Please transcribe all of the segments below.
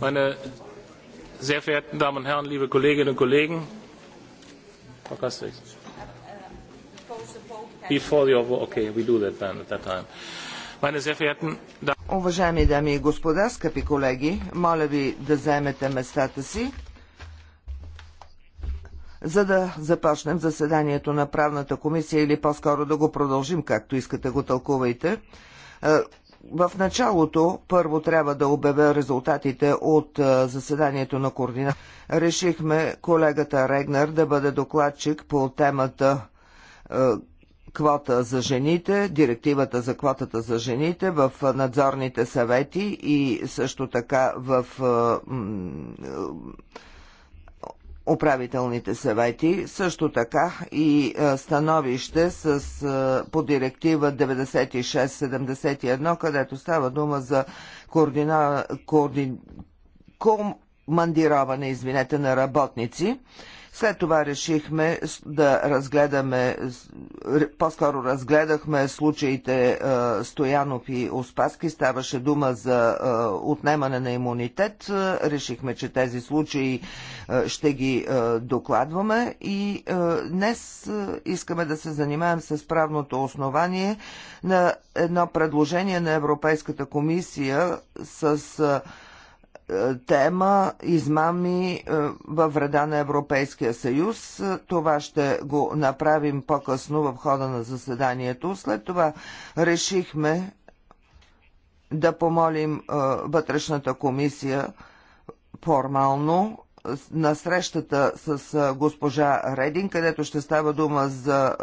meine sehr verehrten Damen und Herren, liebe Kolleginnen und Kollegen. Frau Castrix. Before your vote, okay, we do that then at that time. Meine sehr verehrten Уважаеми дами и господа, скъпи колеги, моля ви да заемете местата си, за да започнем заседанието на правната комисия или по-скоро да го продължим, както искате го тълкувайте. Е, в началото първо трябва да обявя резултатите от заседанието на координа. Решихме колегата Регнер да бъде докладчик по темата квота за жените, директивата за квотата за жените в надзорните съвети и също така в управителните съвети, също така и становище с, по директива 96-71, където става дума за координа, координ, командироване извинете, на работници. След това решихме да разгледаме, по-скоро разгледахме случаите е, Стоянов и Успаски. Ставаше дума за е, отнемане на имунитет. Е, решихме, че тези случаи ще ги докладваме и днес искаме да се занимаем с правното основание на едно предложение на Европейската комисия с тема измами е, във вреда на Европейския съюз. Това ще го направим по-късно в хода на заседанието. След това решихме да помолим е, вътрешната комисия формално на срещата с е, госпожа Редин, където ще става дума за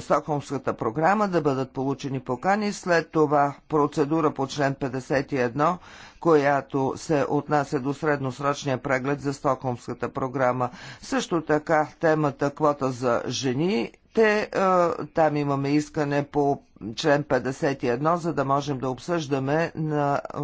Стокхолмската програма да бъдат получени покани, след това процедура по член 51, която се отнася до средносрочния преглед за Стокхолмската програма. Също така темата квота за жени те, е, там имаме искане по член 51, за да можем да обсъждаме на е,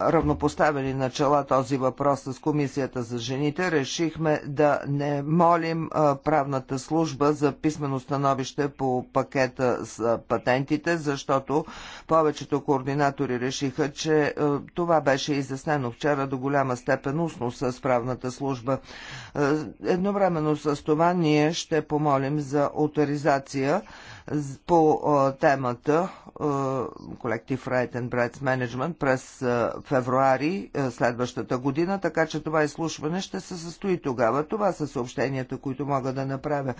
равнопоставени начала този въпрос с Комисията за жените, решихме да не молим правната служба за писмено становище по пакета с патентите, защото повечето координатори решиха, че това беше изяснено вчера до голяма степен устно с правната служба. Едновременно с това ние ще помолим за авторизация по темата колектив and Брец Менеджмент през февруари следващата година, така че това изслушване ще се състои тогава. Това са съобщенията, които мога да направя.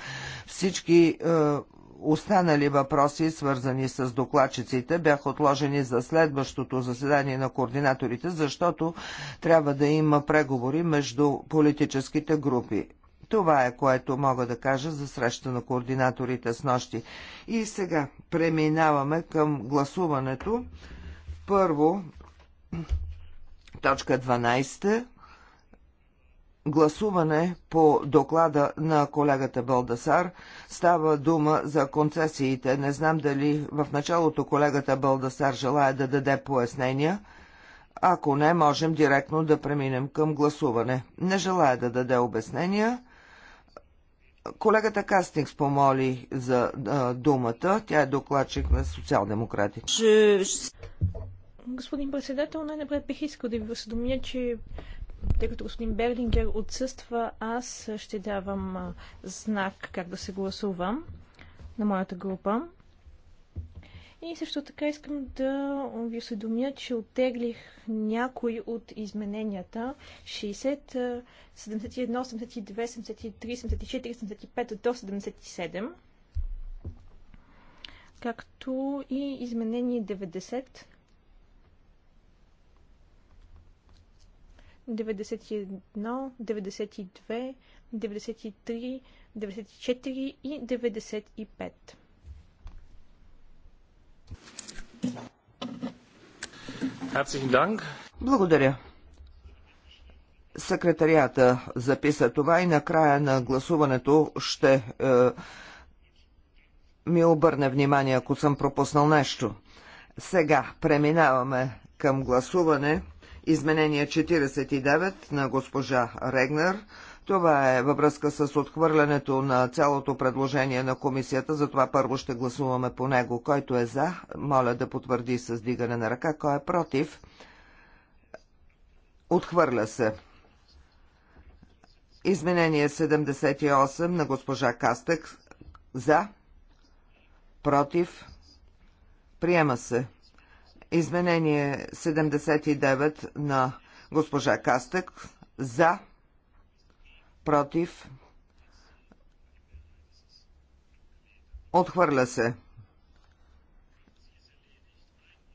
Всички останали въпроси, свързани с докладчиците, бяха отложени за следващото заседание на координаторите, защото трябва да има преговори между политическите групи. Това е което мога да кажа за среща на координаторите с нощи. И сега преминаваме към гласуването. Първо, точка 12. Гласуване по доклада на колегата Балдасар става дума за концесиите. Не знам дали в началото колегата Балдасар желая да даде пояснения. Ако не, можем директно да преминем към гласуване. Не желая да даде обяснения. Колегата Кастинг помоли за а, думата. Тя е докладчик на социал-демократи. Господин председател, най-напред бих искал да ви осъдомя, че тъй като господин Берлингер отсъства, аз ще давам знак как да се гласувам на моята група. И също така искам да ви осведомя, че оттеглих някои от измененията 60, 71, 72, 73, 74, 75 до 77, както и изменение 90, 91, 92, 93, 94 и 95. Благодаря. Секретарията записа това и накрая на гласуването ще е, ми обърне внимание, ако съм пропуснал нещо. Сега преминаваме към гласуване. Изменение 49 на госпожа Регнер. Това е във връзка с отхвърлянето на цялото предложение на комисията, затова първо ще гласуваме по него. Който е за, моля да потвърди с дигане на ръка. Кой е против? Отхвърля се. Изменение 78 на госпожа Кастек. За. Против. Приема се. Изменение 79 на госпожа Кастек. За против, отхвърля се.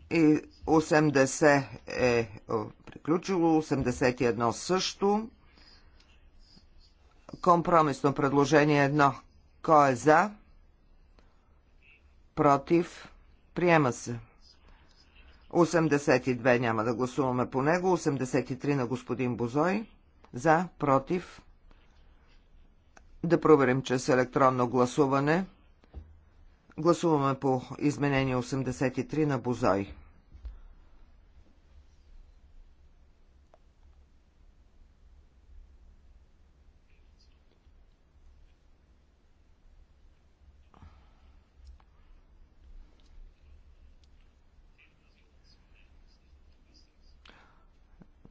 И 80 е приключило, 81 също. Компромисно предложение 1. Кой е за? Против? Приема се. 82 няма да гласуваме по него. 83 на господин Бозой. За? Против? Да проверим чрез електронно гласуване. Гласуваме по изменение 83 на Бозой.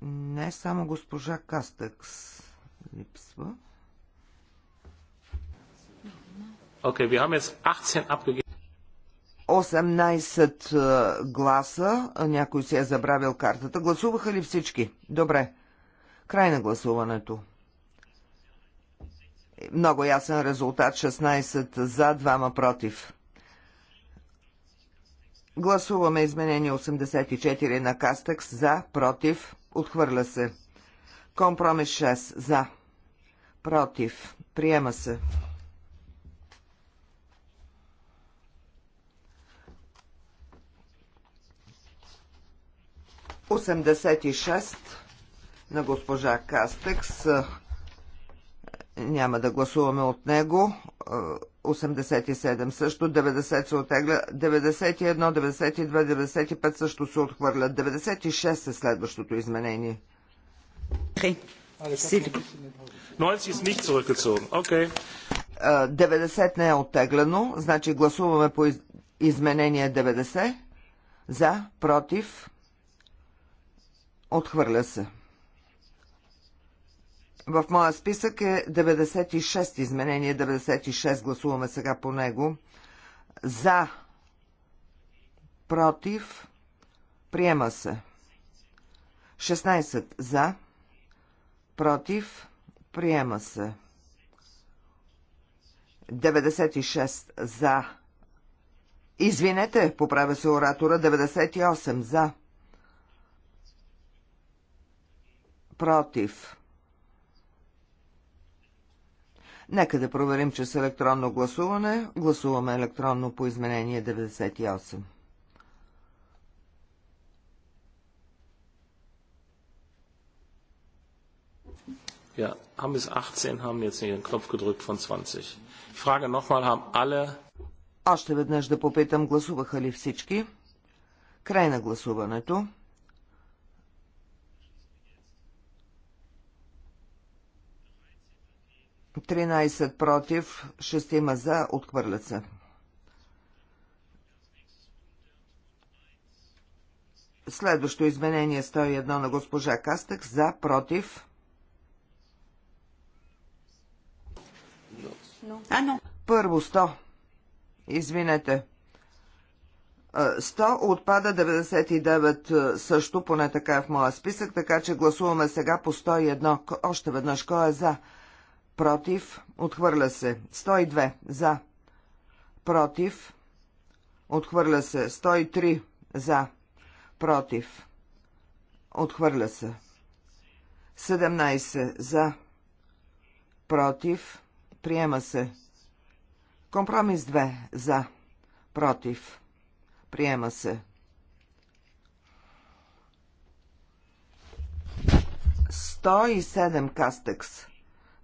Не само госпожа Кастекс липсва. Okay, 18 abgegeben. 18 е, гласа, някой си е забравил картата. Гласуваха ли всички? Добре. Край на гласуването. Много ясен резултат 16 за, 2 против. Гласуваме изменение 84 на Кастекс за, против, отхвърля се. Компромис 6 за, против, приема се. 86 на госпожа Кастекс. Е, няма да гласуваме от него. 87 е, също, 90 се отегля, 91, 92, 95 също се отхвърля. 96 е следващото изменение. 90 е не е оттеглено, значи гласуваме по изменение 90. За, против, Отхвърля се. В моя списък е 96 изменение, 96 гласуваме сега по него. За, против, приема се. 16 за, против, приема се. 96 за. Извинете, поправя се оратора, 98 за. против. Нека да проверим, че с електронно гласуване гласуваме електронно по изменение 98. Ja, haben bis 18, haben jetzt nicht den Knopf gedrückt von 20. Ich frage nochmal, haben alle... Още веднъж да попитам, гласуваха ли всички? Край на гласуването. 13 против, 6 за, отхвърлят се. 101. Следващо изменение 101 на госпожа Кастък, за, против. А, Първо 100. Извинете. 100 отпада 99 също, поне така е в моя списък, така че гласуваме сега по 101. Още веднъж кой е за? против, отхвърля се. 102 за, против, отхвърля се. 103 за, против, отхвърля се. 17 за, против, приема се. Компромис 2 за, против, приема се. 107 кастекс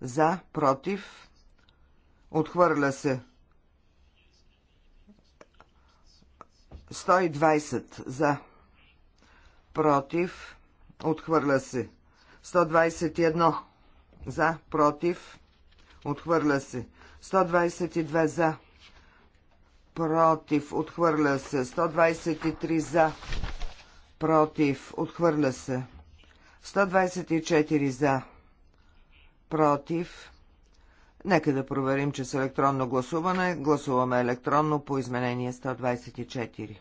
за, против, отхвърля се. 120 за, против, отхвърля се. 121 за, против, отхвърля се. 122 за, против, отхвърля се. 123 за, против, отхвърля се. 124 за, против. Нека да проверим, че с електронно гласуване гласуваме електронно по изменение 124.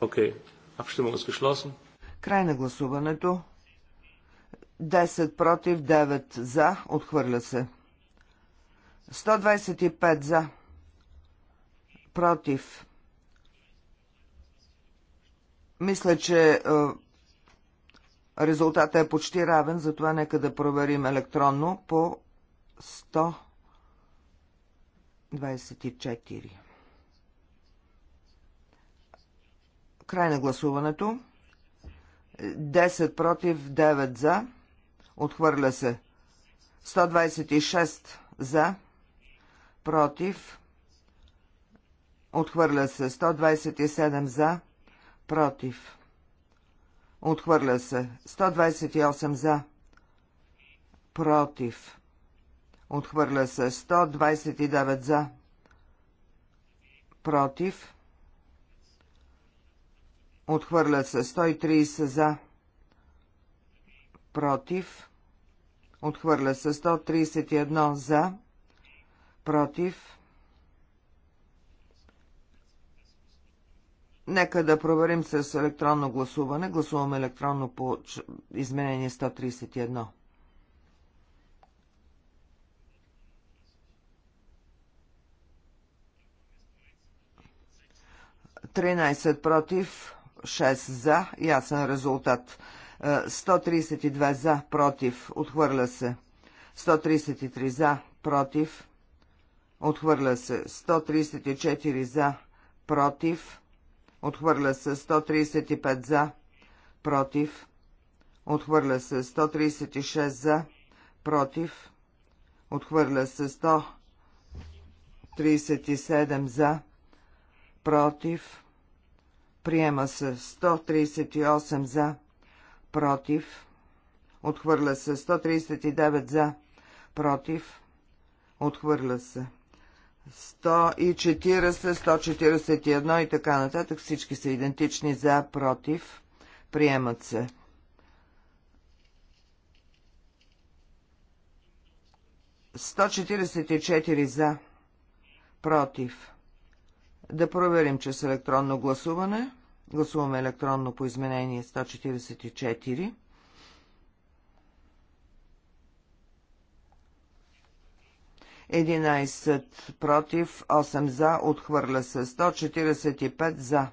Окей. Okay. Е Край на гласуването. 10 против, 9 за. Отхвърля се. 125 за. Против. Мисля, че е, резултата е почти равен, затова нека да проверим електронно по 124. Край на гласуването. 10 против, 9 за. Отхвърля се. 126 за. Против. Отхвърля се. 127 за против. Отхвърля се. 128 за. Против. Отхвърля се. 129 за. Против. Отхвърля се. 130 за. Против. Отхвърля се. 131 за. Против. Нека да проверим с електронно гласуване. Гласуваме електронно по изменение 131. Тринайсет против, 6 за, ясен резултат. 132 е, за, против, отхвърля се. 133 за, против, отхвърля се. 134 за, против, Отхвърля се 135 за. Против. Отхвърля се 136 за. Против. Отхвърля се 137 за. Против. Приема се 138 за. Против. Отхвърля се 139 за. Против. Отхвърля се. 140, 141 и така нататък. Всички са идентични за, против. Приемат се. Сто четиридесет за. Против. Да проверим, че с електронно гласуване. Гласуваме електронно по изменение 144. 11 против, 8 за, отхвърля се 145 за,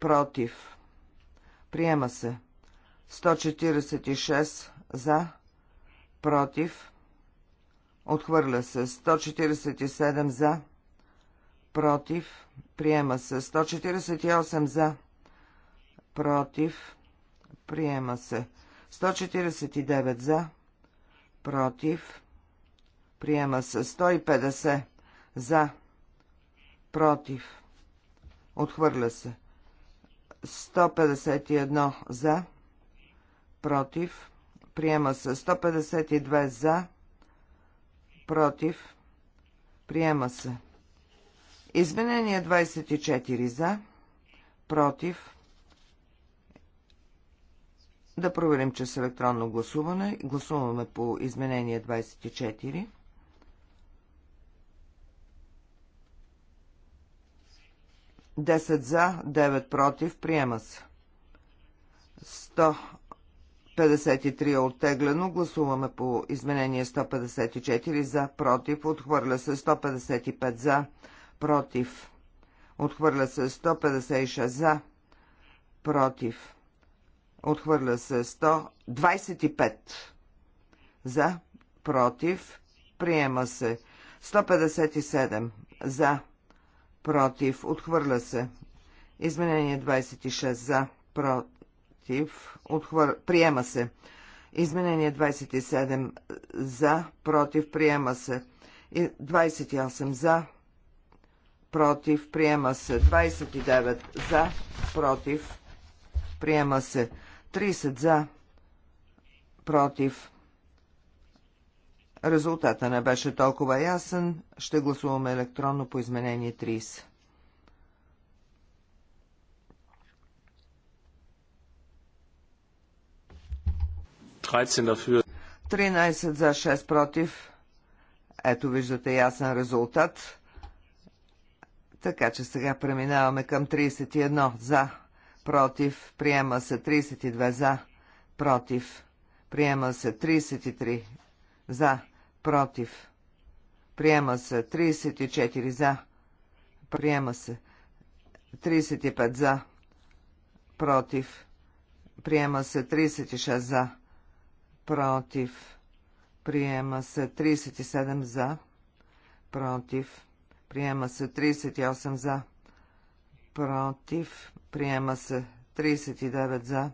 против, приема се 146 за, против, отхвърля се 147 за, против, приема се 148 за, против, приема се 149 за, против, Приема се 150 за, против, отхвърля се 151 за, против, приема се 152 за, против, приема се. Изменение 24 за, против, да проверим, че с електронно гласуване гласуваме по изменение 24. 10 за, 9 против, приема се. 153 е оттеглено, гласуваме по изменение 154 за, против, отхвърля се 155 за, против, отхвърля се 156 за, против, отхвърля се 125 за, против, приема се 157 за, против, отхвърля се. Изменение 26 за, против, отхвър... приема се. Изменение 27 за, против, приема се. 28 за, против, приема се. 29 за, против, приема се. 30 за, против, Резултата не беше толкова ясен. Ще гласуваме електронно по изменение 30. Тринайсет 13 за 6 против. Ето виждате ясен резултат. Така че сега преминаваме към 31 за, против, приема се 32 за, против, приема се 33 за, против, приема се 34 за, приема се 35 за, против, приема се 36 за, против, приема се 37 за, против, приема се 38 за, против, приема се 39 за,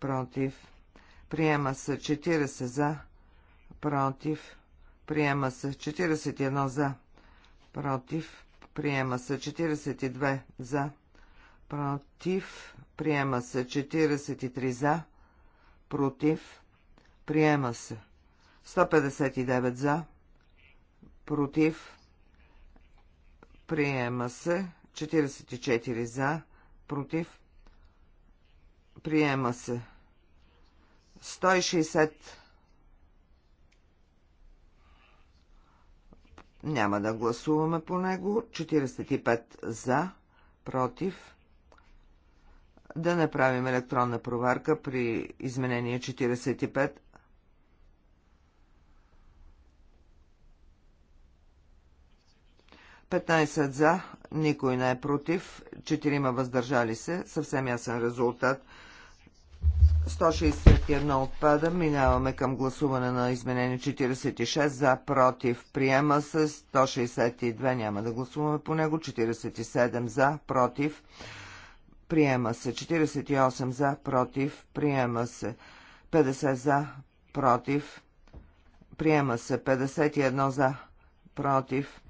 против, приема се 40 за, против, Приема се 41 за. Против. Приема се 42 за. Против. Приема се 43 за. Против. Приема се 159 за. Против. Приема се 44 за. Против. Приема се 160 Няма да гласуваме по него. 45 за, против. Да направим електронна проверка при изменение 45. Петнайсет за, никой не е против, четирима въздържали се, съвсем ясен резултат. 161 отпада. Минаваме към гласуване на изменение 46 за против. Приема се 162. Няма да гласуваме по него. 47 за против. Приема се 48 за против. Приема се 50 за против. Приема се 51 за против.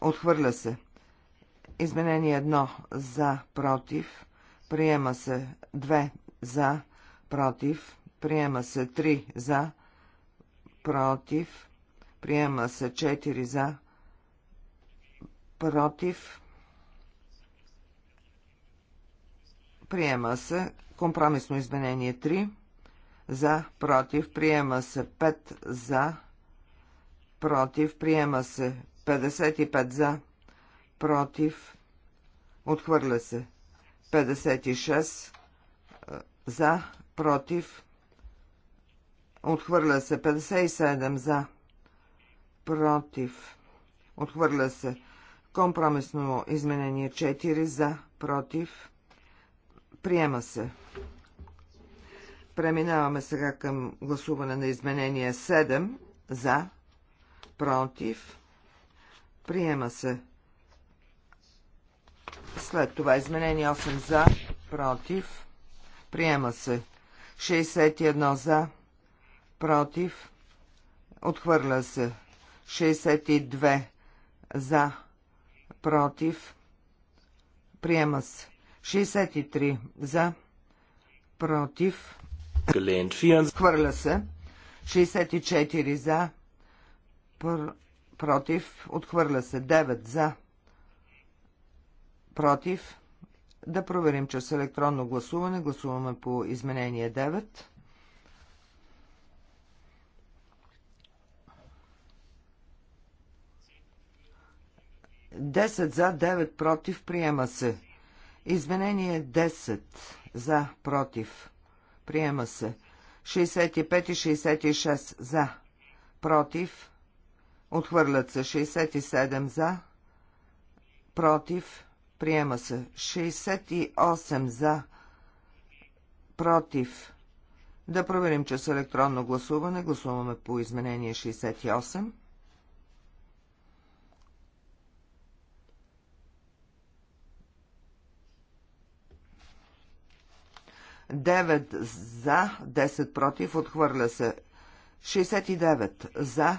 Отхвърля се. Изменение 1 за против. Приема се 2 за против, приема се 3 за, против, приема се 4 за, против, приема се компромисно изменение 3 за, против, приема се 5 за, против, приема се 55 за, против, отхвърля се 56 за, против, отхвърля се. 57 за, против, отхвърля се. Компромисно изменение 4 за, против, приема се. Преминаваме сега към гласуване на изменение 7 за, против, приема се. След това изменение 8 за, против, приема се. 61 за, против, отхвърля се. 62 за, против, приема се. 63 за, против, отхвърля се. 64 за, пр против, отхвърля се. 9 за, против, да проверим чрез електронно гласуване. Гласуваме по изменение 9. Десет за, 9 против, приема се. Изменение 10 за, против, приема се. 65 и 66 за, против, отхвърлят се. 67 за, против, Приема се. 68 за. Против. Да проверим, че с електронно гласуване гласуваме по изменение 68. Девет за, 10 против, отхвърля се. 69 за,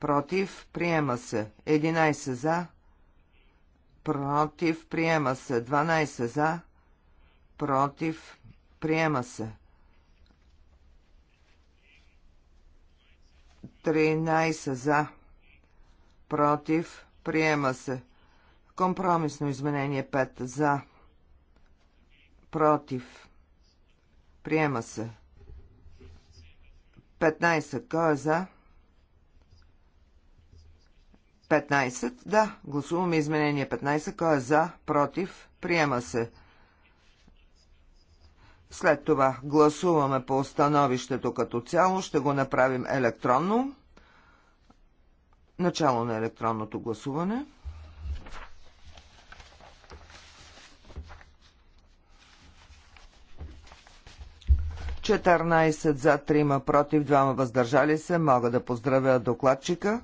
против, приема се. 11 за, против, приема се. 12 за, против, приема се. 13 за, против, приема се. Компромисно изменение 5 за, против, приема се. 15. Кой е за? 15. Да, гласуваме изменение 15. Кой е за, против, приема се. След това гласуваме по становището като цяло. Ще го направим електронно. Начало на електронното гласуване. Четърнайсет за, трима против, двама въздържали се. Мога да поздравя докладчика.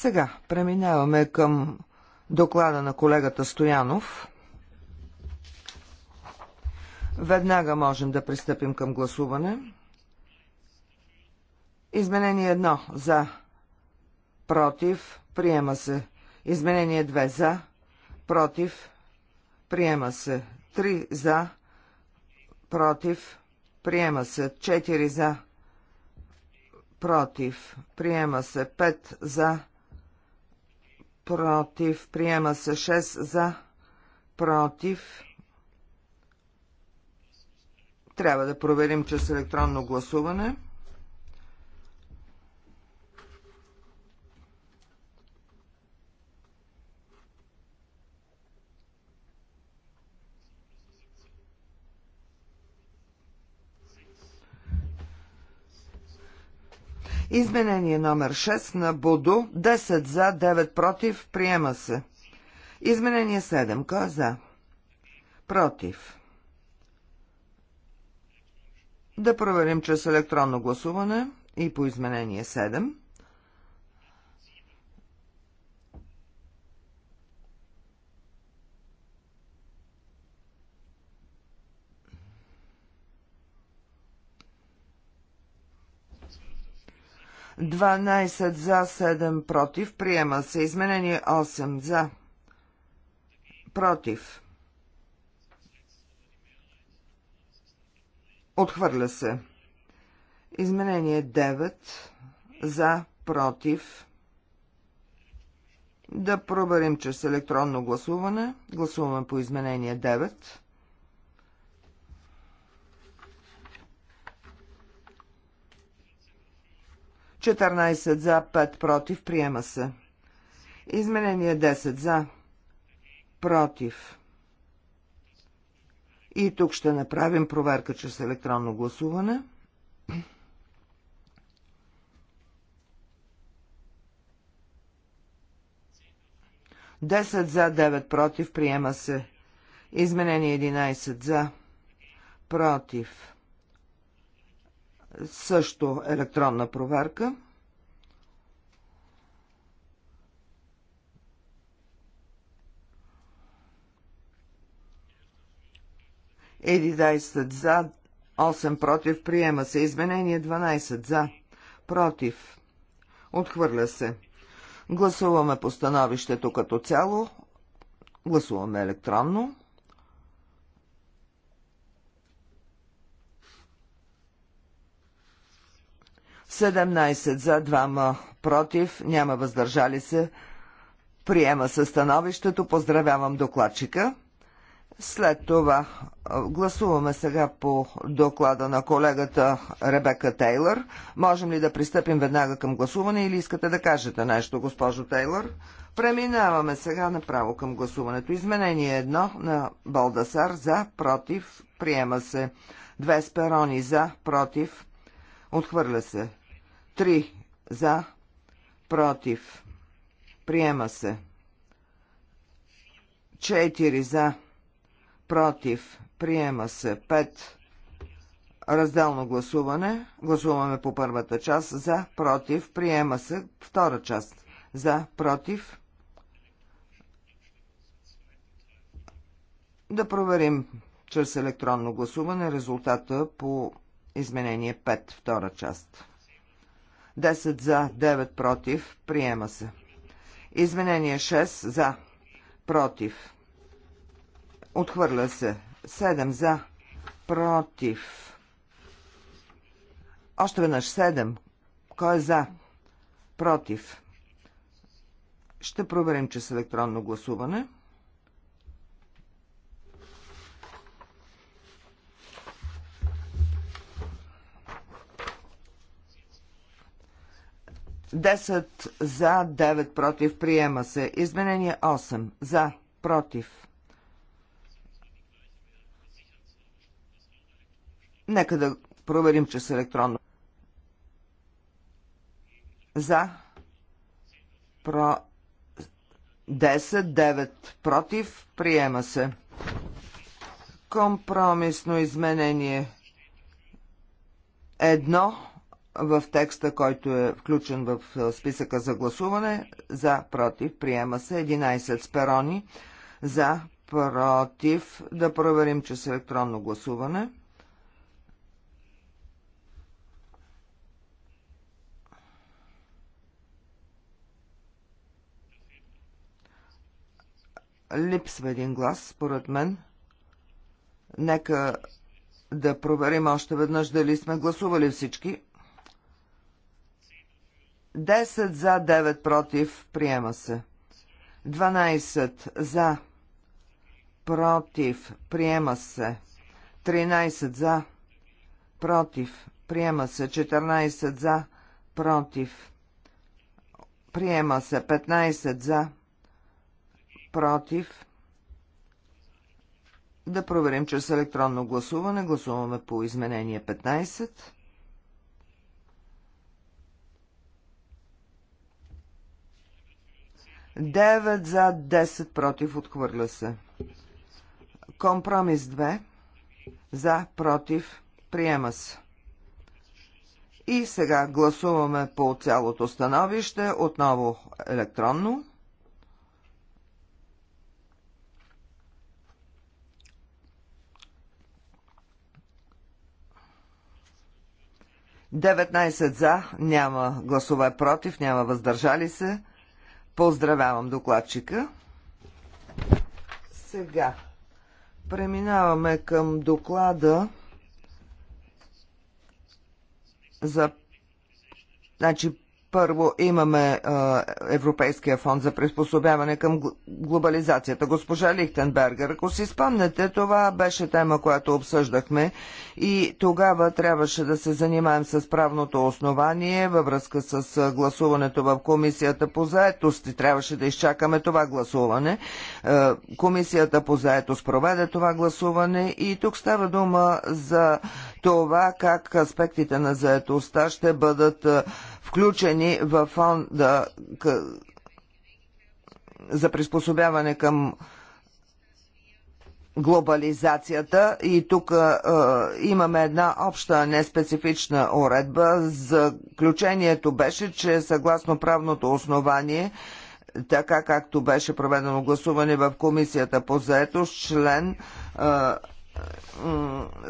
Сега преминаваме към доклада на колегата Стоянов. Веднага можем да пристъпим към гласуване. Изменение 1 за, против, приема се. Изменение 2 за, против, приема се. 3 за, против, приема се. 4 за, против, приема се. 5 за, против против, приема се 6 за, против. Трябва да проверим чрез електронно гласуване. Изменение номер 6 на Буду. 10 за, 9 против. Приема се. Изменение 7. Кой е за? Против. Да проверим чрез електронно гласуване и по изменение 7. 12 за, 7 против. Приема се. Изменение 8 за. Против. Отхвърля се. Изменение 9 за, против. Да проверим чрез електронно гласуване. Гласуваме по изменение 9. 14 за, 5 против, приема се. Изменение 10 за, против. И тук ще направим проверка чрез електронно гласуване. Десет за, 9 против, приема се. Изменение 11 за, против също електронна проверка. Единайсет за, 8 против, приема се. Изменение 12 за, против, отхвърля се. Гласуваме по становището като цяло. Гласуваме електронно. 17 за 2 против, няма въздържали се. Приема се становището. Поздравявам докладчика. След това гласуваме сега по доклада на колегата Ребека Тейлър. Можем ли да пристъпим веднага към гласуване или искате да кажете нещо, госпожо Тейлър? Преминаваме сега направо към гласуването. Изменение едно на Балдасар за, против, приема се. Две сперони за, против, отхвърля се. 3 за, против, приема се. 4 за, против, приема се. 5 разделно гласуване. Гласуваме по първата част. За, против, приема се. Втора част. За, против. Да проверим чрез електронно гласуване резултата по изменение 5, втора част. 10 за, 9 против. Приема се. Изменение 6 за, против. Отхвърля се. 7 за, против. Още веднъж 7. Кой е за? Против. Ще проверим, че с електронно гласуване. 10 за, 9 против, приема се. Изменение 8 за, против. Нека да проверим, че с електронно. За, про, 10, 9 против, приема се. Компромисно изменение 1 в текста, който е включен в списъка за гласуване. За, против, приема се 11 сперони. За, против, да проверим, че с електронно гласуване. Липсва един глас, според мен. Нека да проверим още веднъж дали сме гласували всички. 10 за, 9 против. Приема се. 12 за, против. Приема се. 13 за, против. Приема се. 14 за, против. Приема се. 15 за, против. Да проверим чрез електронно гласуване. Гласуваме по изменение 15. 9 за 10 против отхвърля се. Компромис 2 за против приема се. И сега гласуваме по цялото становище, отново електронно. Деветнайсет за, няма гласове против, няма въздържали се. Поздравявам докладчика. Сега преминаваме към доклада за значи, първо имаме а, Европейския фонд за приспособяване към глобализацията. Госпожа Лихтенбергер, ако си спомнете, това беше тема, която обсъждахме и тогава трябваше да се занимаем с правното основание във връзка с гласуването в Комисията по заетост и трябваше да изчакаме това гласуване. комисията по заетост проведе това гласуване и тук става дума за това как аспектите на заетостта ще бъдат включени в фонда за приспособяване към глобализацията и тук а, имаме една обща неспецифична уредба. Заключението беше, че съгласно правното основание, така както беше проведено гласуване в Комисията по заетост, член а,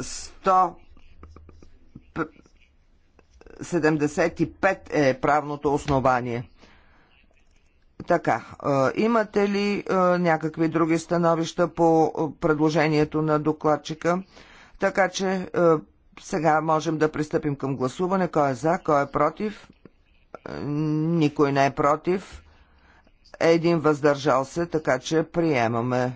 100 75 е правното основание. Така, е, имате ли е, някакви други становища по е, предложението на докладчика? Така че сега можем да пристъпим към гласуване. Кой е за, кой е против? Никой не е против. Един въздържал се, така че приемаме.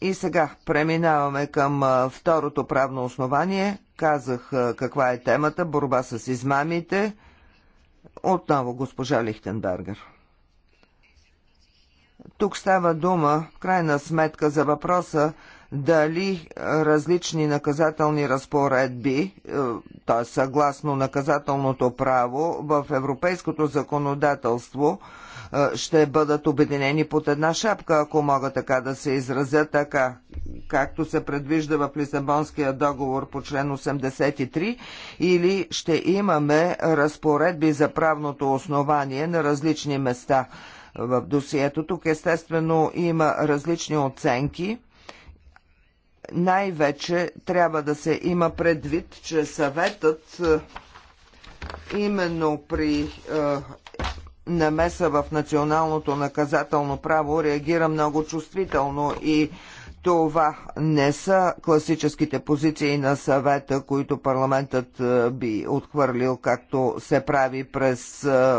И сега преминаваме към второто правно основание казах каква е темата борба с измамите. Отново госпожа Лихтенбергер. Тук става дума, в крайна сметка, за въпроса дали различни наказателни разпоредби, т.е. съгласно наказателното право в европейското законодателство, ще бъдат обединени под една шапка, ако мога така да се изразя така, както се предвижда в Лисабонския договор по член 83, или ще имаме разпоредби за правното основание на различни места в досието. Тук естествено има различни оценки най-вече трябва да се има предвид, че съветът именно при е, намеса в националното наказателно право реагира много чувствително и това не са класическите позиции на съвета, които парламентът е, би отхвърлил, както се прави през е,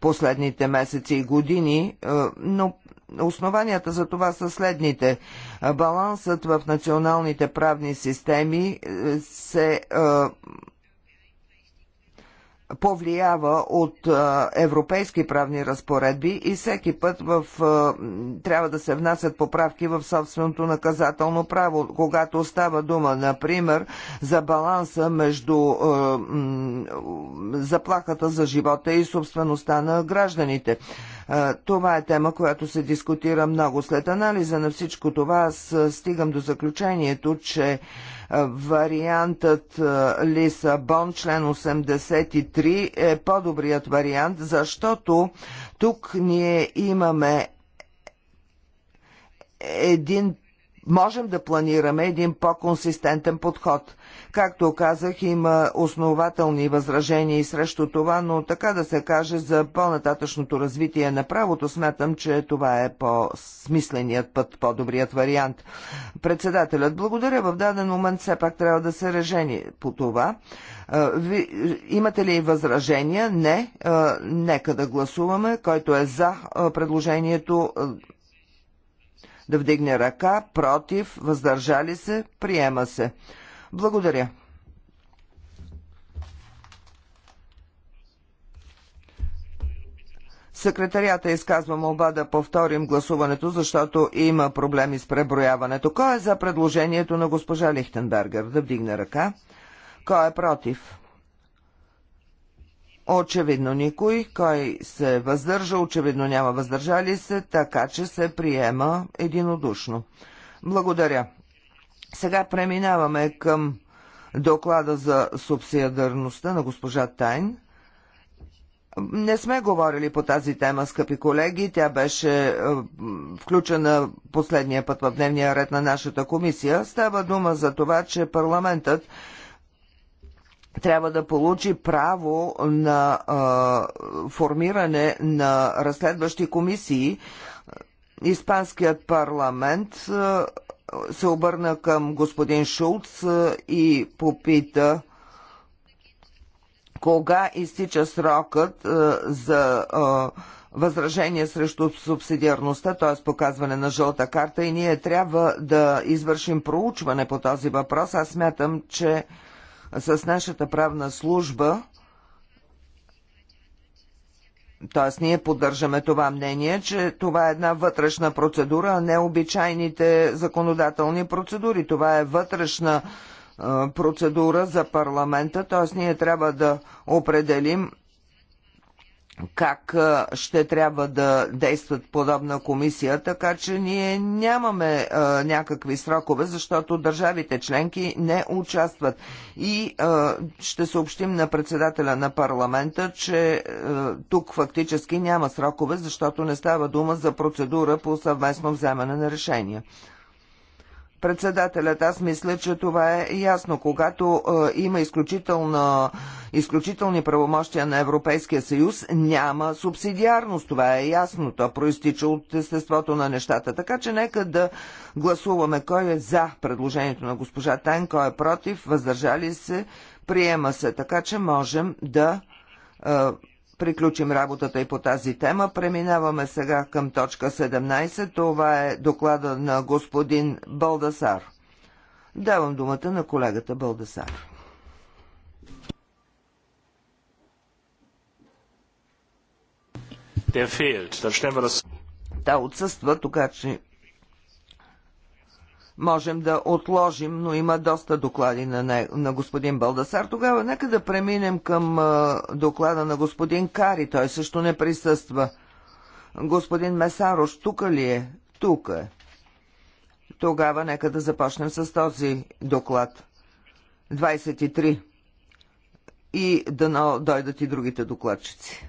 последните месеци и години, е, но основанията за това са следните. Балансът в националните правни системи се повлиява от европейски правни разпоредби и всеки път в, трябва да се внасят поправки в собственото наказателно право. Когато става дума, например, за баланса между заплахата за живота и собствеността на гражданите. Това е тема, която се дискутира много. След анализа на всичко това аз стигам до заключението, че вариантът Лисабон, член 83, е по-добрият вариант, защото тук ние имаме един можем да планираме един по-консистентен подход. Както казах, има основателни възражения и срещу това, но така да се каже за по-нататъчното развитие на правото, смятам, че това е по-смисленият път, по-добрият вариант. Председателят, благодаря, в даден момент все пак трябва да се режени по това. Ви, имате ли възражения? Не. Нека да гласуваме. Който е за предложението да вдигне ръка, против, въздържали се, приема се. Благодаря. Секретарията изказва молба да повторим гласуването, защото има проблеми с преброяването. Кой е за предложението на госпожа Лихтенбергер? Да вдигне ръка. Кой е против? Очевидно никой. Кой се е въздържа? Очевидно няма въздържали се, така че се приема единодушно. Благодаря. Сега преминаваме към доклада за субсидиарността на госпожа Тайн. Не сме говорили по тази тема, скъпи колеги. Тя беше е, включена последния път в дневния ред на нашата комисия. Става дума за това, че парламентът трябва да получи право на а, е, формиране на разследващи комисии. Испанският парламент А, е, се обърна към господин Шулц и попита кога изтича срокът за възражение срещу субсидиарността, т.е. показване на жълта карта и ние трябва да извършим проучване по този въпрос. Аз смятам, че с нашата правна служба т.е. ние поддържаме това мнение, че това е една вътрешна процедура, а не обичайните законодателни процедури. Това е вътрешна процедура за парламента, т.е. ние трябва да определим как ще трябва да действат подобна комисия, така че ние нямаме а, някакви срокове, защото държавите членки не участват. И а, ще съобщим на председателя на парламента, че а, тук фактически няма срокове, защото не става дума за процедура по съвместно вземане на решения. Председателят, аз мисля, че това е ясно. Когато е, има изключителна, изключителни правомощия на Европейския съюз, няма субсидиарност. Това е ясно. То проистича от естеството на нещата. Така че нека да гласуваме кой е за предложението на госпожа Тайн, кой е против, въздържали се, приема се. Така че можем да. Е, приключим работата и по тази тема. Преминаваме сега към точка 17. Това е доклада на господин Балдасар. Давам думата на колегата Балдасар. Та отсъства, така че можем да отложим, но има доста доклади на, не, на господин Балдасар. Тогава нека да преминем към а, доклада на господин Кари. Той също не присъства. Господин Месарош, тук ли е? Тук е. Тогава нека да започнем с този доклад. 23. И да дойдат и другите докладчици.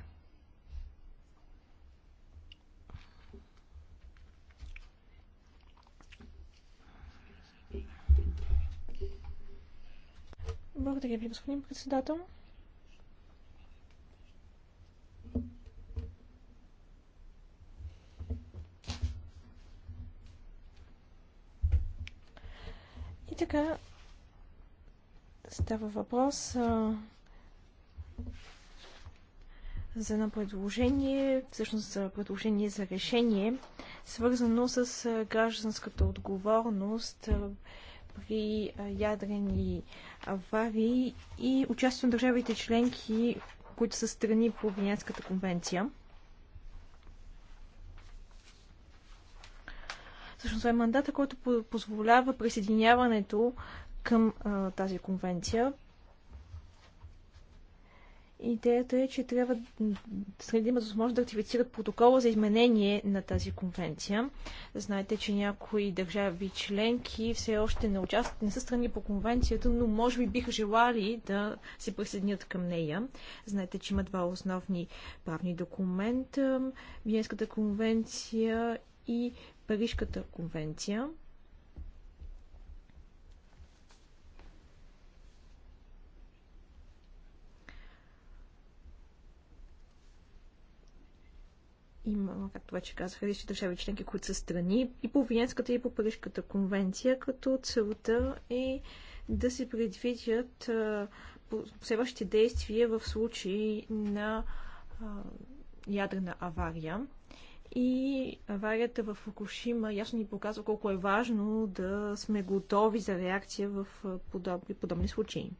Благодаря ви, господин председател. И така, става въпрос а, за едно предложение, всъщност за предложение за решение, свързано с гражданската отговорност. А, при ядрени аварии и участието на държавите членки, които са страни по Венецката конвенция. това е мандата, който позволява присъединяването към а, тази конвенция. Идеята е, че трябва да има възможност да активицират протокола за изменение на тази конвенция. Знаете, че някои държави членки все още не участват, не са страни по конвенцията, но може би биха желали да се присъединят към нея. Знаете, че има два основни правни документа Виенската конвенция и Парижката конвенция. Има, както вече казах, различни държави членки, които са страни и по Виенската, и по Парижката конвенция, като целта е да се предвидят последващите действия в случай на а, ядрена авария. И аварията в Фукушима ясно ни показва колко е важно да сме готови за реакция в подобни, подобни случаи.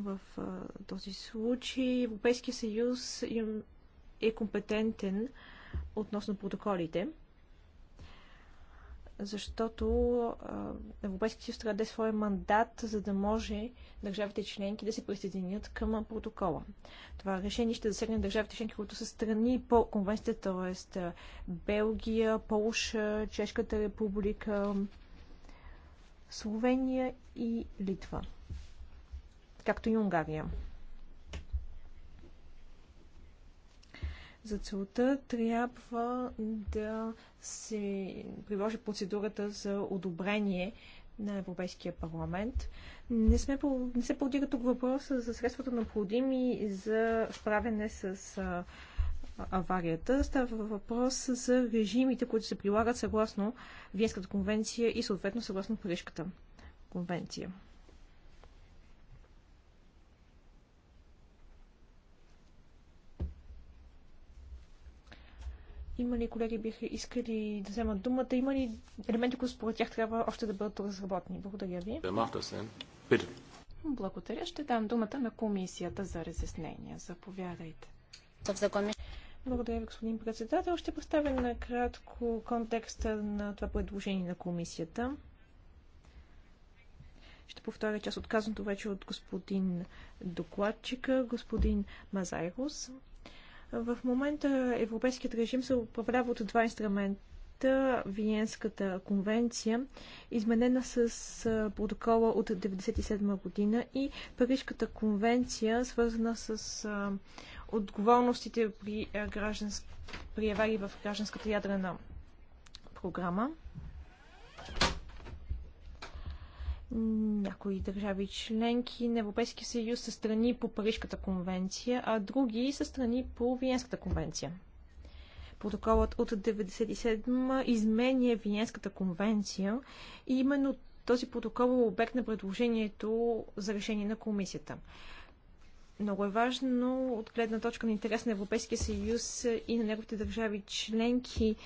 В а, този случай Европейския съюз е компетентен относно протоколите, защото Европейския съюз трябва да е своя мандат, за да може държавите членки да се присъединят към протокола. Това решение ще засегне държавите членки, които са страни по конвенцията, т.е. Белгия, Полша, Чешката република, Словения и Литва, както и Унгария. За целта трябва да се приложи процедурата за одобрение на Европейския парламент. Не, сме, не се подига тук въпроса за средствата необходими за справяне с а, аварията. Става въпрос за режимите, които се прилагат съгласно Виенската конвенция и съответно съгласно Парижката конвенция. Има ли колеги биха искали да вземат думата? Има ли елементи, които според тях трябва още да бъдат разработени? Благодаря ви. Благодаря. Ще дам думата на комисията за разяснение. Заповядайте. Благодаря ви, господин председател. Ще поставя на кратко контекста на това предложение на комисията. Ще повторя част от казаното вече от господин докладчика, господин Мазайрус. В момента европейският режим се управлява от два инструмента. Виенската конвенция, изменена с протокола от 1997 година и Парижката конвенция, свързана с отговорностите при, гражданск... при аварии в гражданската ядрена програма. Някои държави членки на Европейския съюз са страни по Парижката конвенция, а други са страни по Виенската конвенция. Протоколът от 1997 изменя Виенската конвенция и именно този протокол е обект на предложението за решение на комисията. Много е важно от гледна точка на интерес на Европейския съюз и на неговите държави членки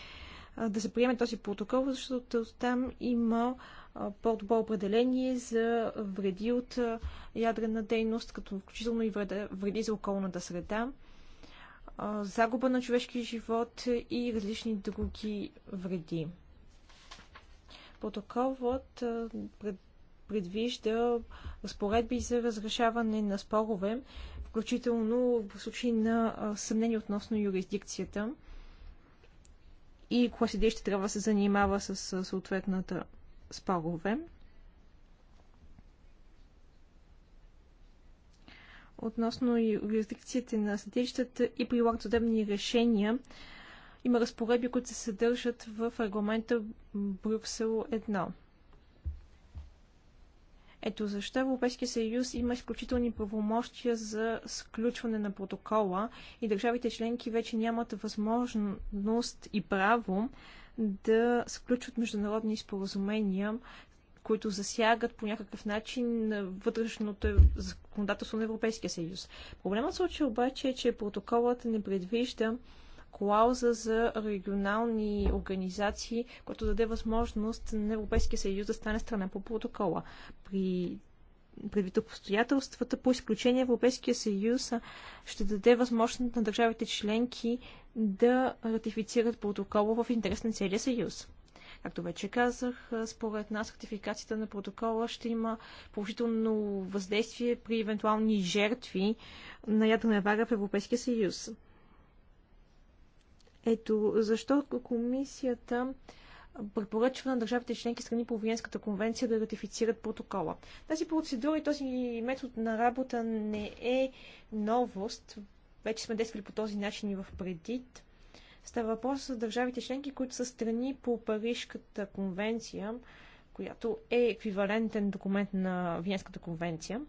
да се приеме този протокол, защото там има по-добро определение за вреди от ядрена дейност, като включително и вреди за околната среда, загуба на човешки живот и различни други вреди. Протоколът предвижда разпоредби за разрешаване на спорове, включително в случай на съмнение относно юрисдикцията и кое седище трябва да се занимава с съответната спорове. Относно юрисдикциите на съдилищата и прилагат съдебни решения, има разпоредби, които се съдържат в регламента Брюксел 1. Ето защо Европейския съюз има изключителни правомощия за сключване на протокола и държавите членки вече нямат възможност и право да сключват международни споразумения, които засягат по някакъв начин вътрешното законодателство на Европейския съюз. Проблемът случай обаче е, че протоколът не предвижда клауза за регионални организации, която даде възможност на Европейския съюз да стане страна по протокола. При предвид обстоятелствата, по изключение Европейския съюз ще даде възможност на държавите членки да ратифицират протокола в интерес на целия съюз. Както вече казах, според нас ратификацията на протокола ще има положително въздействие при евентуални жертви на ядрена авария в Европейския съюз. Ето защо комисията препоръчва на държавите членки страни по Виенската конвенция да ратифицират протокола. Тази процедура и този метод на работа не е новост. Вече сме действали по този начин и в предит. Става въпрос за държавите членки, които са страни по Парижката конвенция, която е еквивалентен документ на Виенската конвенция.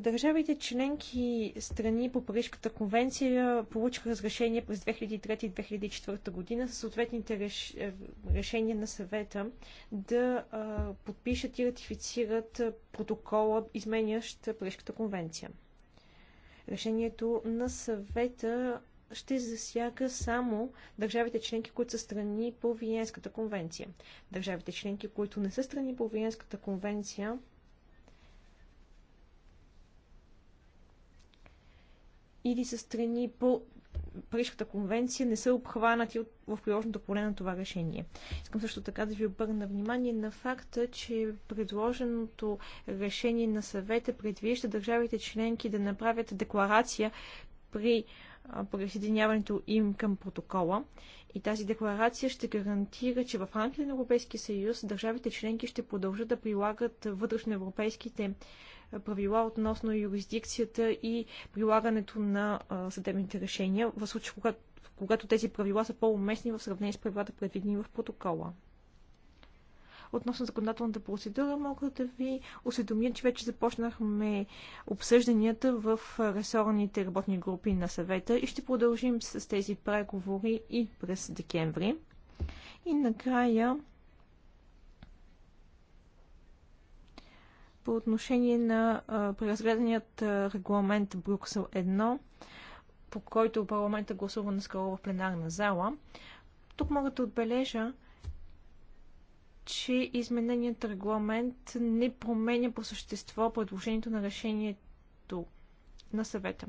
Държавите членки страни по Парижката конвенция получиха разрешение през 2003 и 2004 година със съответните реш... Е, решения на съвета да а, подпишат и ратифицират протокола, изменящ Парижката конвенция. Решението на съвета ще засяга само държавите членки, които са страни по Виенската конвенция. Държавите членки, които не са страни по Виенската конвенция, или са страни по Парижката конвенция не са обхванати в приложното поле на това решение. Искам също така да ви обърна внимание на факта, че предложеното решение на съвета предвижда държавите членки да направят декларация при присъединяването им към протокола. И тази декларация ще гарантира, че в рамките на Европейския съюз държавите членки ще продължат да прилагат вътрешноевропейските европейските правила относно юрисдикцията и прилагането на съдебните решения, в случай когато, когато тези правила са по-уместни в сравнение с правилата предвидени в протокола относно законодателната процедура, мога да ви осведомя, че вече започнахме обсъжданията в ресорните работни групи на съвета и ще продължим с тези преговори и през декември. И накрая по отношение на преразгледаният регламент Брюксел 1, по който парламента гласува наскоро в пленарна зала. Тук мога да отбележа, че измененият регламент не променя по същество предложението на решението на съвета.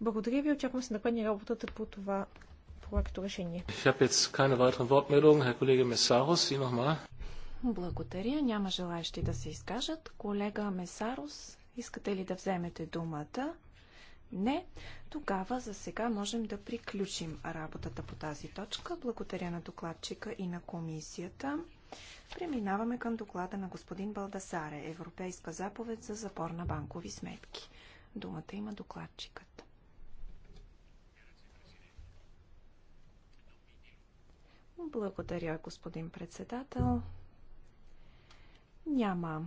Благодаря ви, очаквам се напредни работата по това проекто решение. Ich habe jetzt keine weiteren Wortmeldungen. Herr Kollege Sie nochmal. Благодаря. Няма желаящи да се изкажат. Колега Месарос, искате ли да вземете думата? Не. Тогава за сега можем да приключим работата по тази точка. Благодаря на докладчика и на комисията. Преминаваме към доклада на господин Балдасаре. Европейска заповед за запор на банкови сметки. Думата има докладчикът. Благодаря, господин председател. Няма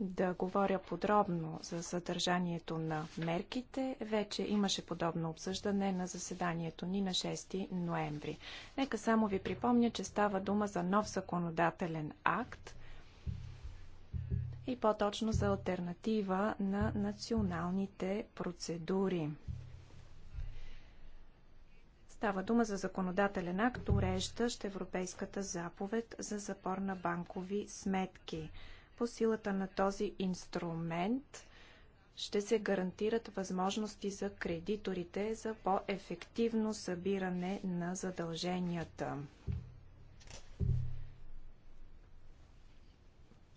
да говоря подробно за съдържанието на мерките. Вече имаше подобно обсъждане на заседанието ни на 6 ноември. Нека само ви припомня, че става дума за нов законодателен акт и по-точно за альтернатива на националните процедури. Става дума за законодателен акт, уреждащ Европейската заповед за запор на банкови сметки. По силата на този инструмент ще се гарантират възможности за кредиторите за по-ефективно събиране на задълженията.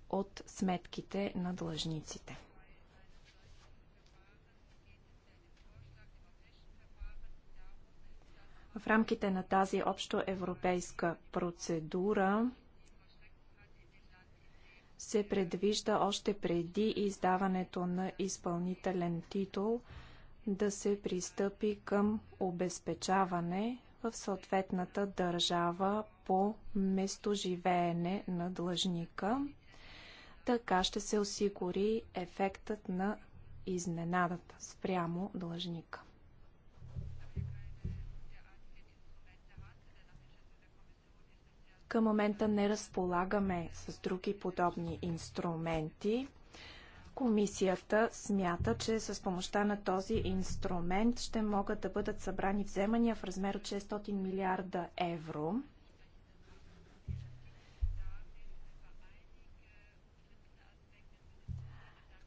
от сметките на длъжниците. В рамките на тази общоевропейска процедура се предвижда още преди издаването на изпълнителен титул да се пристъпи към обезпечаване в съответната държава по местоживеене на длъжника. Така ще се осигури ефектът на изненадата спрямо длъжника. Към момента не разполагаме с други подобни инструменти. Комисията смята, че с помощта на този инструмент ще могат да бъдат събрани вземания в размер от 600 милиарда евро.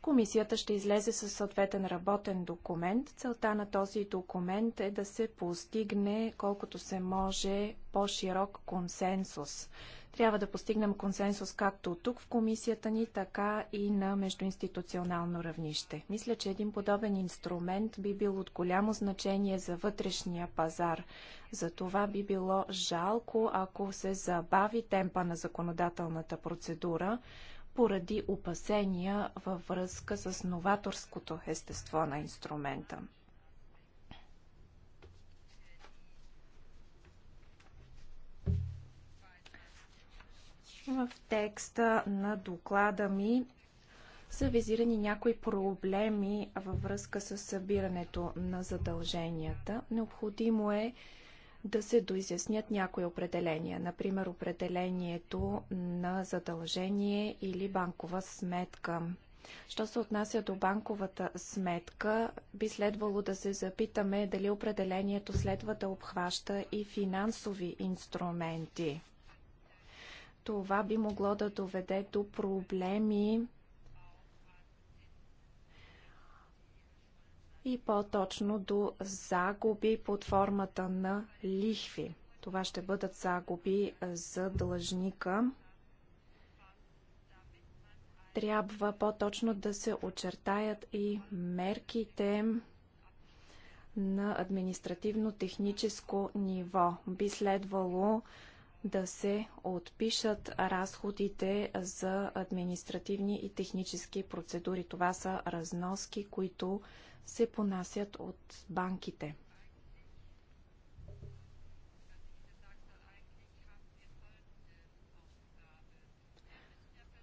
Комисията ще излезе със съответен работен документ. Целта на този документ е да се постигне колкото се може по-широк консенсус. Трябва да постигнем консенсус както тук в комисията ни, така и на междуинституционално равнище. Мисля, че един подобен инструмент би бил от голямо значение за вътрешния пазар. За това би било жалко, ако се забави темпа на законодателната процедура, поради опасения във връзка с новаторското естество на инструмента. В текста на доклада ми са визирани някои проблеми във връзка с събирането на задълженията. Необходимо е да се доизяснят някои определения, например определението на задължение или банкова сметка. Що се отнася до банковата сметка, би следвало да се запитаме дали определението следва да обхваща и финансови инструменти. Това би могло да доведе до проблеми и по-точно до загуби под формата на лихви. Това ще бъдат загуби за длъжника. Трябва по-точно да се очертаят и мерките на административно-техническо ниво. Би следвало да се отпишат разходите за административни и технически процедури. Това са разноски, които се понасят от банките.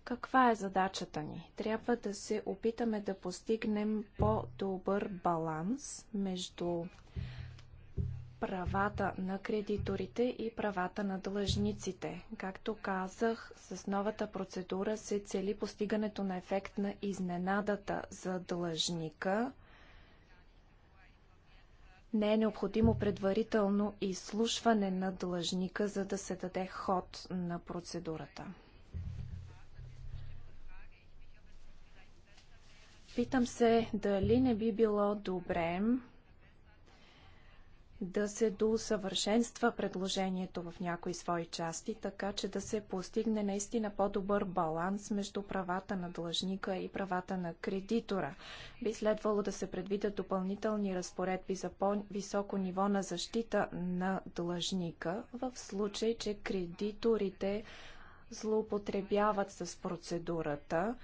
Каква е задачата ни? Трябва да се опитаме да постигнем по-добър баланс между правата на кредиторите и правата на длъжниците. Както казах, с новата процедура се цели постигането на ефект на изненадата за длъжника – не е необходимо предварително изслушване на длъжника, за да се даде ход на процедурата. Питам се дали не би било добре да се доусъвършенства предложението в някои свои части, така че да се постигне наистина по-добър баланс между правата на длъжника и правата на кредитора. Би следвало да се предвидят допълнителни разпоредби за по-високо ниво на защита на длъжника в случай, че кредиторите злоупотребяват с процедурата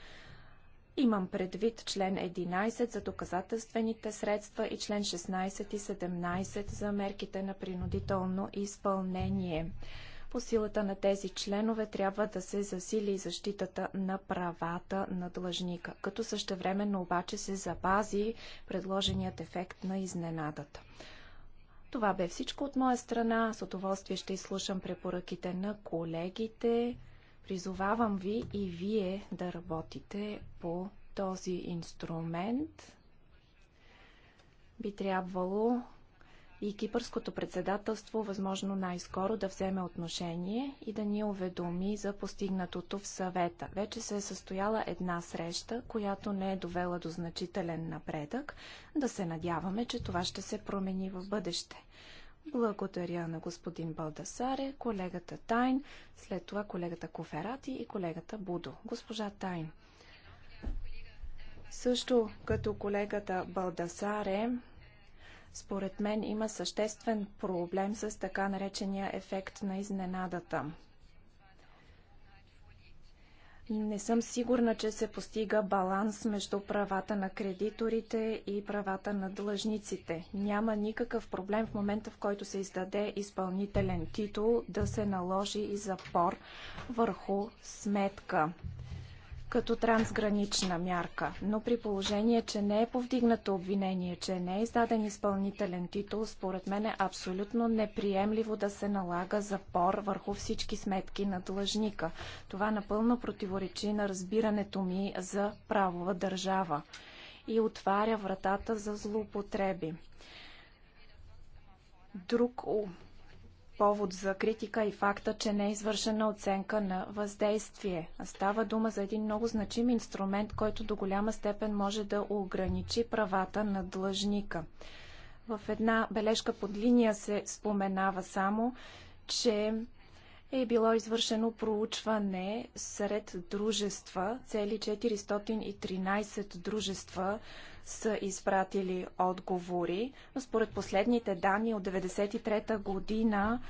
Имам предвид член 11 за доказателствените средства и член 16 и 17 за мерките на принудително изпълнение. По силата на тези членове трябва да се засили защитата на правата на длъжника, като същевременно обаче се запази предложеният ефект на изненадата. Това бе всичко от моя страна. С удоволствие ще изслушам препоръките на колегите. Призовавам ви и вие да работите по този инструмент. Би трябвало и кипърското председателство, възможно най-скоро да вземе отношение и да ни уведоми за постигнатото в съвета. Вече се е състояла една среща, която не е довела до значителен напредък. Да се надяваме, че това ще се промени в бъдеще. Благодаря на господин Балдасаре, колегата Тайн, след това колегата Коферати и колегата Будо. Госпожа Тайн. Също като колегата Балдасаре, според мен има съществен проблем с така наречения ефект на изненадата – не съм сигурна, че се постига баланс между правата на кредиторите и правата на длъжниците. Няма никакъв проблем в момента, в който се издаде изпълнителен титул, да се наложи и запор върху сметка като трансгранична мярка, но при положение, че не е повдигнато обвинение, че не е издаден изпълнителен титул, според мен е абсолютно неприемливо да се налага запор върху всички сметки на длъжника. Това напълно противоречи на разбирането ми за правова държава и отваря вратата за злоупотреби. Друг повод за критика и факта, че не е извършена оценка на въздействие. Става дума за един много значим инструмент, който до голяма степен може да ограничи правата на длъжника. В една бележка под линия се споменава само, че е било извършено проучване сред дружества, цели 413 дружества са изпратили отговори, но според последните данни от 1993 година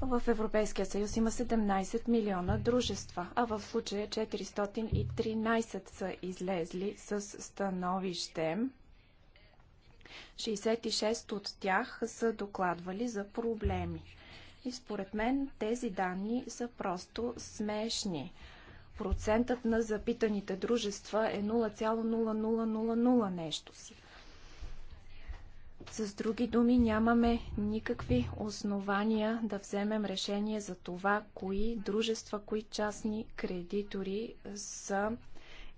в Европейския съюз има 17 милиона дружества, а в случая 413 са излезли с становище. 66 от тях са докладвали за проблеми. И според мен тези данни са просто смешни процентът на запитаните дружества е 0,0000 нещо си. С други думи, нямаме никакви основания да вземем решение за това, кои дружества, кои частни кредитори са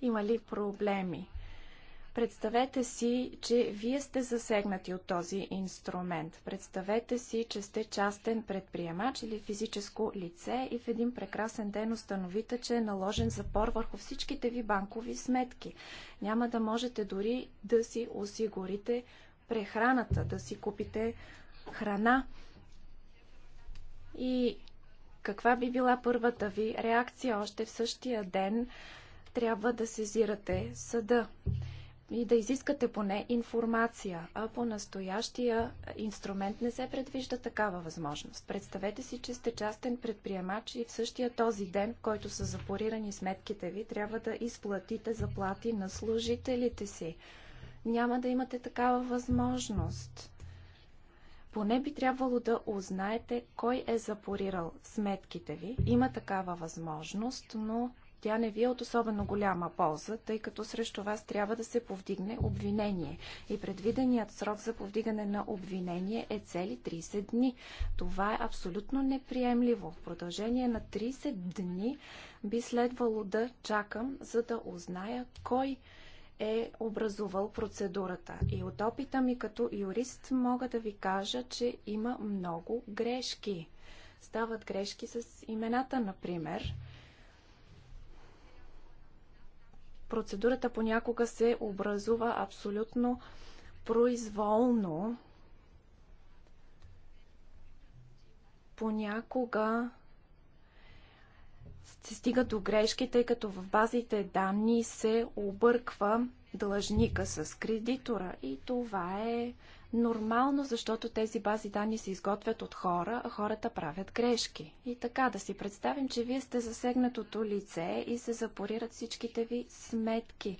имали проблеми. Представете си, че вие сте засегнати от този инструмент. Представете си, че сте частен предприемач или физическо лице и в един прекрасен ден установите, че е наложен запор върху всичките ви банкови сметки. Няма да можете дори да си осигурите прехраната, да си купите храна. И каква би била първата ви реакция още в същия ден? Трябва да сезирате съда и да изискате поне информация, а по настоящия инструмент не се предвижда такава възможност. Представете си, че сте частен предприемач и в същия този ден, в който са запорирани сметките ви, трябва да изплатите заплати на служителите си. Няма да имате такава възможност. Поне би трябвало да узнаете кой е запорирал сметките ви. Има такава възможност, но тя не ви е от особено голяма полза, тъй като срещу вас трябва да се повдигне обвинение. И предвиденият срок за повдигане на обвинение е цели 30 дни. Това е абсолютно неприемливо. В продължение на 30 дни би следвало да чакам, за да узная кой е образувал процедурата. И от опита ми като юрист мога да ви кажа, че има много грешки. Стават грешки с имената, например. процедурата понякога се образува абсолютно произволно. Понякога се стига до грешки, тъй като в базите данни се обърква длъжника с кредитора и това е нормално, защото тези бази данни се изготвят от хора, а хората правят грешки. И така да си представим, че вие сте засегнатото лице и се запорират всичките ви сметки.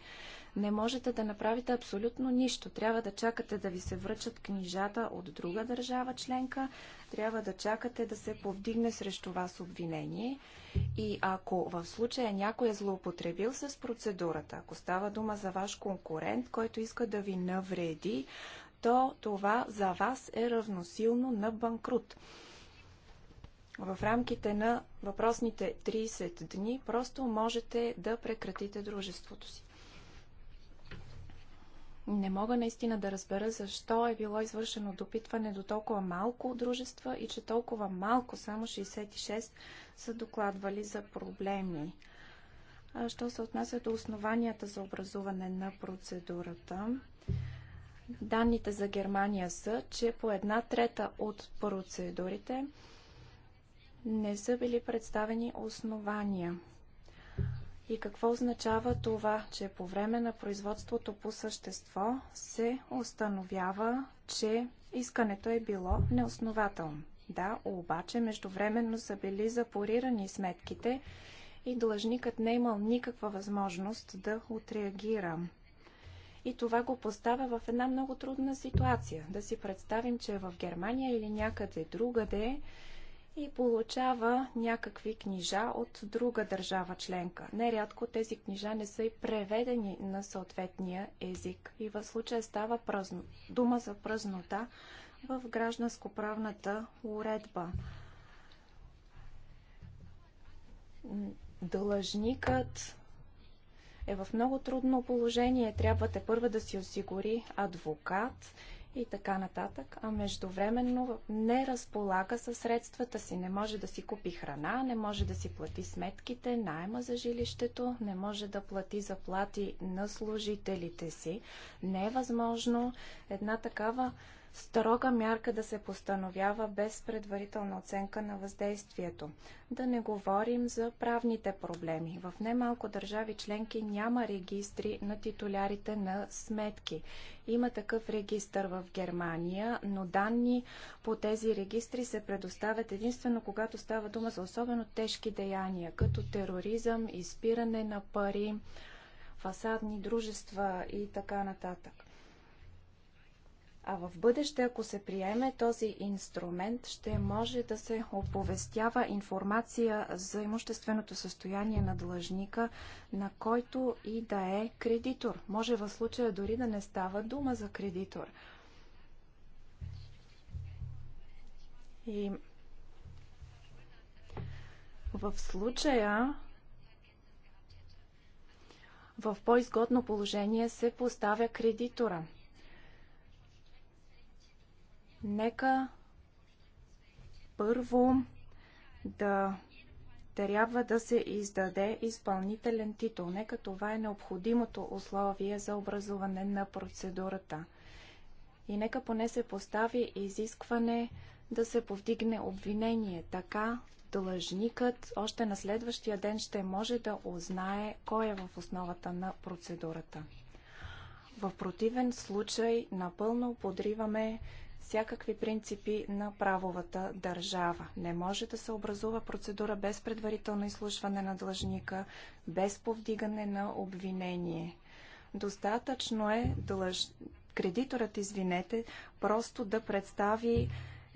Не можете да направите абсолютно нищо. Трябва да чакате да ви се връчат книжата от друга държава членка, трябва да чакате да се повдигне срещу вас обвинение. И ако в случая някой е злоупотребил с процедурата, ако става дума за ваш конкурент, който иска да ви навреди, то това за вас е равносилно на банкрут. В рамките на въпросните 30 дни просто можете да прекратите дружеството си. Не мога наистина да разбера защо е било извършено допитване до толкова малко дружества и че толкова малко, само 66, са докладвали за проблеми. Що се отнася до основанията за образуване на процедурата, Данните за Германия са, че по една трета от процедурите не са били представени основания. И какво означава това, че по време на производството по същество се установява, че искането е било неоснователно? Да, обаче междувременно са били запорирани сметките и длъжникът не е имал никаква възможност да отреагира. И това го поставя в една много трудна ситуация. Да си представим, че е в Германия или някъде другаде и получава някакви книжа от друга държава членка. Нерядко тези книжа не са и преведени на съответния език. И в случая става пръзно, дума за празнота в гражданско-правната уредба. Длъжникът е в много трудно положение. Трябва те първа да си осигури адвокат и така нататък, а междувременно не разполага със средствата си, не може да си купи храна, не може да си плати сметките, найма за жилището, не може да плати заплати на служителите си. Не е възможно една такава строга мярка да се постановява без предварителна оценка на въздействието. Да не говорим за правните проблеми. В немалко държави членки няма регистри на титулярите на сметки. Има такъв регистр в Германия, но данни по тези регистри се предоставят единствено когато става дума за особено тежки деяния, като тероризъм, изпиране на пари, фасадни дружества и така нататък. А в бъдеще, ако се приеме този инструмент, ще може да се оповестява информация за имущественото състояние на длъжника, на който и да е кредитор. Може в случая дори да не става дума за кредитор. И в случая в по-изгодно положение се поставя кредитора. Нека първо да трябва да се издаде изпълнителен титул. Нека това е необходимото условие за образуване на процедурата. И нека поне се постави изискване да се повдигне обвинение. Така длъжникът още на следващия ден ще може да узнае кой е в основата на процедурата. В противен случай напълно подриваме всякакви принципи на правовата държава. Не може да се образува процедура без предварително изслушване на длъжника, без повдигане на обвинение. Достатъчно е длъж... кредиторът, извинете, просто да представи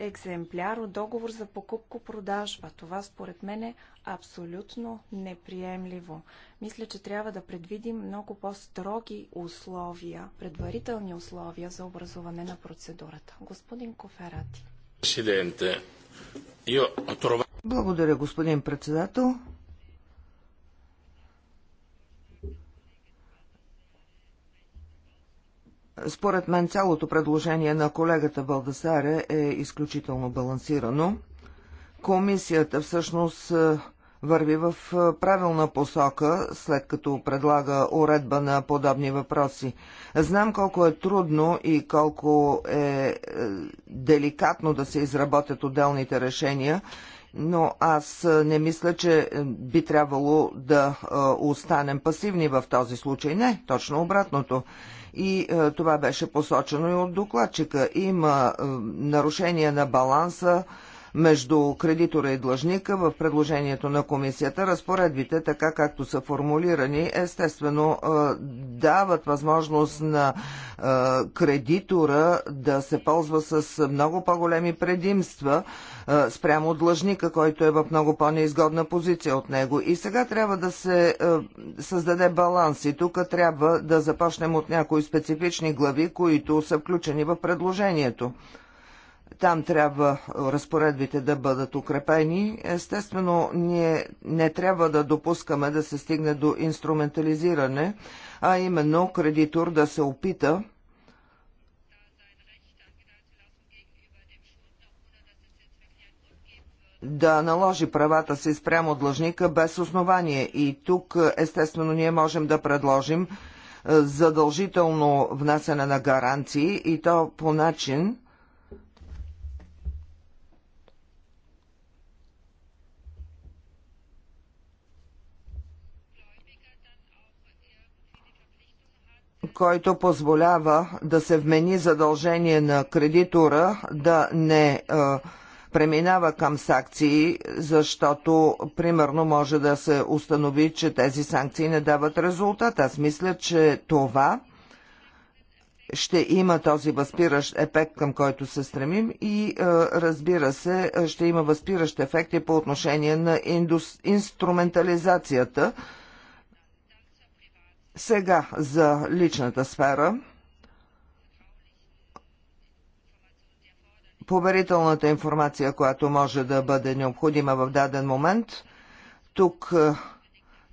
екземпляр от договор за покупко-продажба. Това според мен е абсолютно неприемливо. Мисля, че трябва да предвидим много по-строги условия, предварителни условия за образуване на процедурата. Господин Коферати. Благодаря, господин председател. Според мен цялото предложение на колегата Балдасаре е изключително балансирано. Комисията всъщност е, върви в е, правилна посока, след като предлага уредба на подобни въпроси. Знам колко е трудно и колко е, е деликатно да се изработят отделните решения, но аз не мисля, че би трябвало да останем пасивни в този случай. Не, точно обратното и е, това беше посочено и от докладчика. Има е, нарушение на баланса между кредитора и длъжника в предложението на комисията. Разпоредбите, така както са формулирани, естествено е, дават възможност на кредитора да се ползва с много по-големи предимства спрямо длъжника, който е в много по-неизгодна позиция от него. И сега трябва да се създаде баланс и тук трябва да започнем от някои специфични глави, които са включени в предложението. Там трябва разпоредбите да бъдат укрепени. Естествено, ние не трябва да допускаме да се стигне до инструментализиране, а именно кредитор да се опита да наложи правата си спрямо длъжника без основание. И тук, естествено, ние можем да предложим е, задължително внасяне на гаранции и то по начин, който позволява да се вмени задължение на кредитора да не а, е, преминава към санкции, защото примерно може да се установи, че тези санкции не дават резултат. Аз мисля, че това ще има този възпиращ ефект, към който се стремим и е, разбира се, ще има възпиращ ефект и по отношение на индус... инструментализацията. Сега за личната сфера – поверителната информация, която може да бъде необходима в даден момент. Тук е,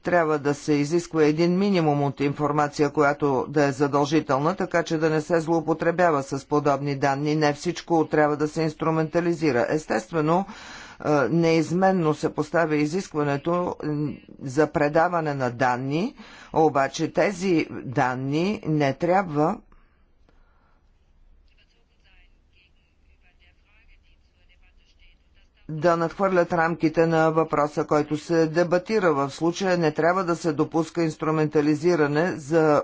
трябва да се изисква един минимум от информация, която да е задължителна, така че да не се злоупотребява с подобни данни. Не всичко трябва да се инструментализира. Естествено, е, неизменно се поставя изискването за предаване на данни, обаче тези данни не трябва да надхвърлят рамките на въпроса, който се дебатира. В случая не трябва да се допуска инструментализиране за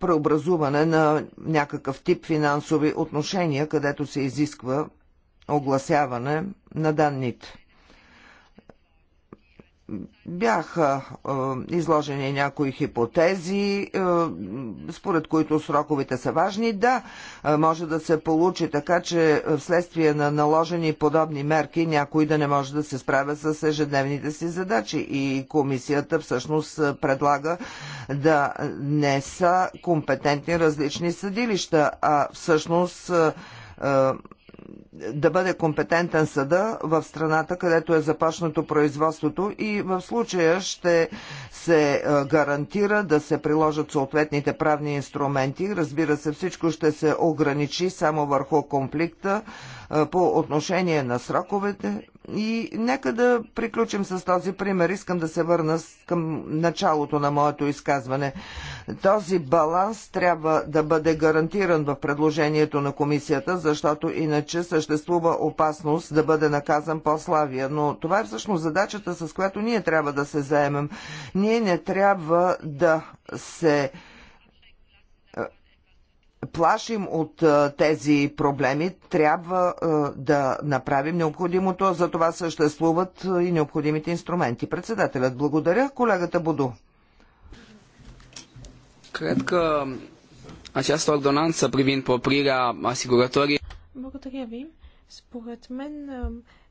преобразуване на някакъв тип финансови отношения, където се изисква огласяване на данните. Бяха е, изложени някои хипотези, е, според които сроковете са важни. Да, е, може да се получи така, че вследствие на наложени подобни мерки някой да не може да се справя с ежедневните си задачи. И комисията всъщност е, предлага да не са компетентни различни съдилища, а всъщност. е, е да бъде компетентен съда в страната, където е започнато производството и в случая ще се е, гарантира да се приложат съответните правни инструменти. Разбира се, всичко ще се ограничи само върху конфликта е, по отношение на сроковете. И нека да приключим с този пример. Искам да се върна към началото на моето изказване. Този баланс трябва да бъде гарантиран в предложението на комисията, защото иначе също съществува опасност да бъде наказан по-славия. Но това е всъщност задачата, с която ние трябва да се заемем. Ние не трябва да се е, плашим от е, тези проблеми, трябва е, да направим необходимото, за това съществуват и необходимите инструменти. Председателят, благодаря. Колегата Буду. Cred că această ordonanță privind poprirea asigurătorii... Благодаря ви. Според мен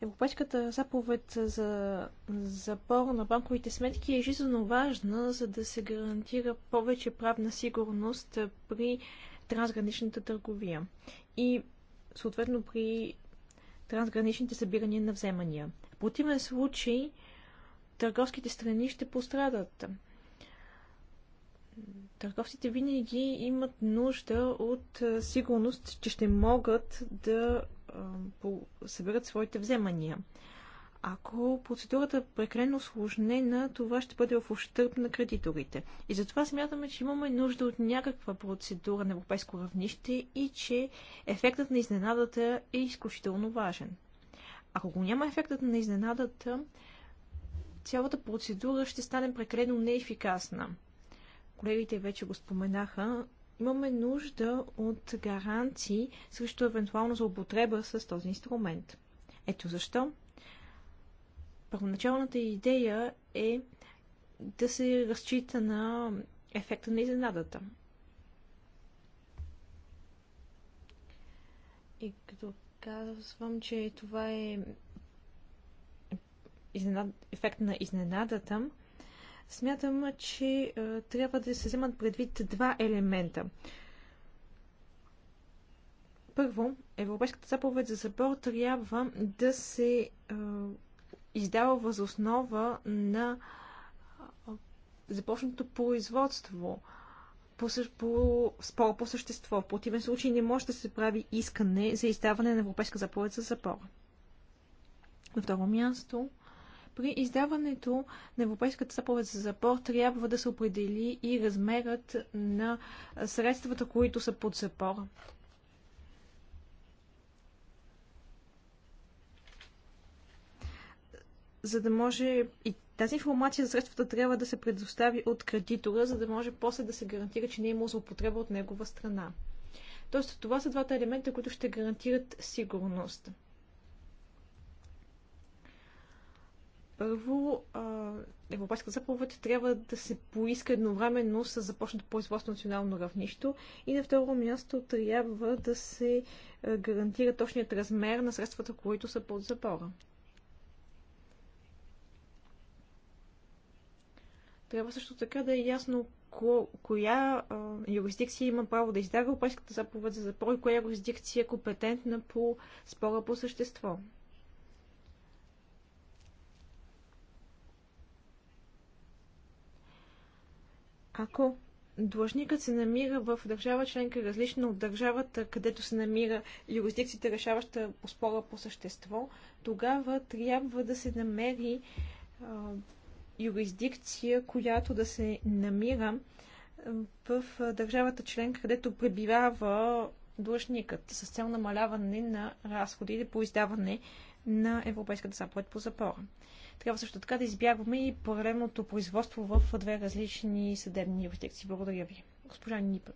Европейската заповед за запор на банковите сметки е жизненно важна, за да се гарантира повече правна сигурност при трансграничната търговия и съответно при трансграничните събирания на вземания. В противен случай търговските страни ще пострадат. Търговците винаги имат нужда от сигурност, че ще могат да съберат своите вземания. Ако процедурата е прекалено сложнена, това ще бъде в ущърп на кредиторите. И затова смятаме, че имаме нужда от някаква процедура на европейско равнище и че ефектът на изненадата е изключително важен. Ако го няма ефектът на изненадата, цялата процедура ще стане прекалено неефикасна. Колегите вече го споменаха, имаме нужда от гаранции срещу евентуално злоупотреба с този инструмент. Ето защо. Първоначалната идея е да се разчита на ефекта на изненадата. И като казвам, че това е изненад... ефект на изненадата, смятам, че а, е, трябва да се вземат предвид два елемента. Първо, Европейската заповед за забор трябва да се а, е, издава основа на е, започнато производство по, по спор по същество. В противен случай не може да се прави искане за издаване на Европейска заповед за запор. На второ място, при издаването на Европейската заповед за запор трябва да се определи и размерът на средствата, които са под запор. за да може и тази информация за средствата трябва да се предостави от кредитора, за да може после да се гарантира, че не е имало злоупотреба от негова страна. Тоест, това са двата елемента, които ще гарантират сигурност. Първо, Европейска заповед трябва да се поиска едновременно с започнато производство на национално равнище и на второ място трябва да се гарантира точният размер на средствата, които са под запора. Трябва също така да е ясно ко, коя а, юрисдикция има право да издава Европейската заповед за запор и коя юрисдикция е компетентна по спора по същество. Ако длъжникът се намира в държава членка, различна от държавата, където се намира юрисдикцията, решаваща по спора по същество, тогава трябва да се намери а, юрисдикция, която да се намира в държавата членка, където пребивава длъжникът с цел намаляване на разходите по издаване на Европейската заповед по запора. Трябва също така да избягваме и паралелното производство в две различни съдебни юрисдикции. Благодаря ви. Госпожа Нипа.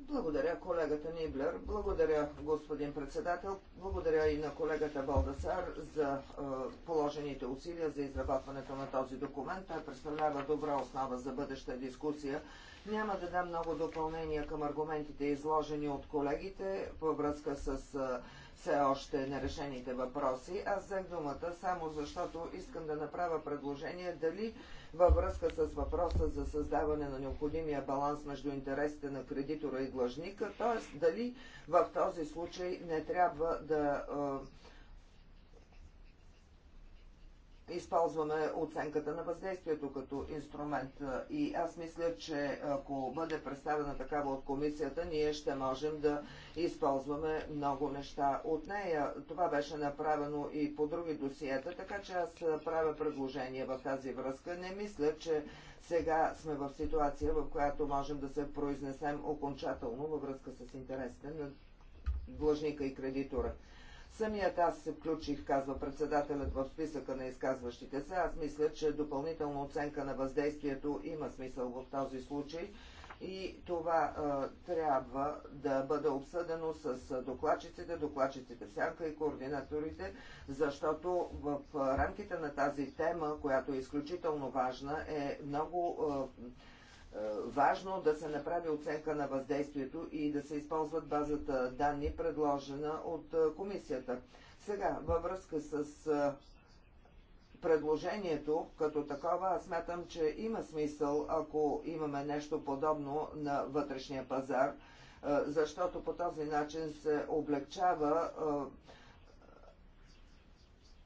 Благодаря колегата Ниблер, благодаря господин председател, благодаря и на колегата Балдасар за е, положените усилия за изработването на този документ. Той представлява добра основа за бъдеща дискусия. Няма да дам много допълнения към аргументите, изложени от колегите във връзка с. Е, все още нерешените въпроси. Аз взех думата само защото искам да направя предложение дали във връзка с въпроса за създаване на необходимия баланс между интересите на кредитора и длъжника, т.е. дали в този случай не трябва да е, използваме оценката на въздействието като инструмент. И аз мисля, че ако бъде представена такава от комисията, ние ще можем да използваме много неща от нея. Това беше направено и по други досиета, така че аз правя предложение в тази връзка. Не мисля, че сега сме в ситуация, в която можем да се произнесем окончателно във връзка с интересите на длъжника и кредитора. Самият аз се включих, казва председателят в списъка на изказващите се. Аз мисля, че допълнителна оценка на въздействието има смисъл в този случай и това а, трябва да бъде обсъдено с докладчиците, докладчиците в сянка и координаторите, защото в рамките на тази тема, която е изключително важна, е много а, е, важно да се направи оценка на въздействието и да се използват базата данни, предложена от е, комисията. Сега, във връзка с е, предложението като такова, аз смятам, че има смисъл, ако имаме нещо подобно на вътрешния пазар, защото по този начин се облегчава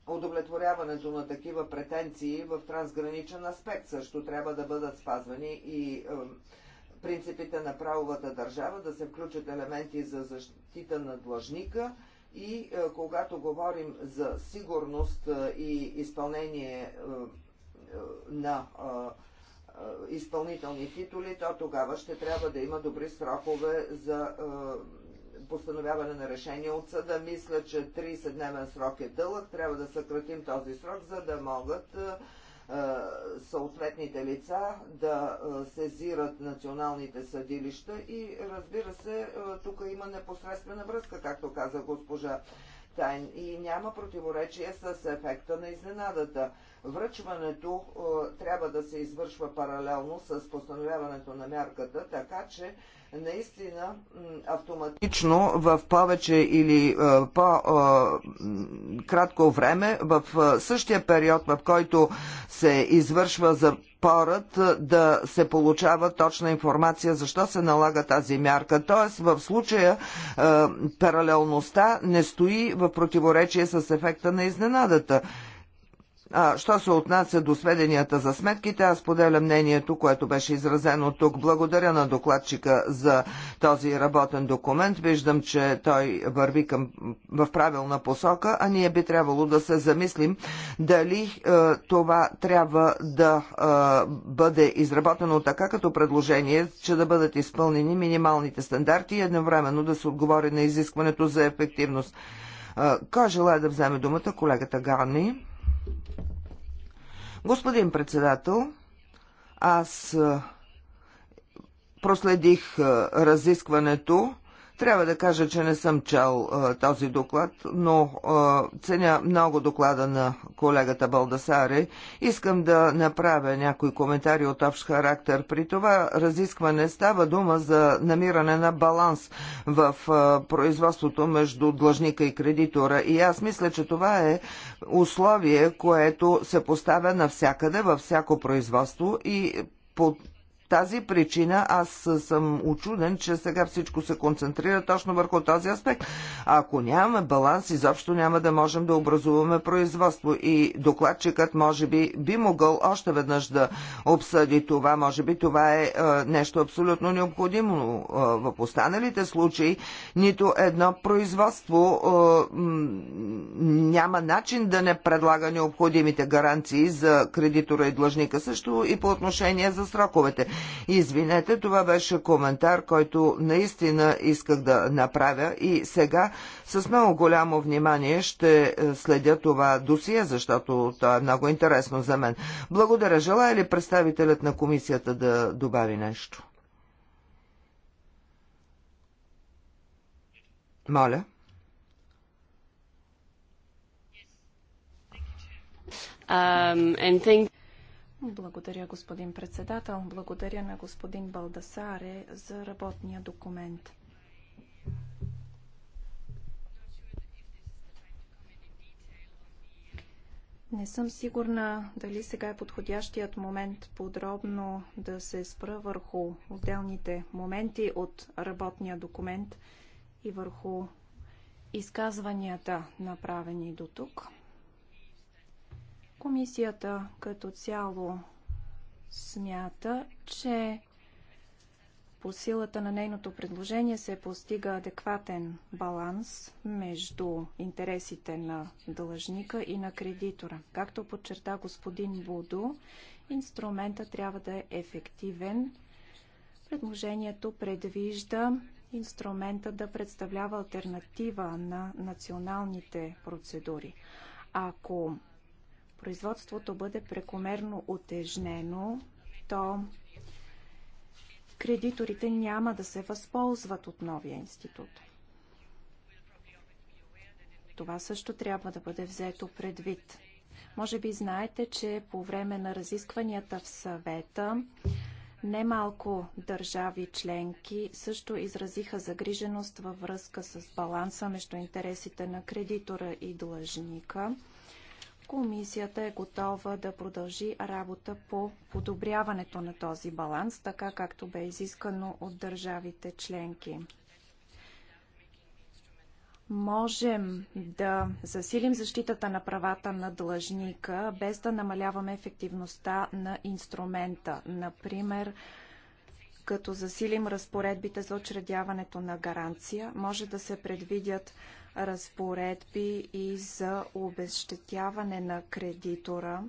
удовлетворяването на такива претенции в трансграничен аспект. Също трябва да бъдат спазвани и принципите на правовата държава, да се включат елементи за защита на длъжника и е, когато говорим за сигурност е, и изпълнение е, на изпълнителни титули, то тогава ще трябва да има добри срокове за постановяване на решение от съда. Мисля, че 30-дневен срок е дълъг. Трябва да съкратим този срок, за да могат е, е, съответните лица да е, сезират националните съдилища и разбира се, тук има непосредствена връзка, както каза госпожа Тайн и няма противоречие с ефекта на изненадата. Връчването трябва да се извършва паралелно с постановяването на мярката, така че наистина автоматично в повече или по-кратко време, в същия период, в който се извършва за порът да се получава точна информация защо се налага тази мярка. Тоест в случая паралелността не стои в противоречие с ефекта на изненадата. А, що се отнася до сведенията за сметките, аз поделя мнението, което беше изразено тук. Благодаря на докладчика за този работен документ. Виждам, че той върви към, в правилна посока, а ние би трябвало да се замислим дали е, това трябва да е, бъде изработено така като предложение, че да бъдат изпълнени минималните стандарти и едновременно да се отговори на изискването за ефективност. Е, кой желая да вземе думата? Колегата Гарни. Господин председател, аз проследих разискването трябва да кажа, че не съм чел а, този доклад, но а, ценя много доклада на колегата Балдасаре. Искам да направя някои коментари от общ характер. При това разискване става дума за намиране на баланс в а, производството между длъжника и кредитора. И аз мисля, че това е условие, което се поставя навсякъде, във всяко производство и по тази причина аз съм очуден, че сега всичко се концентрира точно върху този аспект. А ако нямаме баланс, изобщо няма да можем да образуваме производство. И докладчикът може би би могъл още веднъж да обсъди това. Може би това е, е нещо абсолютно необходимо. Е, в останалите случаи нито едно производство е, няма начин да не предлага необходимите гаранции за кредитора и длъжника също и по отношение за сроковете. Извинете, това беше коментар, който наистина исках да направя и сега с много голямо внимание ще е, следя това досие, защото то е много интересно за мен. Благодаря. Желая ли представителят на комисията да добави нещо? Моля. Um, thank благодаря, господин председател. Благодаря на господин Балдасаре за работния документ. Не съм сигурна дали сега е подходящият момент подробно да се спра върху отделните моменти от работния документ и върху изказванията, направени до тук. Комисията като цяло смята, че по силата на нейното предложение се постига адекватен баланс между интересите на дължника и на кредитора. Както подчерта господин Будо, инструмента трябва да е ефективен. Предложението предвижда инструмента да представлява альтернатива на националните процедури. Ако производството бъде прекомерно отежнено, то кредиторите няма да се възползват от новия институт. Това също трябва да бъде взето предвид. Може би знаете, че по време на разискванията в съвета немалко държави членки също изразиха загриженост във връзка с баланса между интересите на кредитора и длъжника – Комисията е готова да продължи работа по подобряването на този баланс, така както бе изискано от държавите членки. Можем да засилим защитата на правата на длъжника, без да намаляваме ефективността на инструмента. Например, като засилим разпоредбите за учредяването на гаранция, може да се предвидят разпоредби и за обезщетяване на кредитора,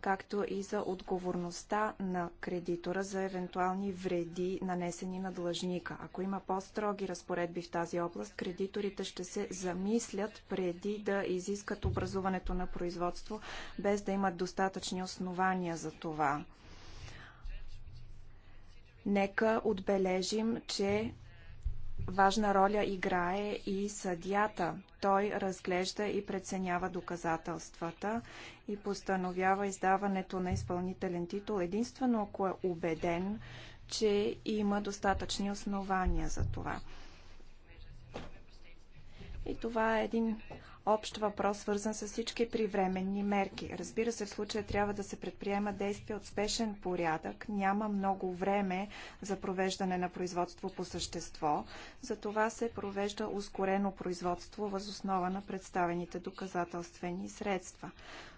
както и за отговорността на кредитора за евентуални вреди, нанесени на длъжника. Ако има по-строги разпоредби в тази област, кредиторите ще се замислят преди да изискат образуването на производство, без да имат достатъчни основания за това. Нека отбележим, че Важна роля играе и съдята. Той разглежда и преценява доказателствата и постановява издаването на изпълнителен титул единствено ако е убеден, че има достатъчни основания за това. И това е един общ въпрос, свързан с всички привременни мерки. Разбира се, в случая трябва да се предприема действия от спешен порядък. Няма много време за провеждане на производство по същество. За това се провежда ускорено производство въз основа на представените доказателствени средства.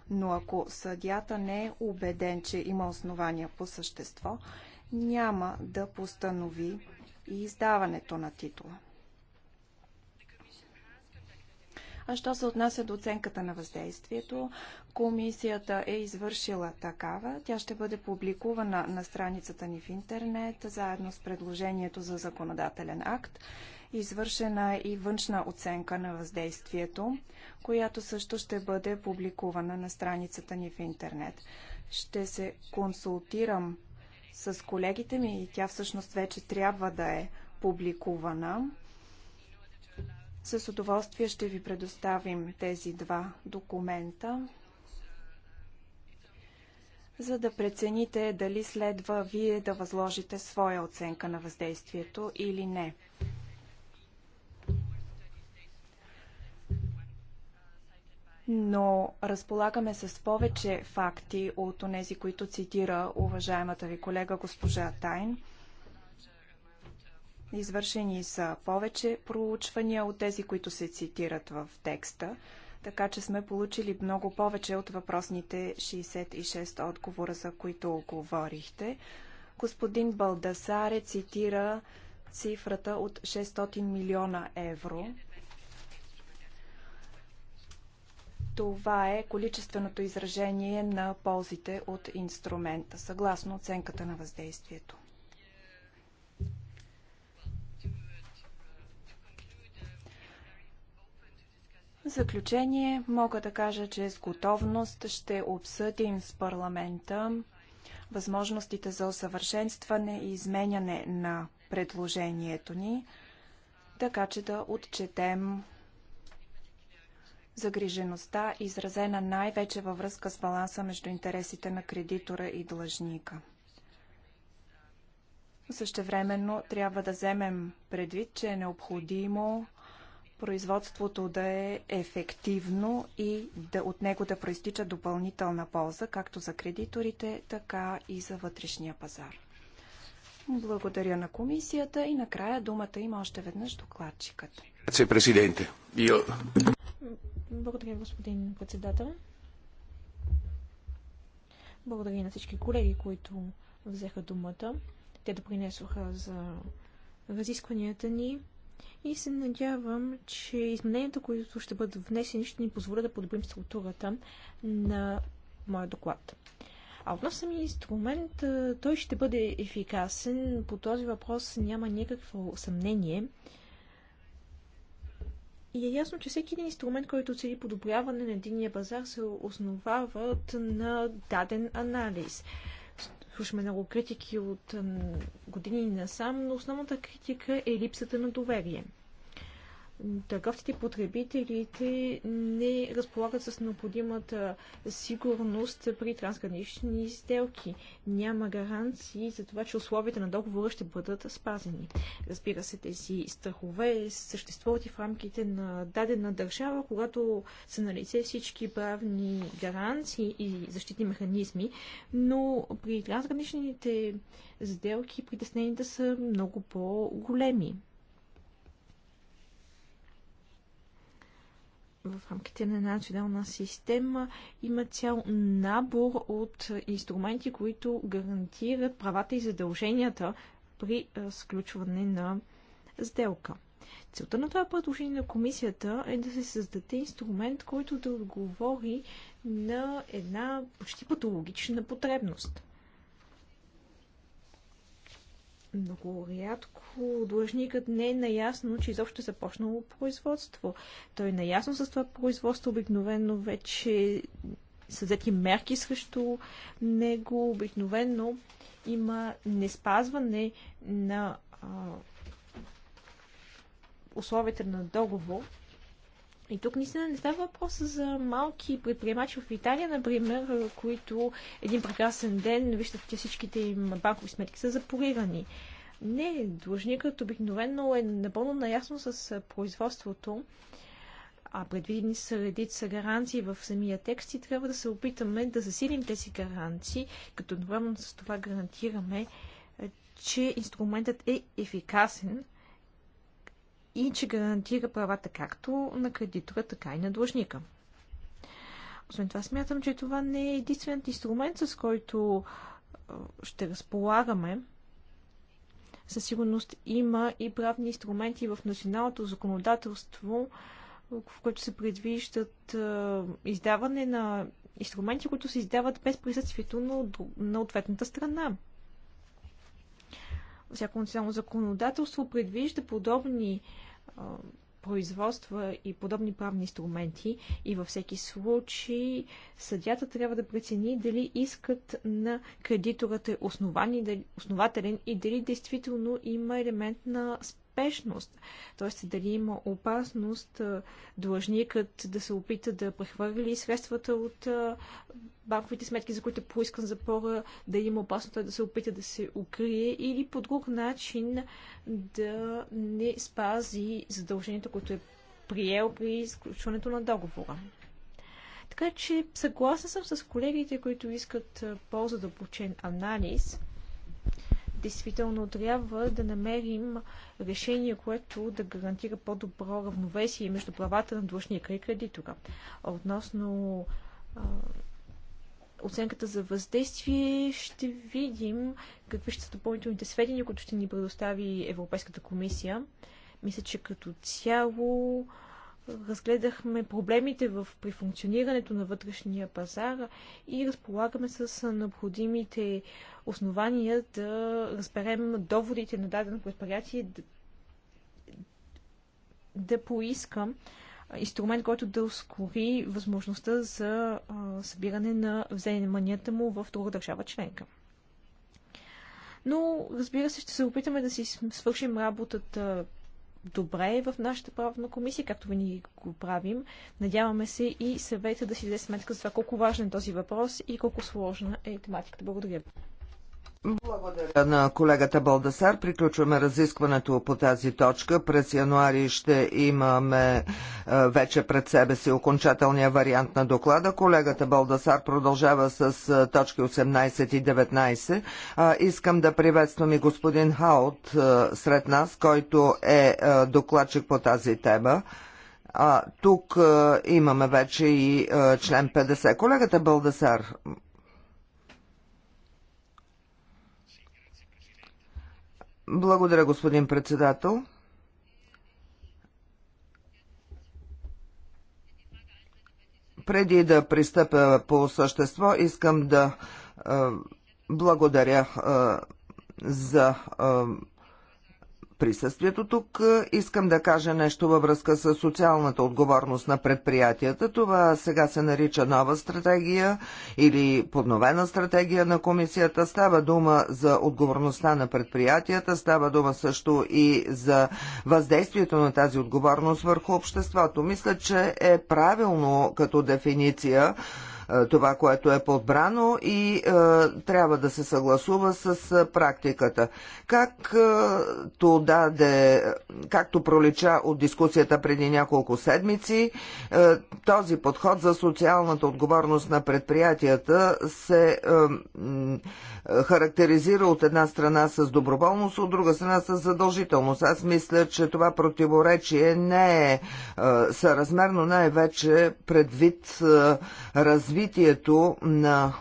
Но ако съдята не е убеден, че има основания по същество, няма да постанови и издаването на титула. А що се отнася до оценката на въздействието, комисията е извършила такава. Тя ще бъде публикувана на страницата ни в интернет, заедно с предложението за законодателен акт. Извършена е и външна оценка на въздействието, която също ще бъде публикувана на страницата ни в интернет. Ще се консултирам с колегите ми и тя всъщност вече трябва да е публикувана. С удоволствие ще ви предоставим тези два документа, за да прецените дали следва вие да възложите своя оценка на въздействието или не. но разполагаме с повече факти от тези, които цитира уважаемата ви колега госпожа Тайн. Извършени са повече проучвания от тези, които се цитират в текста, така че сме получили много повече от въпросните 66 отговора, за които говорихте. Господин Балдасаре цитира цифрата от 600 милиона евро. Това е количественото изражение на ползите от инструмента, съгласно оценката на въздействието. В заключение мога да кажа, че с готовност ще обсъдим с парламента възможностите за усъвършенстване и изменяне на предложението ни, така че да отчетем загрижеността, изразена най-вече във връзка с баланса между интересите на кредитора и длъжника. Същевременно трябва да вземем предвид, че е необходимо производството да е ефективно и да, от него да проистича допълнителна полза, както за кредиторите, така и за вътрешния пазар. Благодаря на комисията и накрая думата има още веднъж докладчикът. Благодаря, господин председател. Благодаря на всички колеги, които взеха думата. Те допринесоха за разискванията ни и се надявам, че измененията, които ще бъдат внесени, ще ни позволят да подобрим структурата на моя доклад. А относно самия инструмент, той ще бъде ефикасен. По този въпрос няма никакво съмнение. И е ясно, че всеки един инструмент, който цели подобряване на единния пазар, се основават на даден анализ слушаме много критики от години насам, но основната критика е липсата на доверие търговците и потребителите не разполагат с необходимата сигурност при трансгранични сделки. Няма гаранции за това, че условията на договора ще бъдат спазени. Разбира се, тези страхове съществуват и в рамките на дадена държава, когато са налице всички правни гаранции и защитни механизми, но при трансграничните сделки притесненията са много по-големи. в рамките на една национална система има цял набор от инструменти, които гарантират правата и задълженията при сключване на сделка. Целта на това предложение на комисията е да се създаде инструмент, който да отговори на една почти патологична потребност. Много рядко длъжникът не е наясно, че изобщо е започнало производство. Той е наясно с това производство, обикновено вече са взети мерки срещу него, обикновено има неспазване на а, условията на договор и тук наистина не става въпрос за малки предприемачи в Италия, например, които един прекрасен ден виждат, че всичките им банкови сметки са запорирани. Не, длъжникът обикновено е напълно наясно с производството, а предвидени са редица гаранции в самия текст и трябва да се опитаме да засилим тези гаранции, като едновременно с това гарантираме, че инструментът е ефикасен и че гарантира правата както на кредитора, така и на длъжника. Освен това, смятам, че това не е единственият инструмент, с който ще разполагаме. Със сигурност има и правни инструменти в националното законодателство, в което се предвиждат издаване на инструменти, които се издават без присъствието на, ответната страна всяко национално законодателство предвижда подобни а, производства и подобни правни инструменти и във всеки случай съдята трябва да прецени дали искат на кредиторът е основателен и дали действително има елемент на спешност. Т.е. дали има опасност длъжникът да се опита да прехвърли средствата от банковите сметки, за които е поискан запора, да има опасност да се опита да се укрие или по друг начин да не спази задължението, което е приел при изключването на договора. Така че съгласна съм с колегите, които искат по-задълбочен анализ – действително трябва да намерим решение, което да гарантира по-добро равновесие между правата на длъжника и кредитора. Относно оценката за въздействие ще видим какви ще са допълнителните сведения, които ще ни предостави Европейската комисия. Мисля, че като цяло а, разгледахме проблемите в, при функционирането на вътрешния пазар и разполагаме с необходимите основания да разберем доводите на дадено предприятие да, да поискам инструмент, който да ускори възможността за а, събиране на вземанията му в друга държава членка. Но, разбира се, ще се опитаме да си свършим работата добре е в нашата правна комисия, както винаги го правим. Надяваме се и съвета да си даде сметка за това колко важен е този въпрос и колко сложна е тематиката. Благодаря. Благодаря на колегата Балдасар. Приключваме разискването по тази точка. През януари ще имаме е, вече пред себе си окончателния вариант на доклада. Колегата Балдасар продължава с е, точки 18 и 19. Искам да приветствам и господин Хаут е, сред нас, който е докладчик по тази тема. А, тук а, имаме вече и а, член 50. Колегата Балдасар, Благодаря, господин председател. Преди да пристъпя по същество, искам да е, благодаря е, за е, присъствието тук. Искам да кажа нещо във връзка с социалната отговорност на предприятията. Това сега се нарича нова стратегия или подновена стратегия на комисията. Става дума за отговорността на предприятията, става дума също и за въздействието на тази отговорност върху обществото. Мисля, че е правилно като дефиниция е, това, което е подбрано и е, трябва да се съгласува с е, практиката. Как Както, даде, както пролича от дискусията преди няколко седмици, този подход за социалната отговорност на предприятията се характеризира от една страна с доброволност, от друга страна с задължителност. Аз мисля, че това противоречие не е съразмерно най-вече предвид развитието развитието на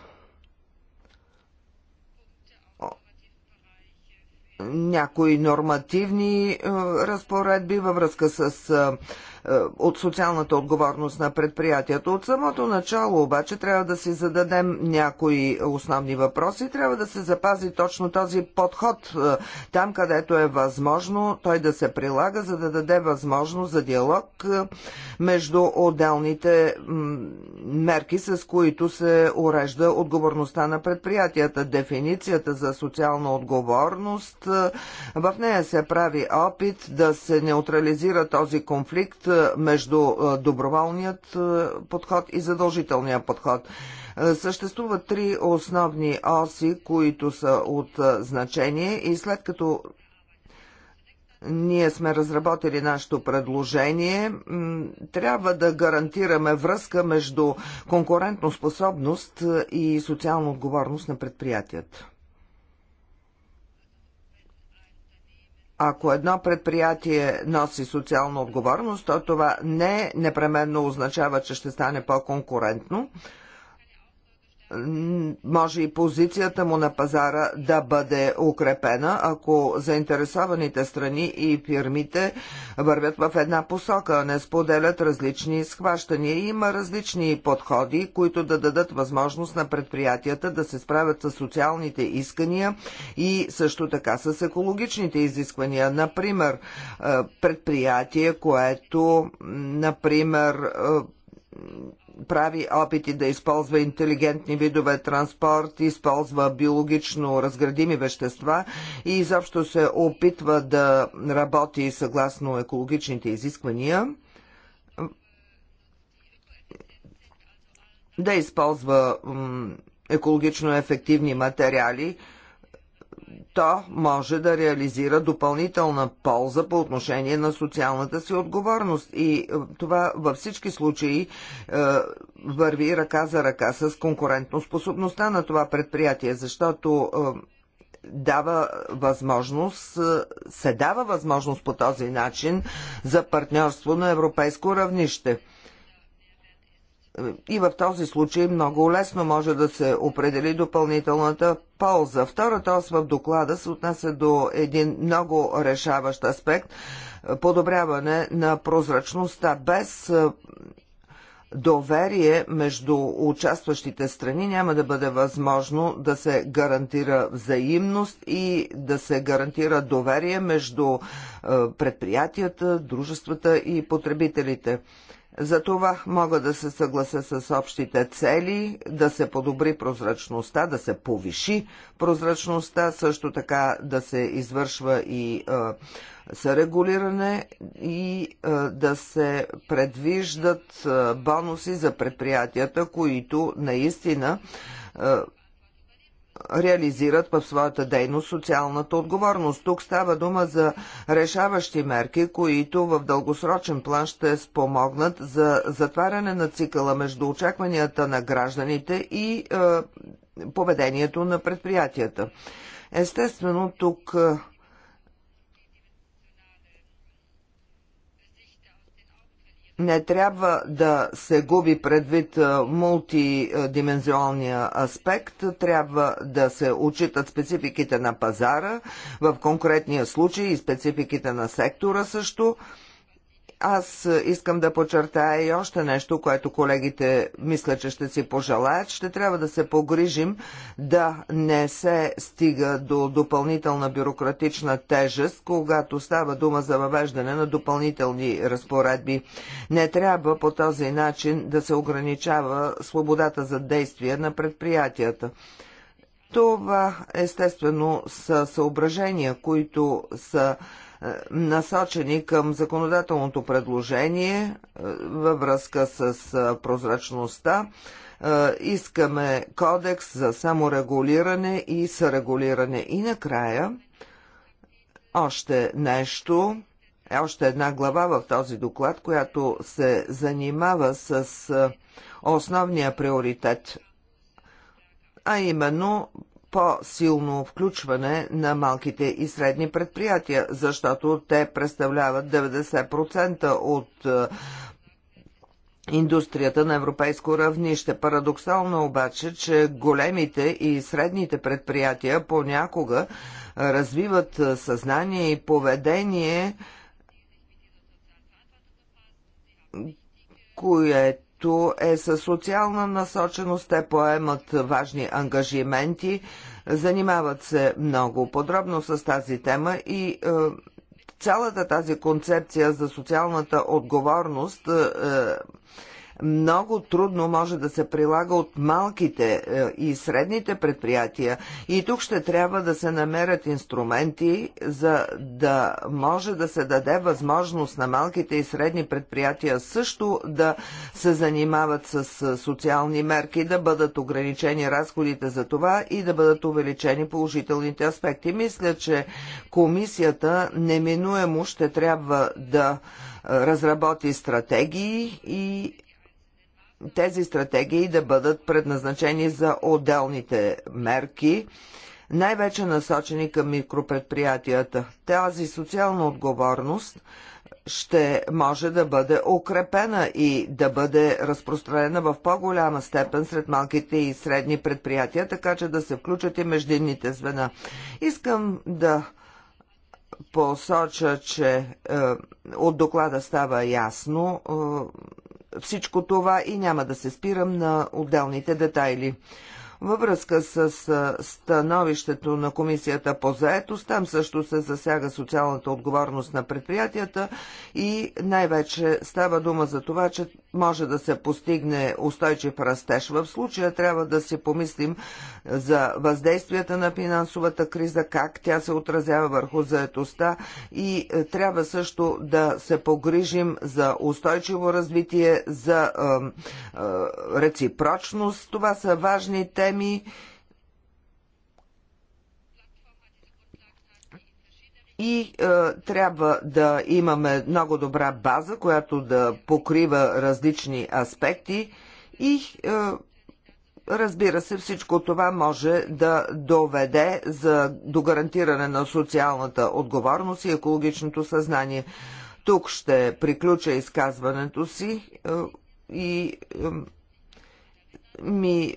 някои нормативни разпоредби във връзка с е, от социалната отговорност на предприятието. От самото начало обаче трябва да си зададем някои основни въпроси. Трябва да се запази точно този подход е, там, където е възможно той да се прилага, за да даде възможност за диалог е, между отделните мерки, с които се урежда отговорността на предприятията. Дефиницията за социална отговорност, в нея се прави опит да се неутрализира този конфликт е, между е, доброволният е, подход и задължителния подход. Съществуват три основни оси, които са от значение и след като ние сме разработили нашето предложение. Трябва да гарантираме връзка между конкурентоспособност и социална отговорност на предприятията. Ако едно предприятие носи социална отговорност, то това не непременно означава, че ще стане по-конкурентно може и позицията му на пазара да бъде укрепена, ако заинтересованите страни и фирмите вървят в една посока, не споделят различни схващания. Има различни подходи, които да дадат възможност на предприятията да се справят с социалните искания и също така с екологичните изисквания. Например, е, предприятие, което, например, е, прави опити да използва интелигентни видове транспорт, използва биологично разградими вещества и изобщо се опитва да работи съгласно екологичните изисквания. Да използва екологично ефективни материали – то може да реализира допълнителна полза по отношение на социалната си отговорност. И е, това във всички случаи е, върви ръка за ръка с конкурентоспособността на това предприятие, защото е, дава възможност, се дава възможност по този начин за партньорство на европейско равнище и в този случай много лесно може да се определи допълнителната полза. Втората ос в доклада се отнася до един много решаващ аспект – подобряване на прозрачността без е, доверие между участващите страни няма да бъде възможно да се гарантира взаимност и да се гарантира доверие между е, предприятията, дружествата и потребителите. За това мога да се съглася с общите цели, да се подобри прозрачността, да се повиши прозрачността, също така да се извършва и е, сърегулиране и е, да се предвиждат е, бонуси за предприятията, които наистина е, реализират в своята дейност социалната отговорност. Тук става дума за решаващи мерки, които в дългосрочен план ще спомогнат за затваряне на цикъла между очакванията на гражданите и е, поведението на предприятията. Естествено, тук е, не трябва да се губи предвид мултидимензионния аспект, трябва да се отчитат спецификите на пазара, в конкретния случай и спецификите на сектора също. Аз искам да подчертая и още нещо, което колегите мисля, че ще си пожелаят. Ще трябва да се погрижим да не се стига до допълнителна бюрократична тежест, когато става дума за въвеждане на допълнителни разпоредби. Не трябва по този начин да се ограничава свободата за действие на предприятията. Това естествено са съображения, които са насочени към законодателното предложение е, във връзка с е, прозрачността. Е, искаме кодекс за саморегулиране и сърегулиране. И накрая още нещо, още една глава в този доклад, която се занимава с основния приоритет, а именно по-силно включване на малките и средни предприятия, защото те представляват 90% от е, индустрията на европейско равнище. Парадоксално обаче, че големите и средните предприятия понякога е, развиват е, съзнание и поведение, което което е със социална насоченост. Те поемат важни ангажименти, занимават се много подробно с тази тема и е, цялата тази концепция за социалната отговорност е, много трудно може да се прилага от малките е, и средните предприятия. И тук ще трябва да се намерят инструменти, за да може да се даде възможност на малките и средни предприятия също да се занимават с социални мерки, да бъдат ограничени разходите за това и да бъдат увеличени положителните аспекти. Мисля, че комисията неминуемо ще трябва да е, разработи стратегии и тези стратегии да бъдат предназначени за отделните мерки, най-вече насочени към микропредприятията. Тази социална отговорност ще може да бъде укрепена и да бъде разпространена в по-голяма степен сред малките и средни предприятия, така че да се включат и междинните звена. Искам да посоча, че е, от доклада става ясно е, всичко това и няма да се спирам на отделните детайли. Във връзка с становището на Комисията по заетост, там също се засяга социалната отговорност на предприятията и най-вече става дума за това, че може да се постигне устойчив растеж. В случая трябва да си помислим за въздействията на финансовата криза, как тя се отразява върху заетостта и е, трябва също да се погрижим за устойчиво развитие, за е, е, реципрочност. Това са важни теми проблеми. и е, трябва да имаме много добра база, която да покрива различни аспекти и е, разбира се всичко това може да доведе за, до гарантиране на социалната отговорност и екологичното съзнание. Тук ще приключа изказването си е, и е, ми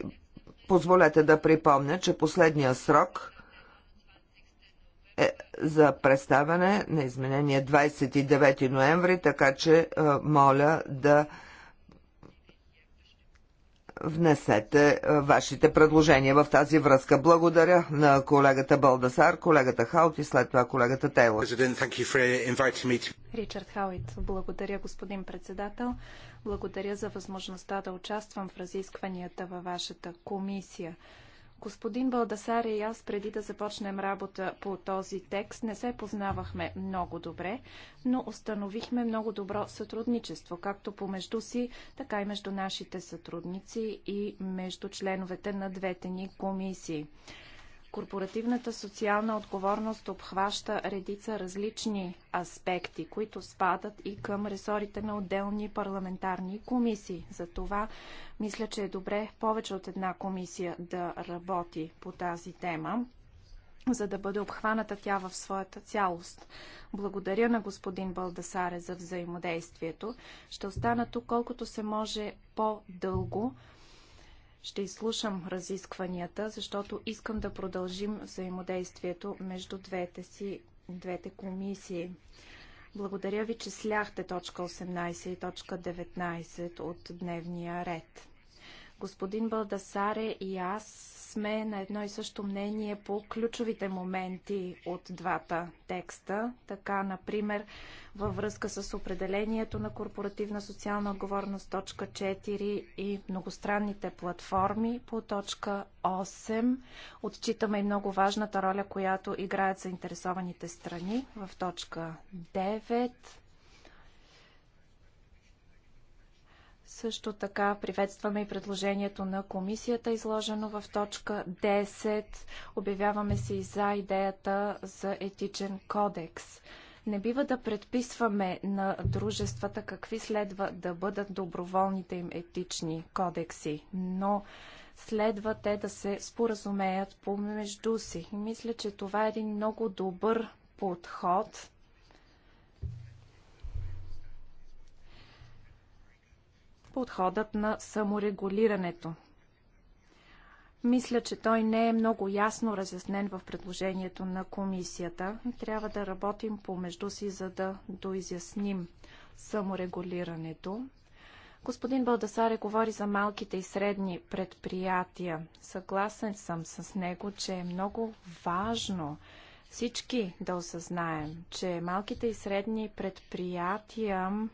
Позволете да припомня, че последния срок е за представяне на изменение 29 ноември, така че е, моля да внесете е, вашите предложения в тази връзка. Благодаря на колегата Балдасар, колегата Хаут и след това колегата Тейлор. Ричард Хауит, благодаря господин председател. Благодаря за възможността да участвам в разискванията във вашата комисия. Господин Балдасар и аз преди да започнем работа по този текст не се познавахме много добре, но установихме много добро сътрудничество, както помежду си, така и между нашите сътрудници и между членовете на двете ни комисии. Корпоративната социална отговорност обхваща редица различни аспекти, които спадат и към ресорите на отделни парламентарни комисии. За това мисля, че е добре повече от една комисия да работи по тази тема за да бъде обхваната тя в своята цялост. Благодаря на господин Балдасаре за взаимодействието. Ще остана тук колкото се може по-дълго, ще изслушам разискванията, защото искам да продължим взаимодействието между двете си, двете комисии. Благодаря ви, че сляхте точка 18 и точка 19 от дневния ред. Господин Балдасаре и аз сме на едно и също мнение по ключовите моменти от двата текста. Така, например, във връзка с определението на корпоративна социална отговорност точка 4 и многостранните платформи по точка 8. Отчитаме и много важната роля, която играят заинтересованите страни в точка 9 Също така приветстваме и предложението на комисията, изложено в точка 10. Обявяваме се и за идеята за етичен кодекс. Не бива да предписваме на дружествата какви следва да бъдат доброволните им етични кодекси, но следва те да се споразумеят помежду си. И мисля, че това е един много добър подход подходът на саморегулирането. Мисля, че той не е много ясно разяснен в предложението на комисията. Трябва да работим помежду си, за да доизясним саморегулирането. Господин Балдасаре говори за малките и средни предприятия. Съгласен съм с него, че е много важно всички да осъзнаем, че малките и средни предприятия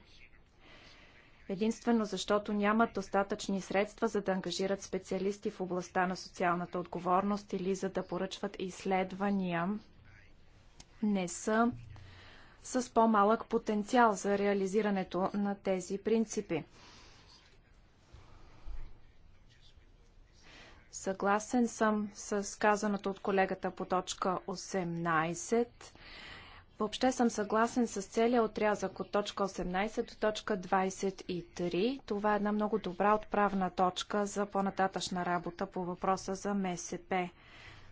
единствено защото нямат достатъчни средства за да ангажират специалисти в областта на социалната отговорност или за да поръчват изследвания, не са с по-малък потенциал за реализирането на тези принципи. Съгласен съм с казаното от колегата по точка 18. Въобще съм съгласен с целият отрязък от точка 18 до точка 23. Това е една много добра отправна точка за по-нататъчна работа по въпроса за МСП.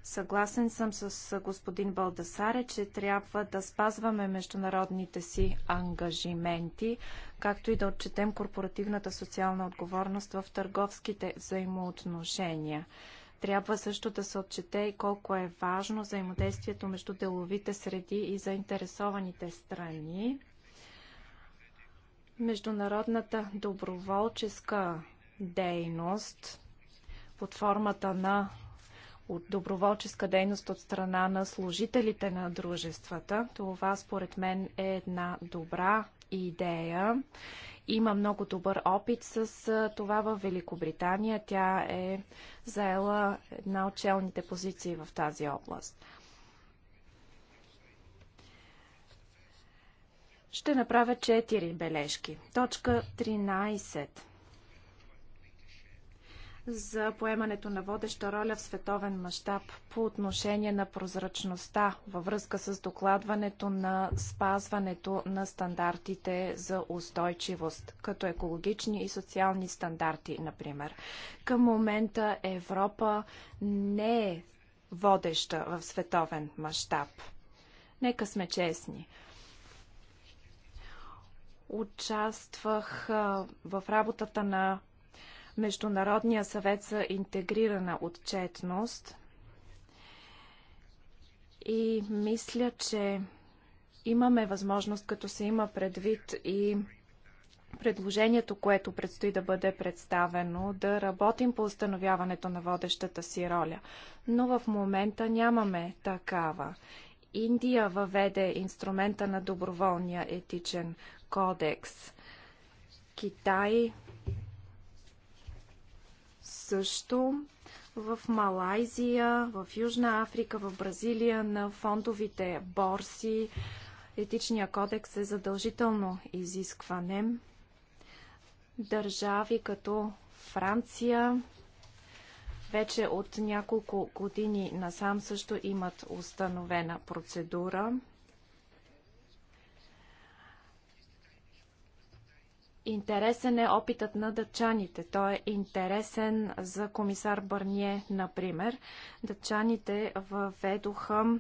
Съгласен съм с господин Балдасаре, че трябва да спазваме международните си ангажименти, както и да отчетем корпоративната социална отговорност в търговските взаимоотношения. Трябва също да се отчете и колко е важно взаимодействието между деловите среди и заинтересованите страни. Международната доброволческа дейност под формата на от доброволческа дейност от страна на служителите на дружествата. Това според мен е една добра идея има много добър опит с това в Великобритания. Тя е заела една от челните позиции в тази област. Ще направя 4 бележки. Точка 13 за поемането на водеща роля в световен мащаб по отношение на прозрачността във връзка с докладването на спазването на стандартите за устойчивост, като екологични и социални стандарти, например. Към момента Европа не е водеща в световен мащаб. Нека сме честни участвах в работата на Международния съвет за интегрирана отчетност. И мисля, че имаме възможност, като се има предвид и предложението, което предстои да бъде представено, да работим по установяването на водещата си роля. Но в момента нямаме такава. Индия въведе инструмента на доброволния етичен кодекс. Китай също в Малайзия, в Южна Африка, в Бразилия на фондовите борси. Етичния кодекс е задължително изискване. Държави като Франция вече от няколко години насам също имат установена процедура. Интересен е опитът на дъчаните. Той е интересен за комисар Бърние, например. Дъчаните въведоха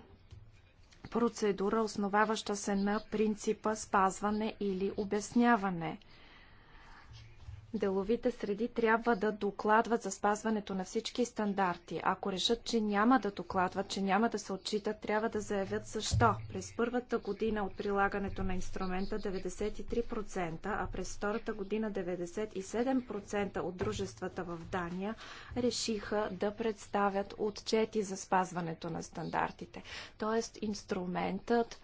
процедура, основаваща се на принципа спазване или обясняване деловите среди трябва да докладват за спазването на всички стандарти. Ако решат, че няма да докладват, че няма да се отчитат, трябва да заявят защо. През първата година от прилагането на инструмента 93%, а през втората година 97% от дружествата в Дания решиха да представят отчети за спазването на стандартите. Тоест инструментът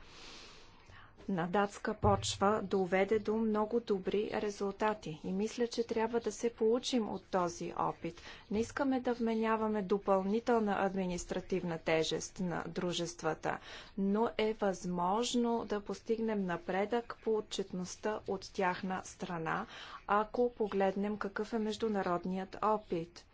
на датска почва доведе до много добри резултати. И мисля, че трябва да се получим от този опит. Не искаме да вменяваме допълнителна административна тежест на дружествата, но е възможно да постигнем напредък по отчетността от тяхна страна, ако погледнем какъв е международният опит.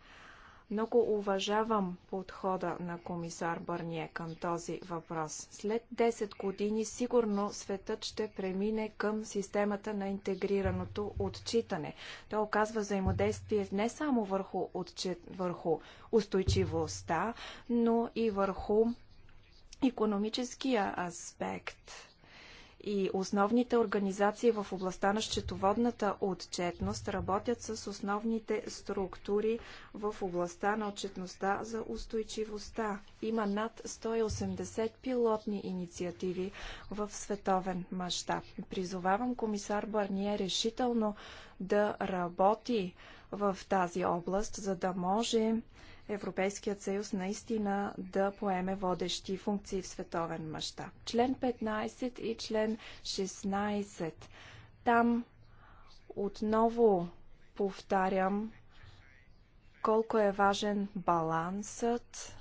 Много уважавам подхода на комисар Бърние към този въпрос. След 10 години сигурно светът ще премине към системата на интегрираното отчитане. То оказва взаимодействие не само върху, отчет, върху устойчивостта, но и върху економическия аспект и основните организации в областта на счетоводната отчетност работят с основните структури в областта на отчетността за устойчивостта. Има над 180 пилотни инициативи в световен мащаб. Призовавам комисар Барния решително да работи в тази област, за да може Европейският съюз наистина да поеме водещи функции в световен мащаб. Член 15 и член 16. Там отново повтарям колко е важен балансът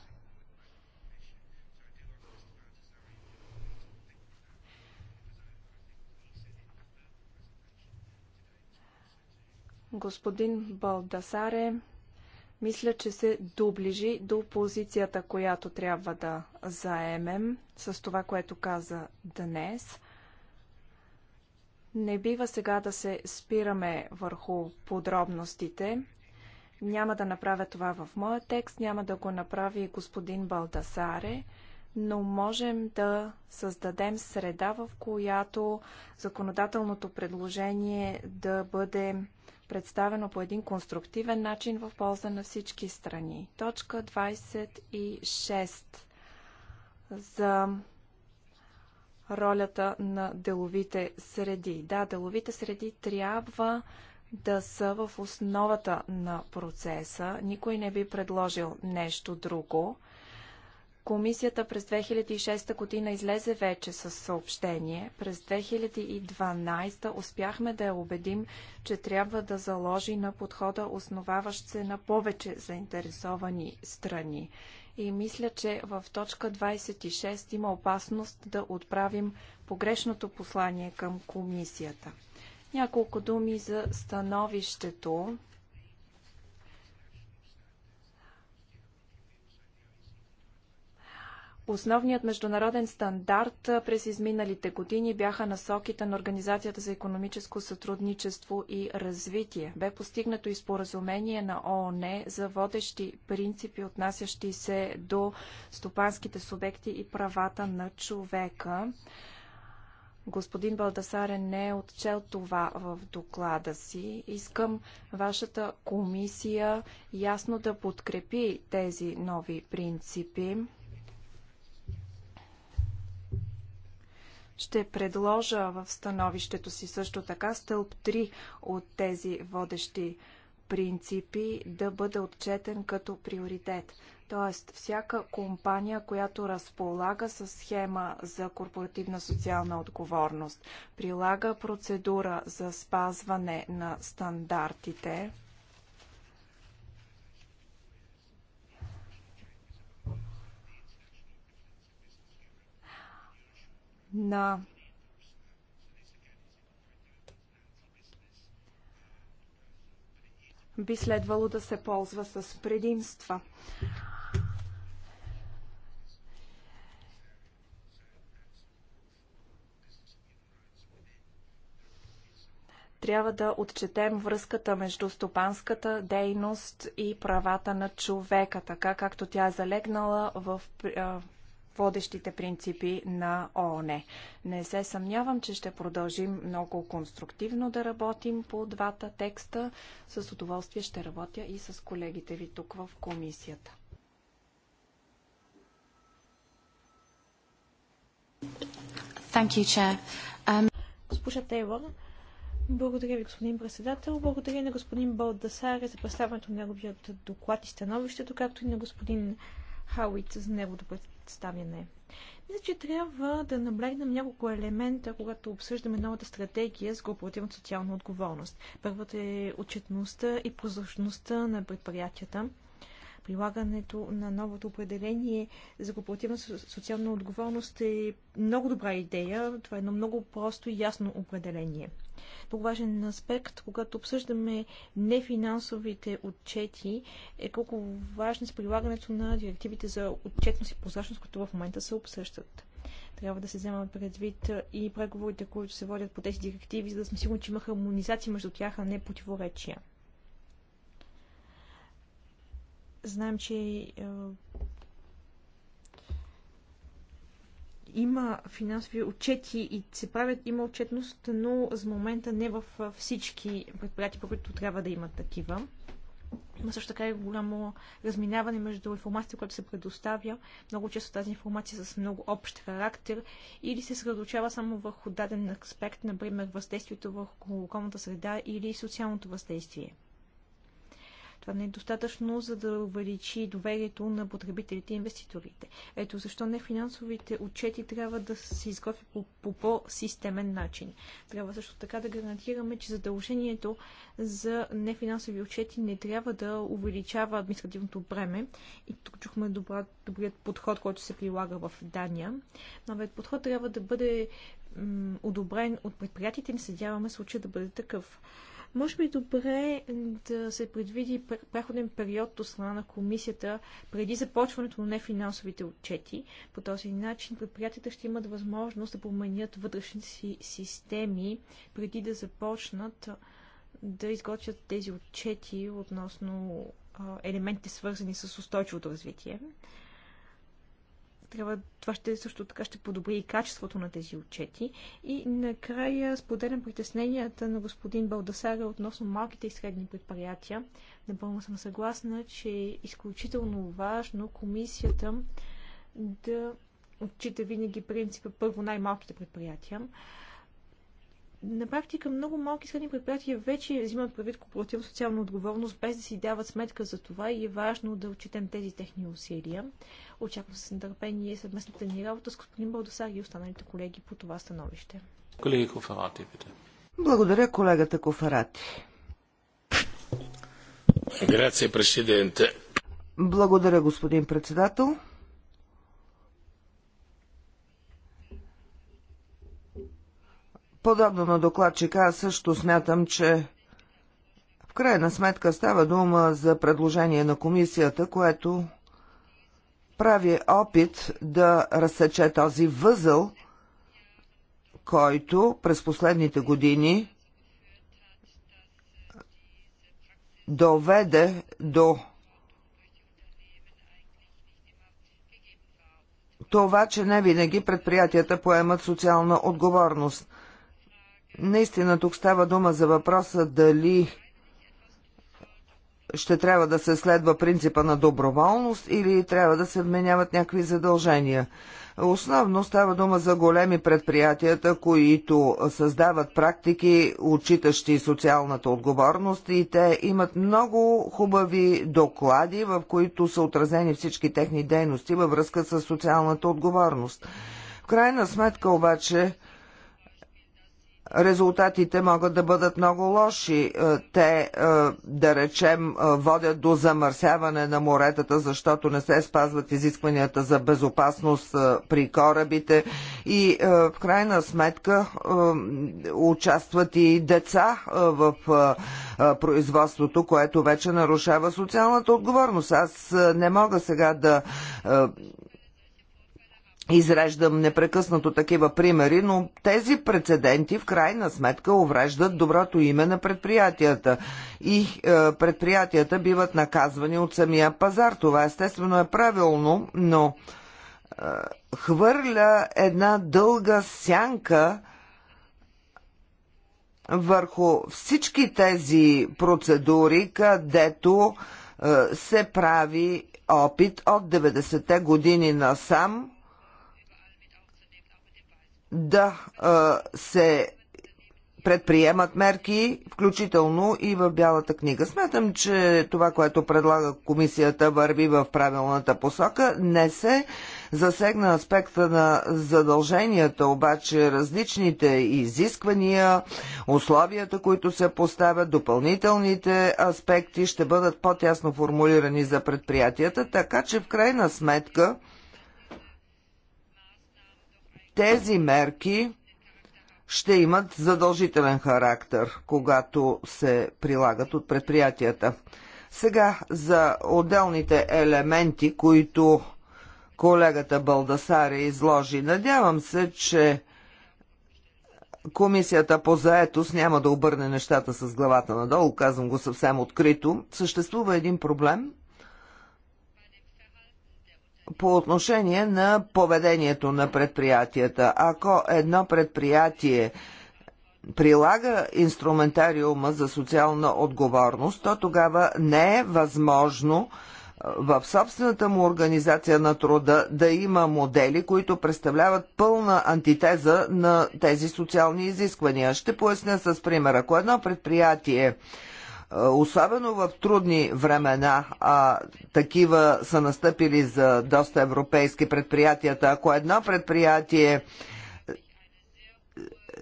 Господин Балдасаре мисля, че се доближи до позицията, която трябва да заемем с това, което каза днес. Не бива сега да се спираме върху подробностите. Няма да направя това в моя текст, няма да го направи господин Балдасаре но можем да създадем среда, в която законодателното предложение да бъде представено по един конструктивен начин в полза на всички страни. Точка 26 за ролята на деловите среди. Да, деловите среди трябва да са в основата на процеса. Никой не би предложил нещо друго. Комисията през 2006 година излезе вече с съобщение. През 2012 успяхме да я убедим, че трябва да заложи на подхода, основаващ се на повече заинтересовани страни. И мисля, че в точка 26 има опасност да отправим погрешното послание към комисията. Няколко думи за становището Основният международен стандарт през изминалите години бяха насоките на Организацията за економическо сътрудничество и развитие. Бе постигнато и споразумение на ООН за водещи принципи, отнасящи се до стопанските субекти и правата на човека. Господин Балдасаре не е отчел това в доклада си. Искам вашата комисия ясно да подкрепи тези нови принципи. Ще предложа в становището си също така стълб 3 от тези водещи принципи да бъде отчетен като приоритет. Тоест, всяка компания, която разполага с схема за корпоративна социална отговорност, прилага процедура за спазване на стандартите, на би следвало да се ползва с предимства. трябва да отчетем връзката между стопанската дейност и правата на човека, така както тя е залегнала в водещите принципи на ООН. Не се съмнявам, че ще продължим много конструктивно да работим по двата текста. С удоволствие ще работя и с колегите ви тук в комисията. Thank you, Chair. Um... Госпожа Тейлор, благодаря ви, господин председател. Благодаря на господин Балдасаре за представянето на неговият доклад и становището, както и на господин Хауит за неговото представяне. Мисля, че трябва да наблегнем няколко елемента, когато обсъждаме новата стратегия с корпоративната социална отговорност. Първата е отчетността и прозрачността на предприятията. Прилагането на новото определение за корпоративна социална отговорност е много добра идея. Това е едно много просто и ясно определение. Много важен аспект, когато обсъждаме нефинансовите отчети, е колко важно с прилагането на директивите за отчетност и прозрачност, които в момента се обсъждат трябва да се взема предвид и преговорите, които се водят по тези директиви, за да сме сигурни, че има хармонизация между тях, а не противоречия. Знаем, че има финансови отчети и се правят, има отчетност, но за момента не във всички предприятия, по които трябва да имат такива. Има също така и голямо разминаване между информацията, която се предоставя. Много често тази информация е с много общ характер или се съсредоточава само върху даден аспект, например въздействието върху околната среда или социалното въздействие. Това не е достатъчно, за да увеличи доверието на потребителите и инвеститорите. Ето защо не финансовите отчети трябва да се изготвят по, по по-системен начин. Трябва също така да гарантираме, че задължението за нефинансови отчети не трябва да увеличава административното бреме. И тук чухме добра, добрият подход, който се прилага в Дания. Новият подход трябва да бъде одобрен от предприятите и се надяваме случая да бъде такъв. Може би е добре да се предвиди преходен период от страна на комисията преди започването на нефинансовите отчети. По този начин предприятията ще имат възможност да променят вътрешните си системи преди да започнат да изготвят тези отчети относно елементите свързани с устойчивото развитие. Трябва, това ще също така ще подобри и качеството на тези отчети. И накрая споделям притесненията на господин Балдасара относно малките и средни предприятия. Напълно съм съгласна, че е изключително важно комисията да отчита винаги принципа първо най-малките предприятия на практика много малки и средни предприятия вече взимат предвид корпоративна социална отговорност, без да си дават сметка за това и е важно да отчитам тези техни усилия. Очаквам с нетърпение съвместната ни работа с господин Балдосар и останалите колеги по това становище. Колеги Коферати, пите. Благодаря колегата Коферати. Грация, президенте. Благодаря, господин председател. Подобно на докладчика, аз също смятам, че в крайна сметка става дума за предложение на комисията, което прави опит да разсече този възъл, който през последните години доведе до това, че не винаги предприятията поемат социална отговорност. Наистина тук става дума за въпроса дали ще трябва да се следва принципа на доброволност или трябва да се вменяват някакви задължения. Основно става дума за големи предприятията, които създават практики, отчитащи социалната отговорност и те имат много хубави доклади, в които са отразени всички техни дейности във връзка с социалната отговорност. В крайна сметка обаче резултатите могат да бъдат много лоши. Е, те, е, да речем, е, водят до замърсяване на моретата, защото не се спазват изискванията за безопасност при корабите и в крайна сметка участват и деца в производството, което вече нарушава социалната отговорност. Аз не мога сега да Изреждам непрекъснато такива примери, но тези прецеденти в крайна сметка увреждат доброто име на предприятията и е, предприятията биват наказвани от самия пазар. Това естествено е правилно, но е, хвърля една дълга сянка върху всички тези процедури, където е, се прави опит от 90-те години насам да се предприемат мерки, включително и в Бялата книга. Смятам, че това, което предлага комисията, върви в правилната посока. Не се засегна аспекта на задълженията, обаче различните изисквания, условията, които се поставят, допълнителните аспекти ще бъдат по-тясно формулирани за предприятията, така че в крайна сметка тези мерки ще имат задължителен характер, когато се прилагат от предприятията. Сега за отделните елементи, които колегата Балдасаре изложи. Надявам се, че Комисията по заетост няма да обърне нещата с главата надолу, казвам го съвсем открито. Съществува един проблем, по отношение на поведението на предприятията. Ако едно предприятие прилага инструментариума за социална отговорност, то тогава не е възможно в собствената му организация на труда да има модели, които представляват пълна антитеза на тези социални изисквания. Ще поясня с пример. Ако едно предприятие Особено в трудни времена, а такива са настъпили за доста европейски предприятията, ако едно предприятие е,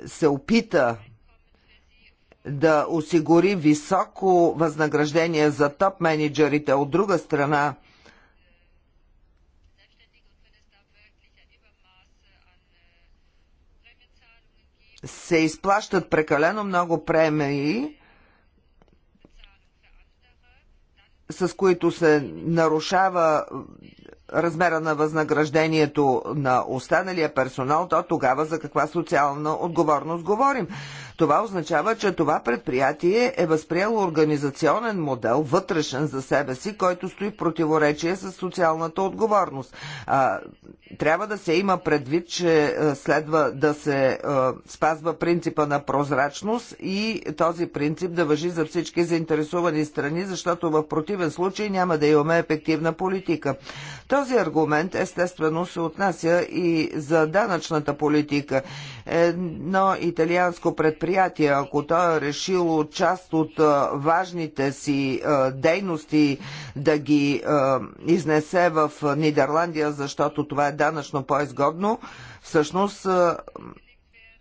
се опита да осигури високо възнаграждение за топ менеджерите, от друга страна се изплащат прекалено много премии, с които се нарушава размера на възнаграждението на останалия персонал, то тогава за каква социална отговорност говорим? Това означава, че това предприятие е възприело организационен модел, вътрешен за себе си, който стои в противоречие с социалната отговорност. А, трябва да се има предвид, че следва да се а, спазва принципа на прозрачност и този принцип да въжи за всички заинтересувани страни, защото в противен случай няма да имаме ефективна политика. Този аргумент естествено се отнася и за данъчната политика. Едно италианско предприятие предприятия, ако то е решило част от важните си дейности да ги изнесе в Нидерландия, защото това е данъчно по-изгодно, всъщност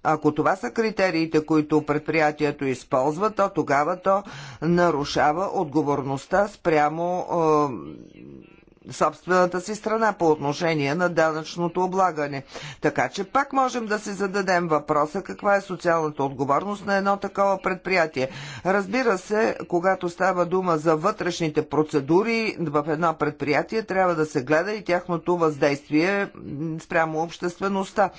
ако това са критериите, които предприятието използва, то тогава то нарушава отговорността спрямо собствената си страна по отношение на данъчното облагане. Така че пак можем да си зададем въпроса каква е социалната отговорност на едно такова предприятие. Разбира се, когато става дума за вътрешните процедури в едно предприятие, трябва да се гледа и тяхното въздействие спрямо обществеността.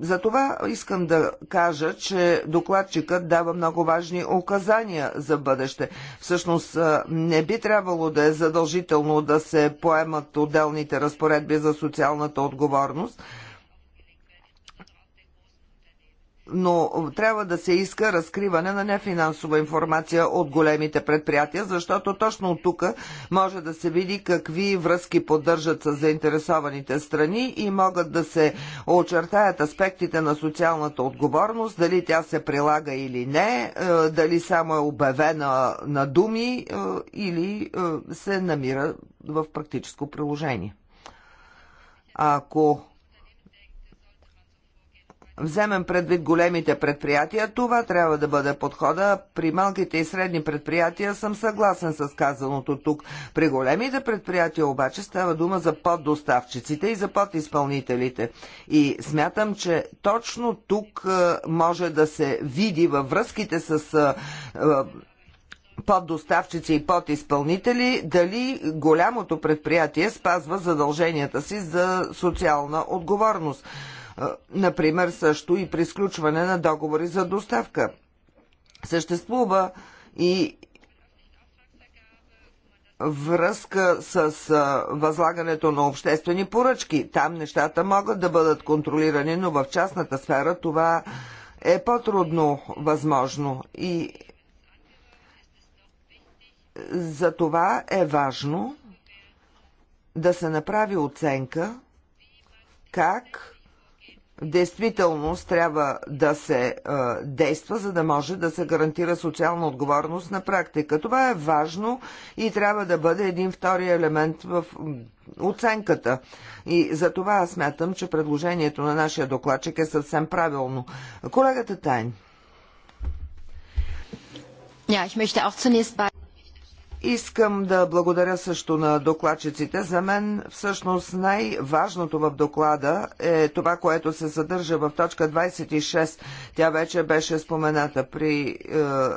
Затова искам да кажа, че докладчикът дава много важни указания за бъдеще. Всъщност не би трябвало да е задължително да се поемат отделните разпоредби за социалната отговорност, но трябва да се иска разкриване на нефинансова информация от големите предприятия, защото точно от тук може да се види какви връзки поддържат с заинтересованите страни и могат да се очертаят аспектите на социалната отговорност, дали тя се прилага или не, е, дали само е обявена на думи е, или е, се намира в практическо приложение. Ако вземем предвид големите предприятия, това трябва да бъде подхода. При малките и средни предприятия съм съгласен с казаното тук. При големите предприятия обаче става дума за поддоставчиците и за подизпълнителите. И смятам, че точно тук е, може да се види във връзките с е, е, поддоставчици и подизпълнители, дали голямото предприятие спазва задълженията си за социална отговорност например също и при сключване на договори за доставка. Съществува и връзка с възлагането на обществени поръчки. Там нещата могат да бъдат контролирани, но в частната сфера това е по-трудно възможно. И за това е важно да се направи оценка как действителност трябва да се а, е, действа, за да може да се гарантира социална отговорност на практика. Това е важно и трябва да бъде един втори елемент в оценката. И за това аз смятам, че предложението на нашия докладчик е съвсем правилно. Колегата Тайн. Ja, ich möchte auch zunächst bei Искам да благодаря също на докладчиците. За мен всъщност най-важното в доклада е това, което се съдържа в точка 26. Тя вече беше спомената. При е,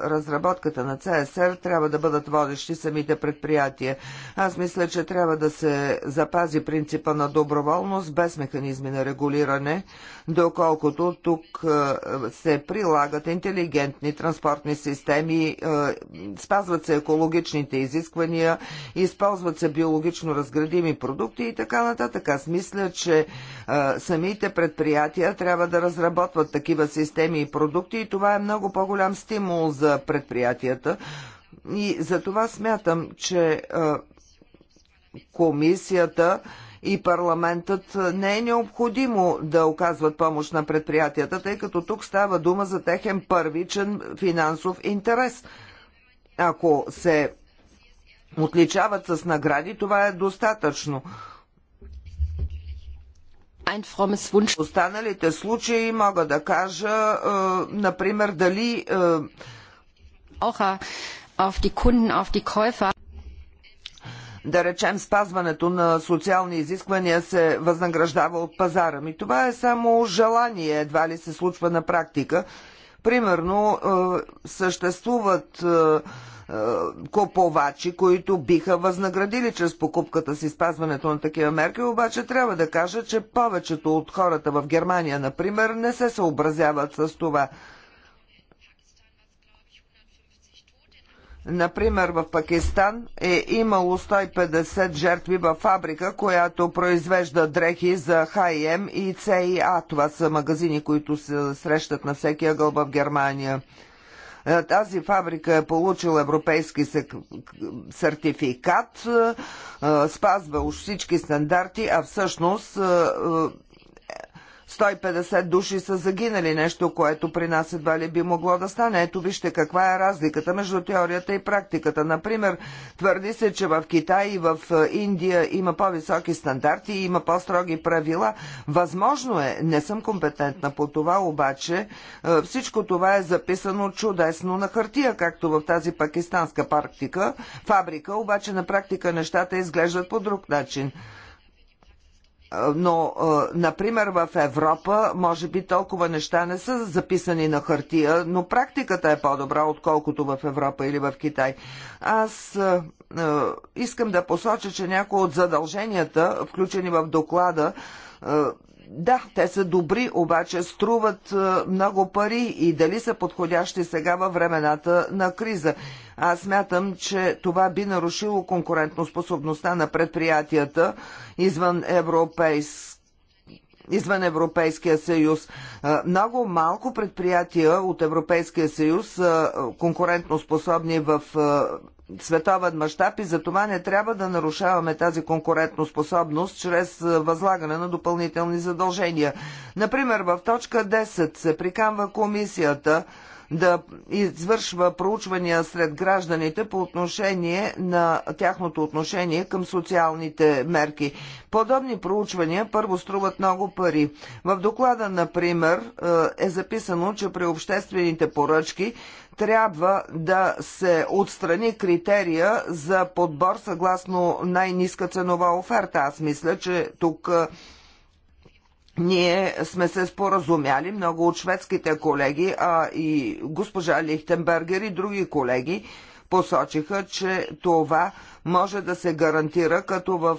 разработката на ЦСР трябва да бъдат водещи самите предприятия. Аз мисля, че трябва да се запази принципа на доброволност без механизми на регулиране, доколкото тук е, се прилагат интелигентни транспортни системи, е, спазват се екологичните социалните изисквания, използват се биологично разградими продукти и така нататък. Аз мисля, че а, самите предприятия трябва да разработват такива системи и продукти и това е много по-голям стимул за предприятията. И за това смятам, че а, комисията и парламентът не е необходимо да оказват помощ на предприятията, тъй като тук става дума за техен първичен финансов интерес. Ако се отличават с награди, това е достатъчно. В останалите случаи мога да кажа, е, например, дали е, да речем спазването на социални изисквания се възнаграждава от пазара. Ми това е само желание, едва ли се случва на практика. Примерно, е, съществуват е, е, купувачи, които биха възнаградили чрез покупката си спазването на такива мерки, обаче трябва да кажа, че повечето от хората в Германия, например, не се съобразяват с това. Например, в Пакистан е имало 150 жертви във фабрика, която произвежда дрехи за H&M и ЦИА. Това са магазини, които се срещат на всеки ъгъл в Германия. Е, тази фабрика е получила европейски сертификат, е, е, спазва уж всички стандарти, а всъщност 150 души са загинали, нещо, което при нас едва ли би могло да стане. Ето вижте каква е разликата между теорията и практиката. Например, твърди се, че в Китай и в е, Индия има по-високи стандарти и има по-строги правила. Възможно е, не съм компетентна по това, обаче е, всичко това е записано чудесно на хартия, както в тази пакистанска практика. Фабрика, обаче на практика нещата изглеждат по друг начин но, например, в Европа, може би толкова неща не са записани на хартия, но практиката е по-добра, отколкото в Европа или в Китай. Аз искам да посоча, че някои от задълженията, включени в доклада, да, те са добри, обаче струват е, много пари и дали са подходящи сега във времената на криза. Аз смятам, че това би нарушило конкурентоспособността на предприятията извън европейски извън Европейския съюз. Е, много малко предприятия от Европейския съюз са е, конкурентно способни в световен мащаб и за това не трябва да нарушаваме тази конкурентоспособност чрез е, възлагане на допълнителни задължения. Например, в точка 10 се приканва комисията да извършва проучвания сред гражданите по отношение на тяхното отношение към социалните мерки. Подобни проучвания първо струват много пари. В доклада, например, е, е записано, че при обществените поръчки трябва да се отстрани критерия за подбор съгласно най-ниска ценова оферта. Аз мисля, че тук ние сме се споразумяли, много от шведските колеги, а и госпожа Лихтенбергер и други колеги посочиха, че това може да се гарантира, като в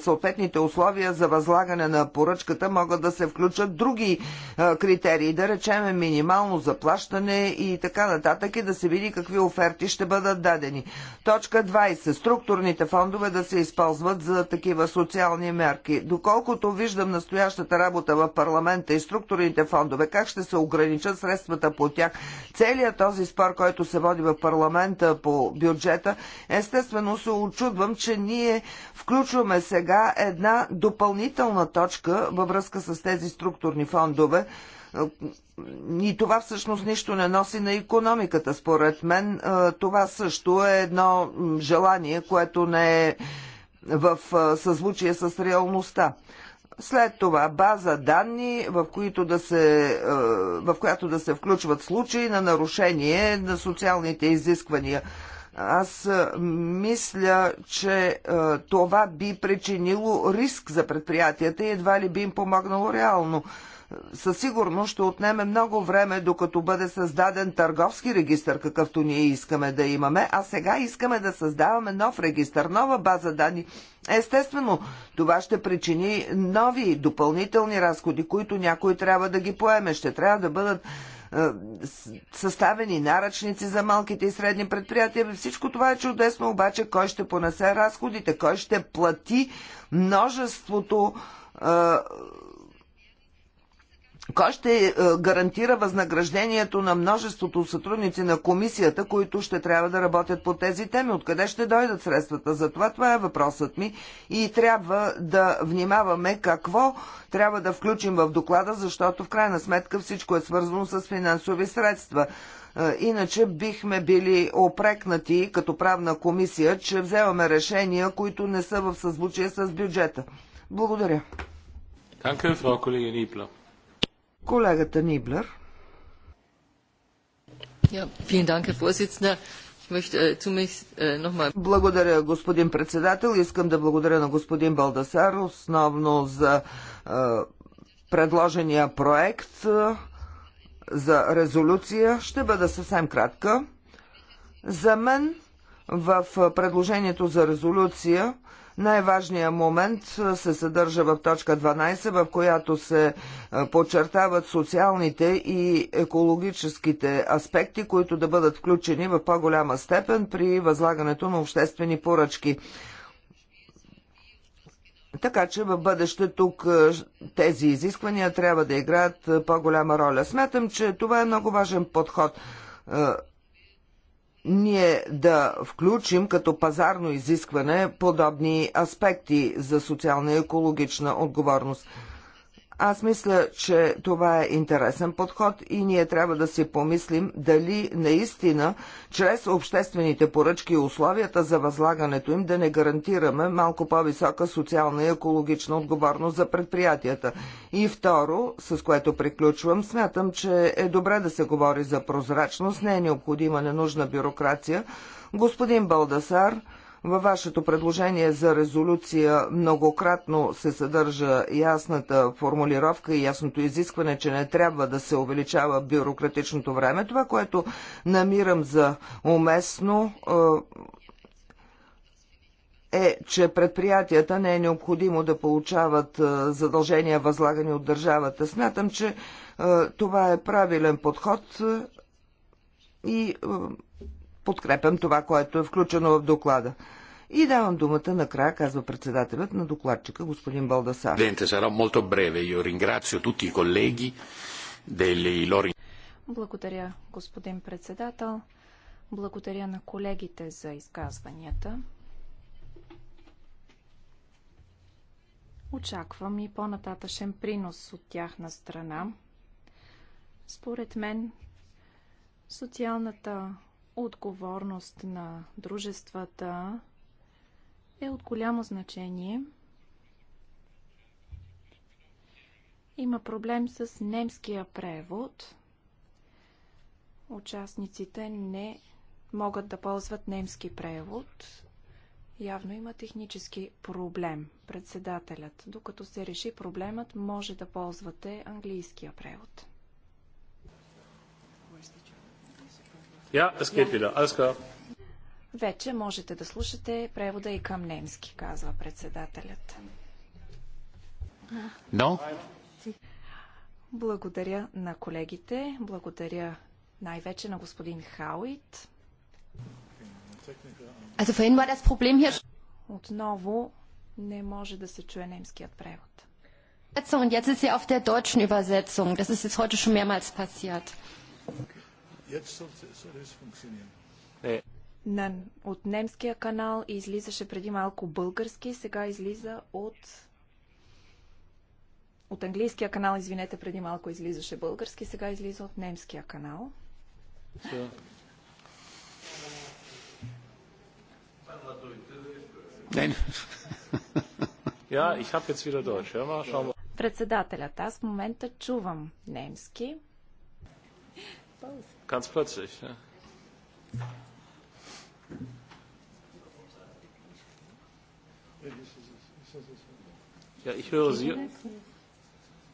съответните условия за възлагане на поръчката могат да се включат други критерии, да речем минимално заплащане и така нататък и да се види какви оферти ще бъдат дадени. Точка 20. Структурните фондове да се използват за такива социални мерки. Доколкото виждам настоящата работа в парламента и структурните фондове, как ще се ограничат средствата по тях, целият този спор, който се води в парламента по бюджет, бюджета, естествено се очудвам, че ние включваме сега една допълнителна точка във връзка с тези структурни фондове, и това всъщност нищо не носи на економиката. Според мен това също е едно желание, което не е в съзвучие с реалността. След това база данни, в, които да се, в която да се включват случаи на нарушение на социалните изисквания. Аз мисля, че това би причинило риск за предприятията и едва ли би им помогнало реално. Със сигурност ще отнеме много време, докато бъде създаден търговски регистр, какъвто ние искаме да имаме, а сега искаме да създаваме нов регистр, нова база данни. Естествено, това ще причини нови допълнителни разходи, които някой трябва да ги поеме. Ще трябва да бъдат е, съставени наръчници за малките и средни предприятия. Всичко това е чудесно, обаче кой ще понесе разходите, кой ще плати множеството е, кой ще е, гарантира възнаграждението на множеството сътрудници на комисията, които ще трябва да работят по тези теми? Откъде ще дойдат средствата? За това това е въпросът ми и трябва да внимаваме какво трябва да включим в доклада, защото в крайна сметка всичко е свързано с финансови средства. Е, иначе бихме били опрекнати като правна комисия, че вземаме решения, които не са в съзвучие с бюджета. Благодаря. Danke, Frau Kollegin Колегата Ниблер. Äh, äh, благодаря, господин председател. Искам да благодаря на господин Балдасар основно за е, предложения проект е, за резолюция. Ще бъда съвсем кратка. За мен в предложението за резолюция най-важният момент се съдържа в точка 12, в която се подчертават социалните и екологическите аспекти, които да бъдат включени в по-голяма степен при възлагането на обществени поръчки. Така че в бъдеще тук тези изисквания трябва да играят по-голяма роля. Смятам, че това е много важен подход ние да включим като пазарно изискване подобни аспекти за социална и екологична отговорност. Аз мисля, че това е интересен подход и ние трябва да си помислим дали наистина чрез обществените поръчки и условията за възлагането им да не гарантираме малко по-висока социална и екологична отговорност за предприятията. И второ, с което приключвам, смятам, че е добре да се говори за прозрачност, не е необходима ненужна бюрокрация. Господин Балдасар, във вашето предложение за резолюция многократно се съдържа ясната формулировка и ясното изискване, че не трябва да се увеличава бюрократичното време. Това, което намирам за уместно, е, че предприятията не е необходимо да получават е, задължения възлагани от държавата. Смятам, че е, това е правилен подход е, и подкрепям това, което е включено в доклада. И давам думата накрая, казва председателят на докладчика, господин Балдасар. Благодаря, господин председател. Благодаря на колегите за изказванията. Очаквам и по нататъшен принос от тяхна страна. Според мен, социалната отговорност на дружествата е от голямо значение. Има проблем с немския превод. Участниците не могат да ползват немски превод. Явно има технически проблем. Председателят, докато се реши проблемът, може да ползвате английския превод. Ja, es geht wieder. Вече можете да слушате превода и към немски, казва председателят. Но? Благодаря на колегите, благодаря най-вече на господин Хауит. Отново не може да се чуе немският превод. Jetzt ist sie auf der deutschen Übersetzung. Das ist jetzt heute schon mehrmals passiert. Okay. Не, от немския канал излизаше преди малко български, сега излиза от... От английския канал, извинете, преди малко излизаше български, сега излиза от немския канал. Е. Ja, ich habe jetzt wieder Deutsch. Hör mal, schau mal. Председателят, аз в момента чувам немски. Both ganz plötzlich. Ja. Ja, ich höre Sie.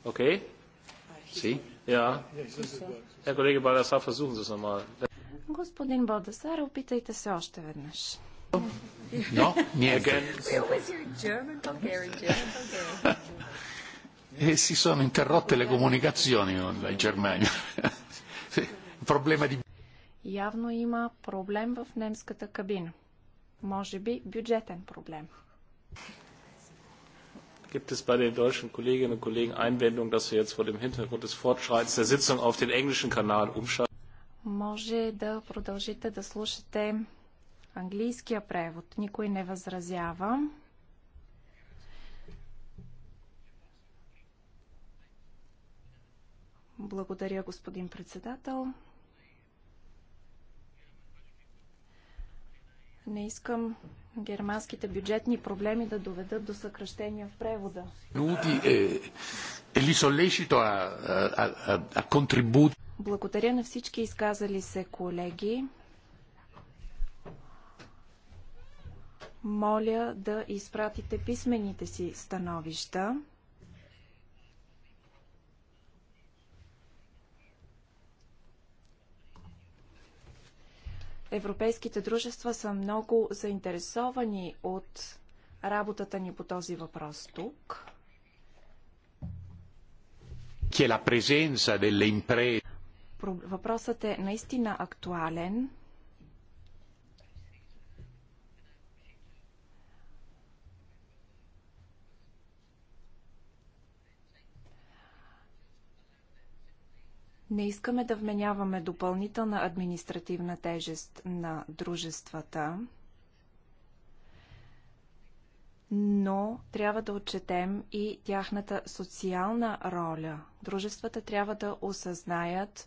Okay. Sie? Ja. Herr Kollege Baldassar, versuchen Sie es nochmal. Господин Балдасар, опитайте се още веднъж. Но, nie again. E si sono interrotte le comunicazioni con la проблема ди... Явно има проблем в немската кабина. Може би бюджетен проблем. Gibt es bei den deutschen Kolleginnen und Kollegen Einwendungen, dass wir jetzt vor dem Hintergrund des Fortschreitens der Sitzung auf den englischen Kanal umschalten? Може да продължите да слушате английския превод. Никой не възразява. Благодаря, господин председател. Не искам германските бюджетни проблеми да доведат до съкръщения в превода. Е, е Благодаря на всички изказали се колеги. Моля да изпратите писмените си становища. Европейските дружества са много заинтересовани от работата ни по този въпрос тук. Е въпросът е наистина актуален. Не искаме да вменяваме допълнителна административна тежест на дружествата, но трябва да отчетем и тяхната социална роля. Дружествата трябва да осъзнаят,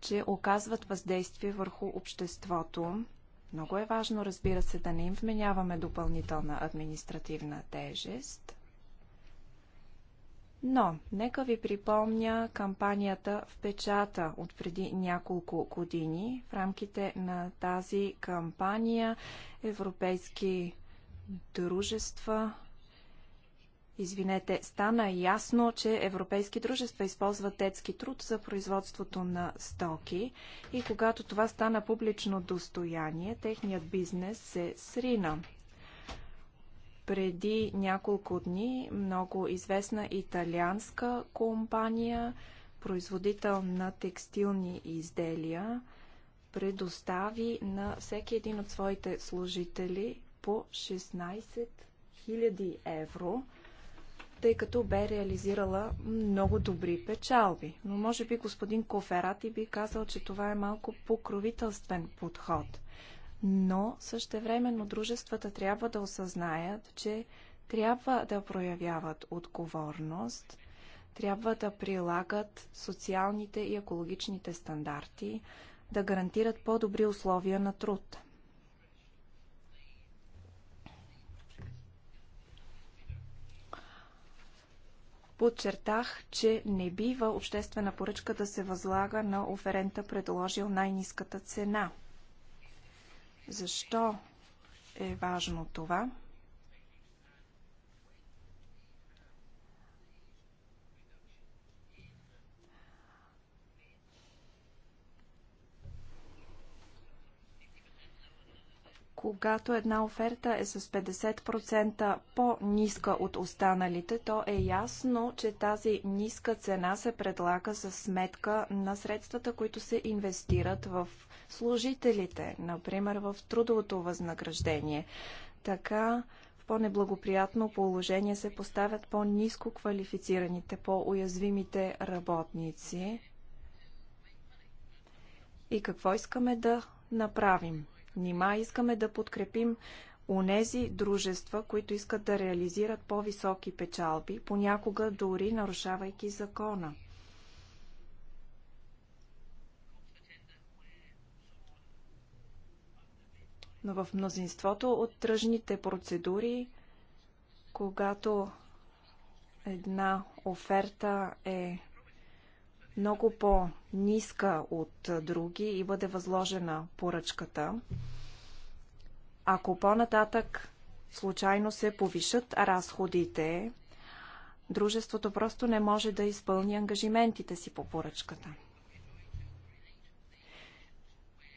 че оказват въздействие върху обществото. Много е важно, разбира се, да не им вменяваме допълнителна административна тежест – но, нека ви припомня кампанията в печата от преди няколко години. В рамките на тази кампания европейски дружества Извинете, стана ясно, че европейски дружества използват детски труд за производството на стоки и когато това стана публично достояние, техният бизнес се срина. Преди няколко дни много известна италианска компания, производител на текстилни изделия, предостави на всеки един от своите служители по 16 000 евро, тъй като бе реализирала много добри печалби. Но може би господин Коферати би казал, че това е малко покровителствен подход но същевременно дружествата трябва да осъзнаят, че трябва да проявяват отговорност, трябва да прилагат социалните и екологичните стандарти, да гарантират по-добри условия на труд. Подчертах, че не бива обществена поръчка да се възлага на оферента, предложил най-низката цена – защо е важно това? Когато една оферта е с 50% по-ниска от останалите, то е ясно, че тази ниска цена се предлага за сметка на средствата, които се инвестират в служителите, например в трудовото възнаграждение. Така в по-неблагоприятно положение се поставят по-низко квалифицираните, по-уязвимите работници. И какво искаме да направим? Нима искаме да подкрепим унези дружества, които искат да реализират по-високи печалби, понякога дори нарушавайки закона. Но в мнозинството от тръжните процедури, когато една оферта е много по-ниска от други и бъде възложена поръчката, ако по-нататък случайно се повишат разходите, дружеството просто не може да изпълни ангажиментите си по поръчката.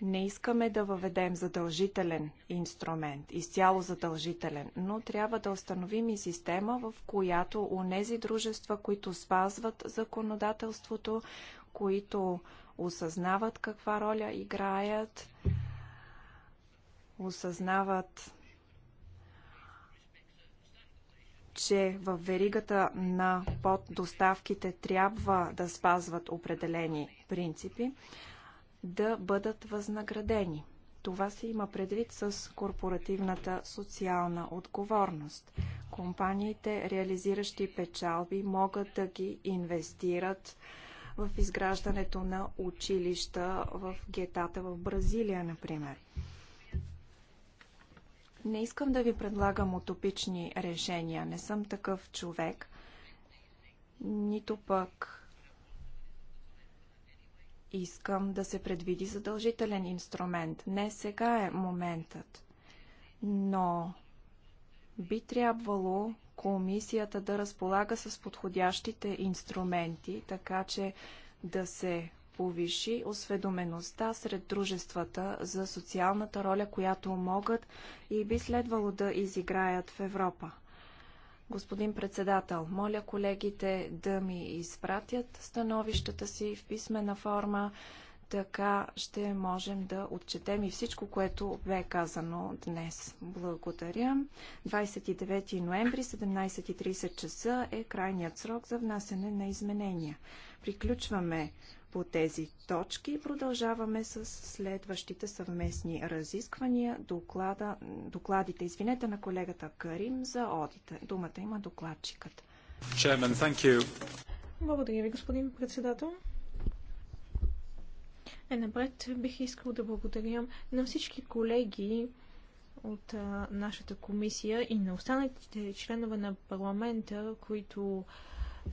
Не искаме да въведем задължителен инструмент, изцяло задължителен, но трябва да установим и система, в която нези дружества, които спазват законодателството, които осъзнават каква роля играят, осъзнават, че в веригата на поддоставките трябва да спазват определени принципи, да бъдат възнаградени. Това се има предвид с корпоративната социална отговорност. Компаниите, реализиращи печалби, могат да ги инвестират в изграждането на училища в гетата в Бразилия, например. Не искам да ви предлагам утопични решения. Не съм такъв човек. Нито пък Искам да се предвиди задължителен инструмент. Не сега е моментът. Но би трябвало комисията да разполага с подходящите инструменти, така че да се повиши осведомеността сред дружествата за социалната роля, която могат и би следвало да изиграят в Европа. Господин председател, моля колегите да ми изпратят становищата си в писмена форма. Така ще можем да отчетем и всичко, което бе казано днес. Благодаря. 29 ноември, 17.30 часа е крайният срок за внасяне на изменения. Приключваме по тези точки. Продължаваме с следващите съвместни разисквания. Доклада, докладите, извинете, на колегата Карим за одита. Думата има докладчикът. Chairman, thank you. Благодаря ви, господин председател. Е, напред бих искал да благодаря на всички колеги от а, нашата комисия и на останалите членове на парламента, които а,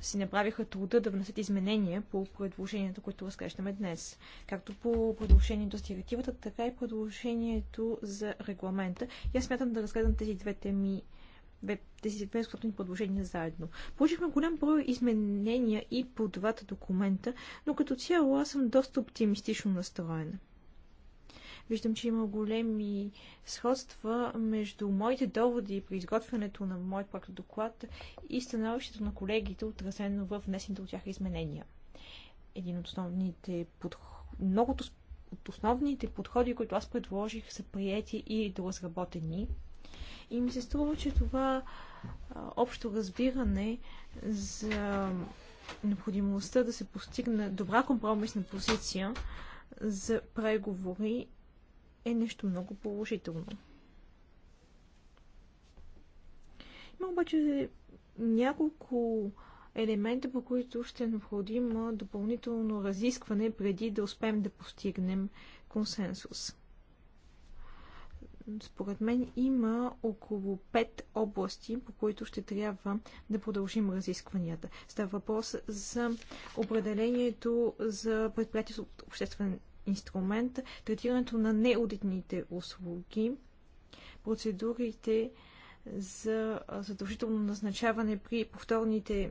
си направиха труда да внесат изменения по предложението, което разглеждаме днес. Както по предложението с директивата, така и предложението за регламента. И аз смятам да разгледам тези две теми тези две сходни предложения заедно. Получихме голям брой изменения и по двата документа, но като цяло аз съм доста оптимистично настроена. Виждам, че има големи сходства между моите доводи при изготвянето на мой проект доклад и становището на колегите, отразено в внесените от тях изменения. Един от основните подходи, многото от основните подходи, които аз предложих, са приети и доразработени. И ми се струва, че това общо разбиране за необходимостта да се постигне добра компромисна позиция за преговори е нещо много положително. Има обаче няколко елемента, по които ще е необходимо допълнително разискване преди да успеем да постигнем консенсус. Според мен има около 5 области, по които ще трябва да продължим разискванията. Става въпрос за определението за предприятие от обществен инструмент, третирането на неудитните услуги, процедурите за задължително назначаване при повторните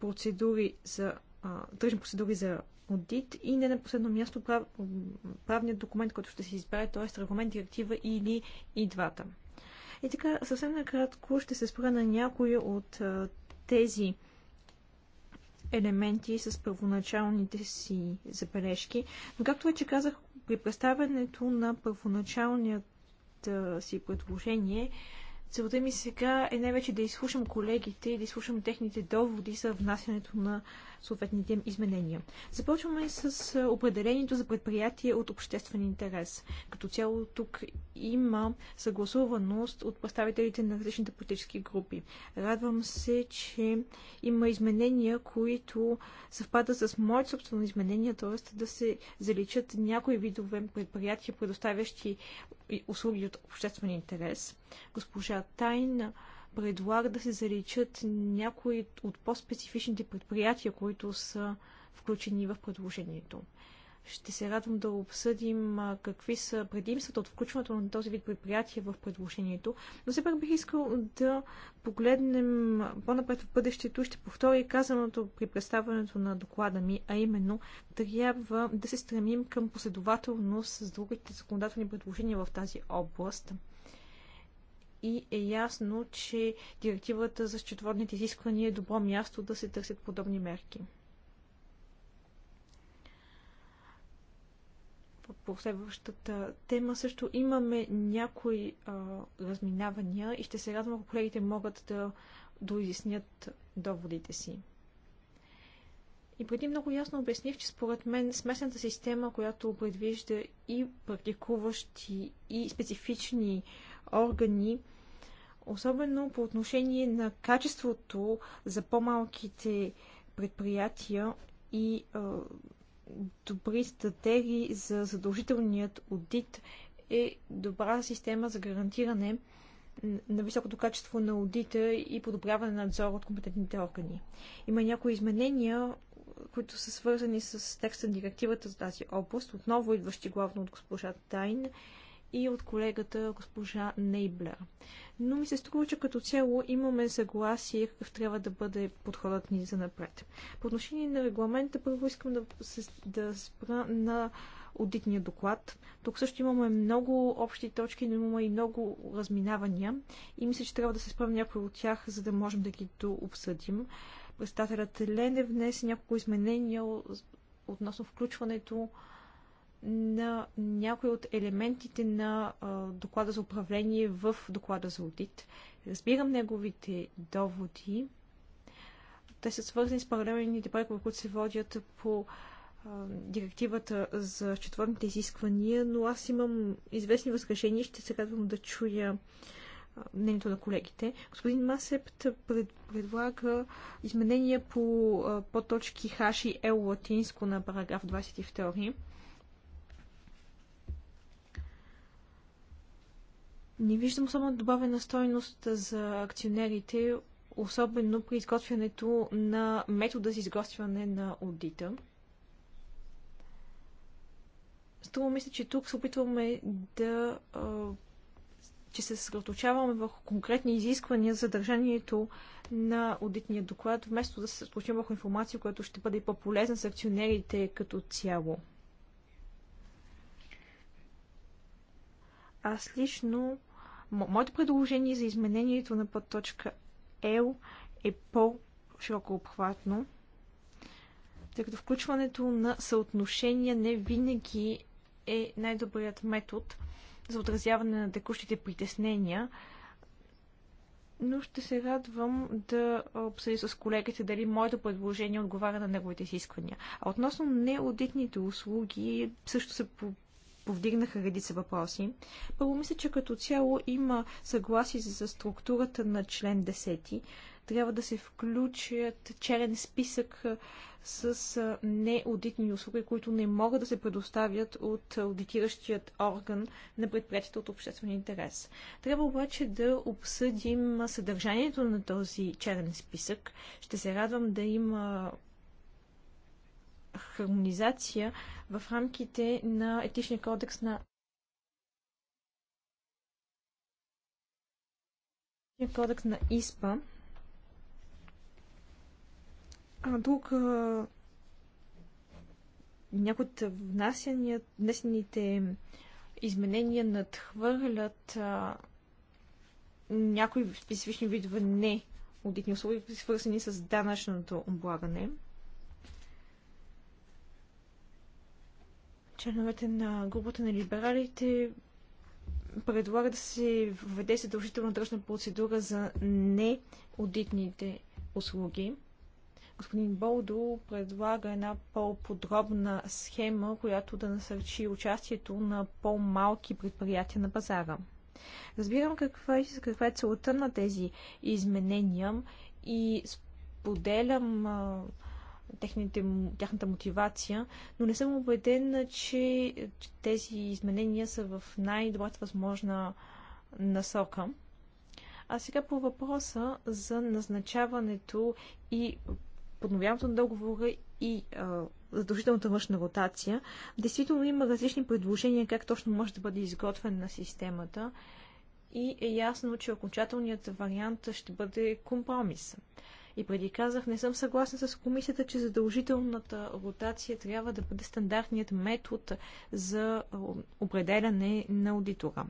процедури за тръжни процедури за аудит и не на последно място прав, правният документ, който ще се избере, т.е. регламент, директива или и двата. И така, съвсем накратко ще се спра на някои от тези елементи с първоначалните си забележки. Но както вече казах, при представянето на първоначалният си предложение, Целта ми сега е най-вече да изслушам колегите и да изслушам техните доводи за внасянето на съответните им изменения. Започваме с определението за предприятие от обществен интерес. Като цяло тук има съгласуваност от представителите на различните политически групи. Радвам се, че има изменения, които съвпадат с моите собствено изменение, т.е. да се заличат някои видове предприятия, предоставящи услуги от обществен интерес Госпожа Тайн предлага да се заличат някои от по-специфичните предприятия, които са включени в предложението. Ще се радвам да обсъдим какви са предимствата от включването на този вид предприятия в предложението. Но все пак бих искал да погледнем по-напред в бъдещето. Ще повторя казаното при представянето на доклада ми, а именно трябва да се стремим към последователност с другите законодателни предложения в тази област – и е ясно, че директивата за счетоводните изисквания е добро място да се търсят подобни мерки. по следващата тема също имаме някои а, разминавания и ще се радвам, ако колегите могат да доизяснят доводите си. И преди много ясно обясних, че според мен смесената система, която предвижда и практикуващи, и специфични органи, особено по отношение на качеството за по-малките предприятия и е, добри статери за задължителният аудит е добра система за гарантиране на високото качество на аудита и подобряване на надзор от компетентните органи. Има някои изменения, които са свързани с текста на директивата за тази област, отново идващи главно от госпожа Тайн и от колегата госпожа Нейблер. Но ми се струва, че като цяло имаме съгласие какъв трябва да бъде подходът ни за напред. По отношение на регламента, първо искам да, се, да спра на аудитния доклад. Тук също имаме много общи точки, но имаме и много разминавания и мисля, че трябва да се спрем някои от тях, за да можем да ги обсъдим. Представителят Лене внесе няколко изменения относно включването на някои от елементите на доклада за управление в доклада за аудит. Разбирам неговите доводи. Те са свързани с паралелните проекти, които се водят по директивата за четвърните изисквания, но аз имам известни възражения и ще се радвам да чуя мнението на колегите. Господин Масепт пред, предлага изменения по подточки точки Хаши L латинско на параграф 22. Не виждам само добавена стойност за акционерите, особено при изготвянето на метода за изготвяне на аудита. Струва мисля, че тук се опитваме да че се съсредоточаваме върху конкретни изисквания за държанието на аудитния доклад, вместо да се съсредоточим върху информация, която ще бъде по-полезна за акционерите като цяло. Аз лично Моето предложение за изменението на подточка L е по-широко обхватно, тъй като включването на съотношения не винаги е най-добрият метод за отразяване на текущите притеснения, но ще се радвам да обсъди с колегите дали моето предложение отговаря на неговите изисквания. А относно неодитните услуги, също се повдигнаха редица въпроси. Първо мисля, че като цяло има съгласие за структурата на член 10. Трябва да се включат черен списък с неодитни услуги, които не могат да се предоставят от аудитиращият орган на предприятията от обществен интерес. Трябва обаче да обсъдим съдържанието на този черен списък. Ще се радвам да има хармонизация в рамките на етичния кодекс на кодекс на ИСПА. А друг някои от внесените изменения надхвърлят а, някои специфични видове не аудитни услуги, свързани с данъчното облагане. Членовете на групата на либералите предлага да се введе задължителна дръжна процедура за неодитните услуги. Господин Болдо предлага една по-подробна схема, която да насърчи участието на по-малки предприятия на пазара. Разбирам каква е, каква е целта на тези изменения и споделям техните, тяхната мотивация, но не съм убедена, че, че тези изменения са в най-добрата възможна насока. А сега по въпроса за назначаването и подновяването на договора и а, задължителната външна ротация. Действително има различни предложения как точно може да бъде изготвен на системата и е ясно, че окончателният вариант ще бъде компромис. И преди казах, не съм съгласна с комисията, че задължителната ротация трябва да бъде стандартният метод за определяне на аудитора.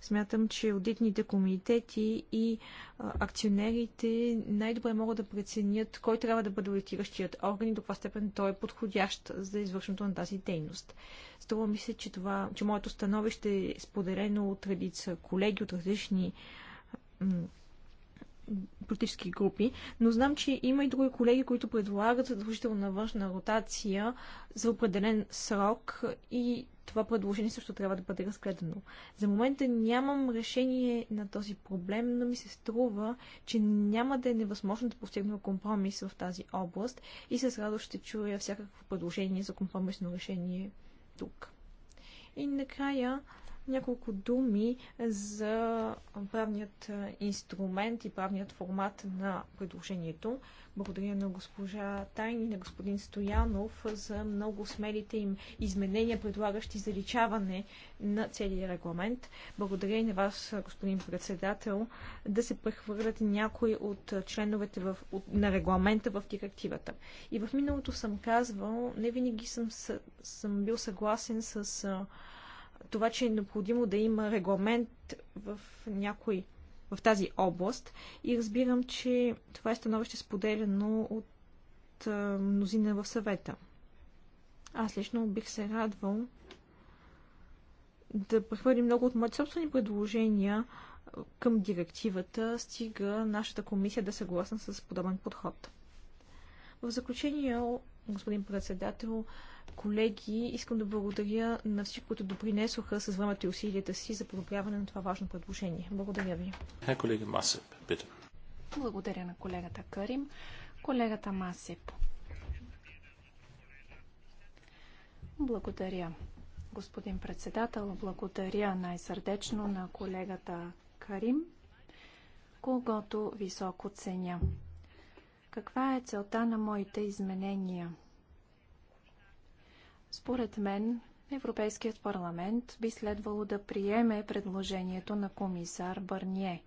Смятам, че аудитните комитети и акционерите най-добре могат да преценят кой трябва да бъде аудитиращият орган и до каква степен той е подходящ за извършването на тази дейност. Струва ми се, че, това, че моето становище е споделено от редица колеги от различни политически групи, но знам, че има и други колеги, които предлагат задължителна външна ротация за определен срок и това предложение също трябва да бъде разгледано. За момента нямам решение на този проблем, но ми се струва, че няма да е невъзможно да постигна компромис в тази област и с радост ще чуя всякакво предложение за компромисно решение тук. И накрая няколко думи за правният инструмент и правният формат на предложението. Благодаря на госпожа и на господин Стоянов за много смелите им изменения, предлагащи заличаване на целия регламент. Благодаря и на вас, господин председател, да се прехвърлят някои от членовете в, от, на регламента в директивата. И в миналото съм казвал, не винаги съм, съм бил съгласен с това, че е необходимо да има регламент в някой в тази област и разбирам, че това е становище споделено от мнозина в съвета. Аз лично бих се радвал да прехвърлим много от моите собствени предложения към директивата, стига нашата комисия да е съгласна с подобен подход. В заключение, господин председател, Колеги, искам да благодаря на всички, които допринесоха с времето и усилията си за подобряване на това важно предложение. Благодаря ви. Е, Колеги Масеп, питам. Благодаря на колегата Карим. Колегата Масеп. Благодаря, господин председател. Благодаря най-сърдечно на колегата Карим, когато високо ценя. Каква е целта на моите изменения? Според мен, Европейският парламент би следвало да приеме предложението на комисар Барние.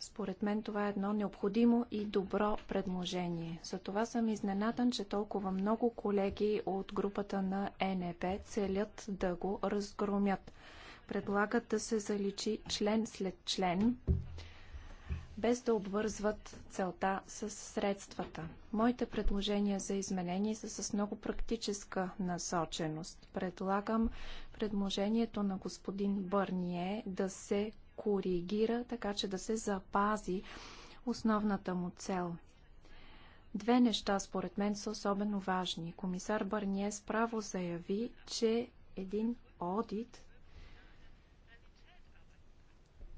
Според мен това е едно необходимо и добро предложение. Затова съм изненадан, че толкова много колеги от групата на НЕП целят да го разгромят. Предлагат да се заличи член след член, без да обвързват целта с средствата. Моите предложения за изменение са с много практическа насоченост. Предлагам предложението на господин Бърние да се коригира, така че да се запази основната му цел. Две неща според мен са особено важни. Комисар Бърние справо заяви, че един одит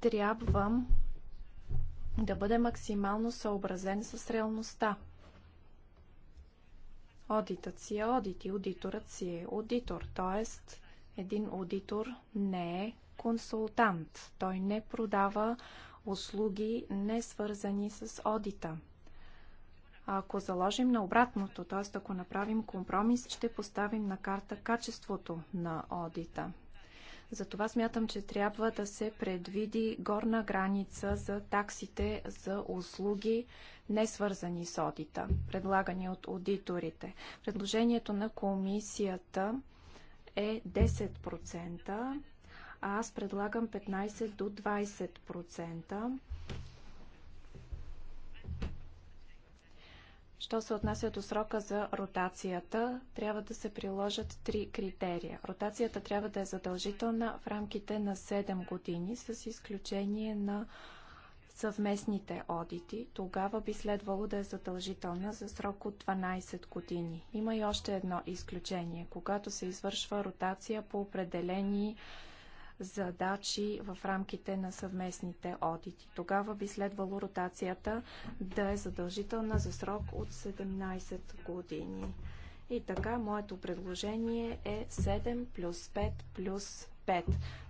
трябва да бъде максимално съобразен с реалността. Одитът си е одит и аудиторът си е аудитор, т.е. един аудитор не е консултант. Той не продава услуги, не свързани с одита. А ако заложим на обратното, т.е. ако направим компромис, ще поставим на карта качеството на одита. Затова смятам, че трябва да се предвиди горна граница за таксите за услуги, не свързани с одита, предлагани от аудиторите. Предложението на комисията е 10%, а аз предлагам 15 до 20%. Що се отнася до срока за ротацията, трябва да се приложат три критерия. Ротацията трябва да е задължителна в рамките на 7 години, с изключение на съвместните одити. Тогава би следвало да е задължителна за срок от 12 години. Има и още едно изключение. Когато се извършва ротация по определени задачи в рамките на съвместните одити. Тогава би следвало ротацията да е задължителна за срок от 17 години. И така, моето предложение е 7 плюс 5 плюс 5.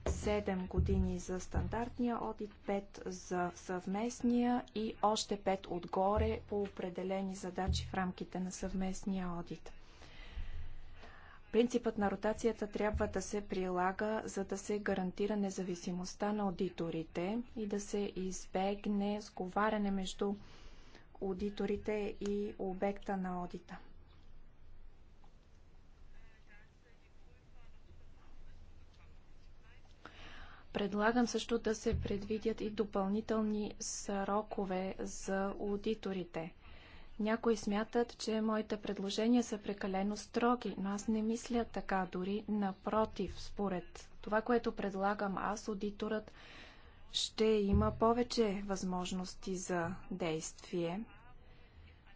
7 години за стандартния одит, 5 за съвместния и още 5 отгоре по определени задачи в рамките на съвместния одит. Принципът на ротацията трябва да се прилага, за да се гарантира независимостта на аудиторите и да се избегне сговаряне между аудиторите и обекта на аудита. Предлагам също да се предвидят и допълнителни срокове за аудиторите. Някои смятат, че моите предложения са прекалено строги, но аз не мисля така, дори напротив, според това, което предлагам аз, аудиторът ще има повече възможности за действие.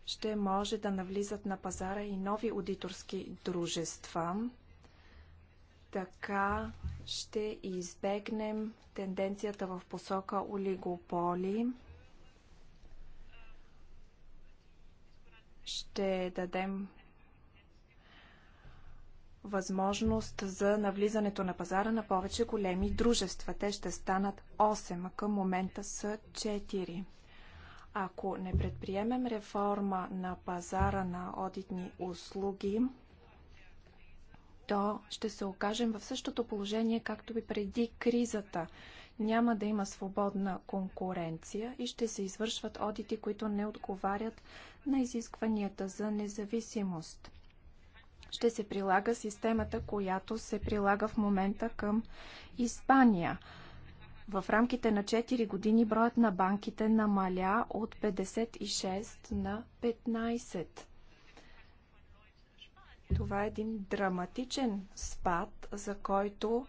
Ще може да навлизат на пазара и нови аудиторски дружества. Така ще избегнем тенденцията в посока олигополи. ще дадем възможност за навлизането на пазара на повече големи дружества. Те ще станат 8, а към момента са 4. Ако не предприемем реформа на пазара на одитни услуги, то ще се окажем в същото положение, както и преди кризата няма да има свободна конкуренция и ще се извършват одити, които не отговарят на изискванията за независимост. Ще се прилага системата, която се прилага в момента към Испания. В рамките на 4 години броят на банките намаля от 56 на 15. Това е един драматичен спад, за който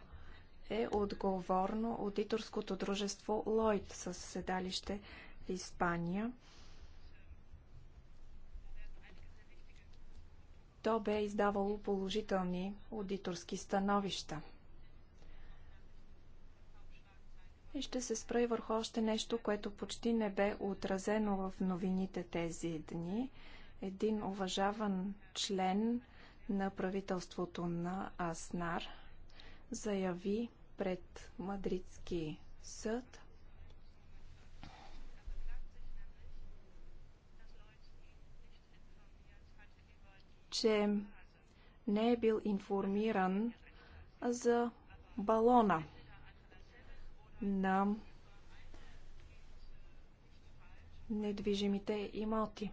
е отговорно аудиторското дружество Лойд с седалище в Испания. То бе издавало положителни аудиторски становища. И ще се спра и върху още нещо, което почти не бе отразено в новините тези дни. Един уважаван член на правителството на Аснар заяви, пред Мадридски съд. че не е бил информиран за балона на недвижимите имоти.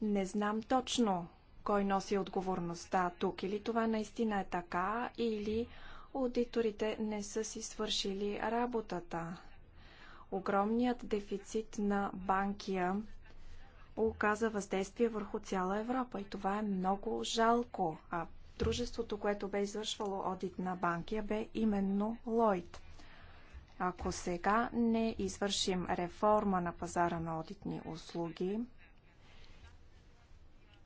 Не знам точно кой носи отговорността тук. Или това наистина е така, или аудиторите не са си свършили работата. Огромният дефицит на банкия оказа въздействие върху цяла Европа и това е много жалко. А дружеството, което бе извършвало одит на банкия, бе именно Лойд. Ако сега не извършим реформа на пазара на одитни услуги,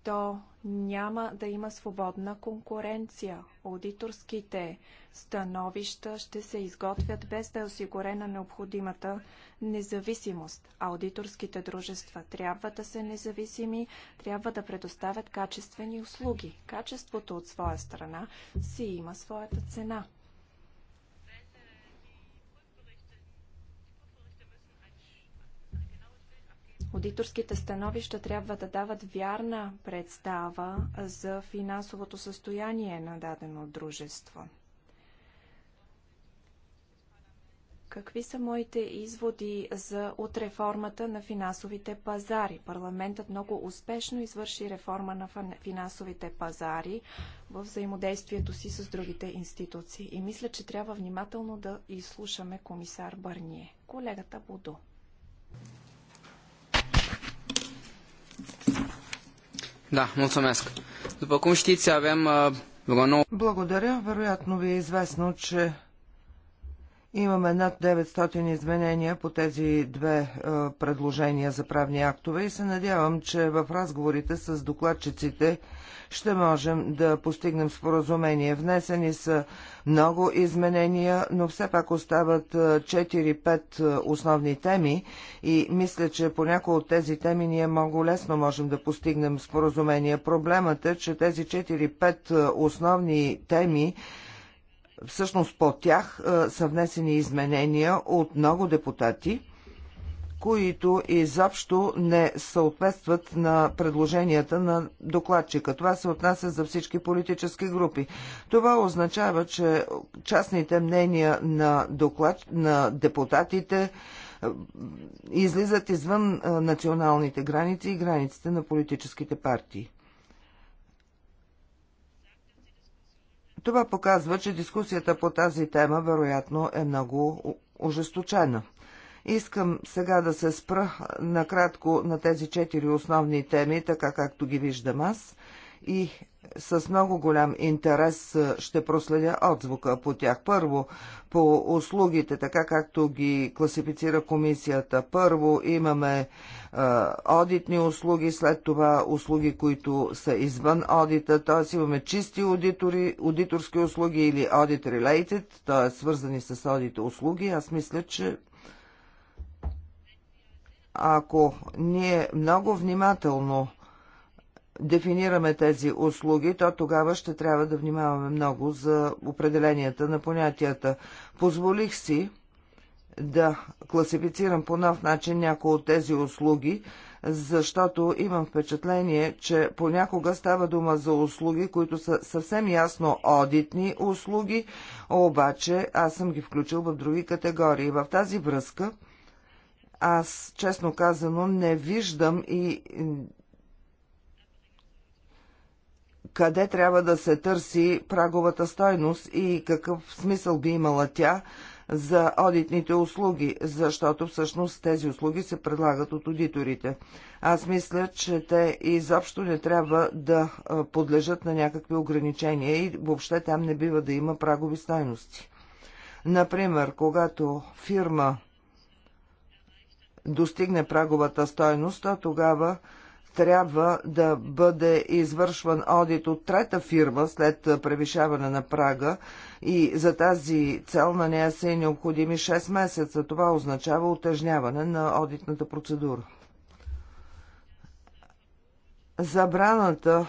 то няма да има свободна конкуренция. Аудиторските становища ще се изготвят без да е осигурена необходимата независимост. Аудиторските дружества трябва да са независими, трябва да предоставят качествени услуги. Качеството от своя страна си има своята цена. Аудиторските становища трябва да дават вярна представа за финансовото състояние на дадено дружество. Какви са моите изводи за от реформата на финансовите пазари? Парламентът много успешно извърши реформа на финансовите пазари в взаимодействието си с другите институции. И мисля, че трябва внимателно да изслушаме комисар Барние. Колегата Будо. Da, mulțumesc. După cum știți, avem vreo 9... Благодаря. Вероятно ви е известно, че Имаме над 900 изменения по тези две е, предложения за правни актове и се надявам, че в разговорите с докладчиците ще можем да постигнем споразумение. Внесени са много изменения, но все пак остават 4-5 е, е, основни теми и мисля, че по някои от тези теми ние много лесно можем да постигнем споразумение. Проблемът е, че тези 4-5 е, основни теми всъщност по тях е, са внесени изменения от много депутати, които изобщо не съответстват на предложенията на докладчика. Това се отнася за всички политически групи. Това означава, че частните мнения на, доклад, на депутатите е, излизат извън е, националните граници и границите на политическите партии. Това показва, че дискусията по тази тема вероятно е много ожесточена. Искам сега да се спра накратко на тези четири основни теми, така както ги виждам аз и с много голям интерес ще проследя отзвука по тях. Първо, по услугите, така както ги класифицира комисията. Първо имаме е, одитни услуги, след това услуги, които са извън одита, т.е. имаме чисти аудитори, аудиторски услуги или audit related, т.е. свързани с одите услуги. Аз мисля, че ако ние много внимателно дефинираме тези услуги, то тогава ще трябва да внимаваме много за определенията на понятията. Позволих си да класифицирам по нов начин някои от тези услуги, защото имам впечатление, че понякога става дума за услуги, които са съвсем ясно одитни услуги, обаче аз съм ги включил в други категории. В тази връзка аз, честно казано, не виждам и къде трябва да се търси праговата стойност и какъв смисъл би имала тя за одитните услуги, защото всъщност тези услуги се предлагат от аудиторите. Аз мисля, че те изобщо не трябва да подлежат на някакви ограничения и въобще там не бива да има прагови стойности. Например, когато фирма достигне праговата стойност, то тогава трябва да бъде извършван одит от трета фирма след превишаване на прага и за тази цел на нея са и необходими 6 месеца. Това означава утежняване на одитната процедура. Забраната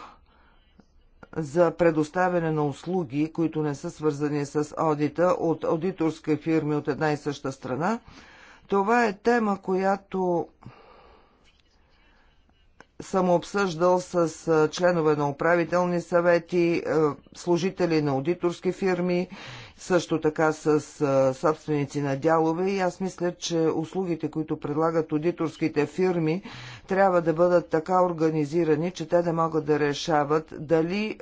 за предоставяне на услуги, които не са свързани с одита от аудиторска фирми от една и съща страна. Това е тема, която съм обсъждал с членове на управителни съвети, служители на аудиторски фирми, също така с собственици на дялове и аз мисля, че услугите, които предлагат аудиторските фирми, трябва да бъдат така организирани, че те да могат да решават дали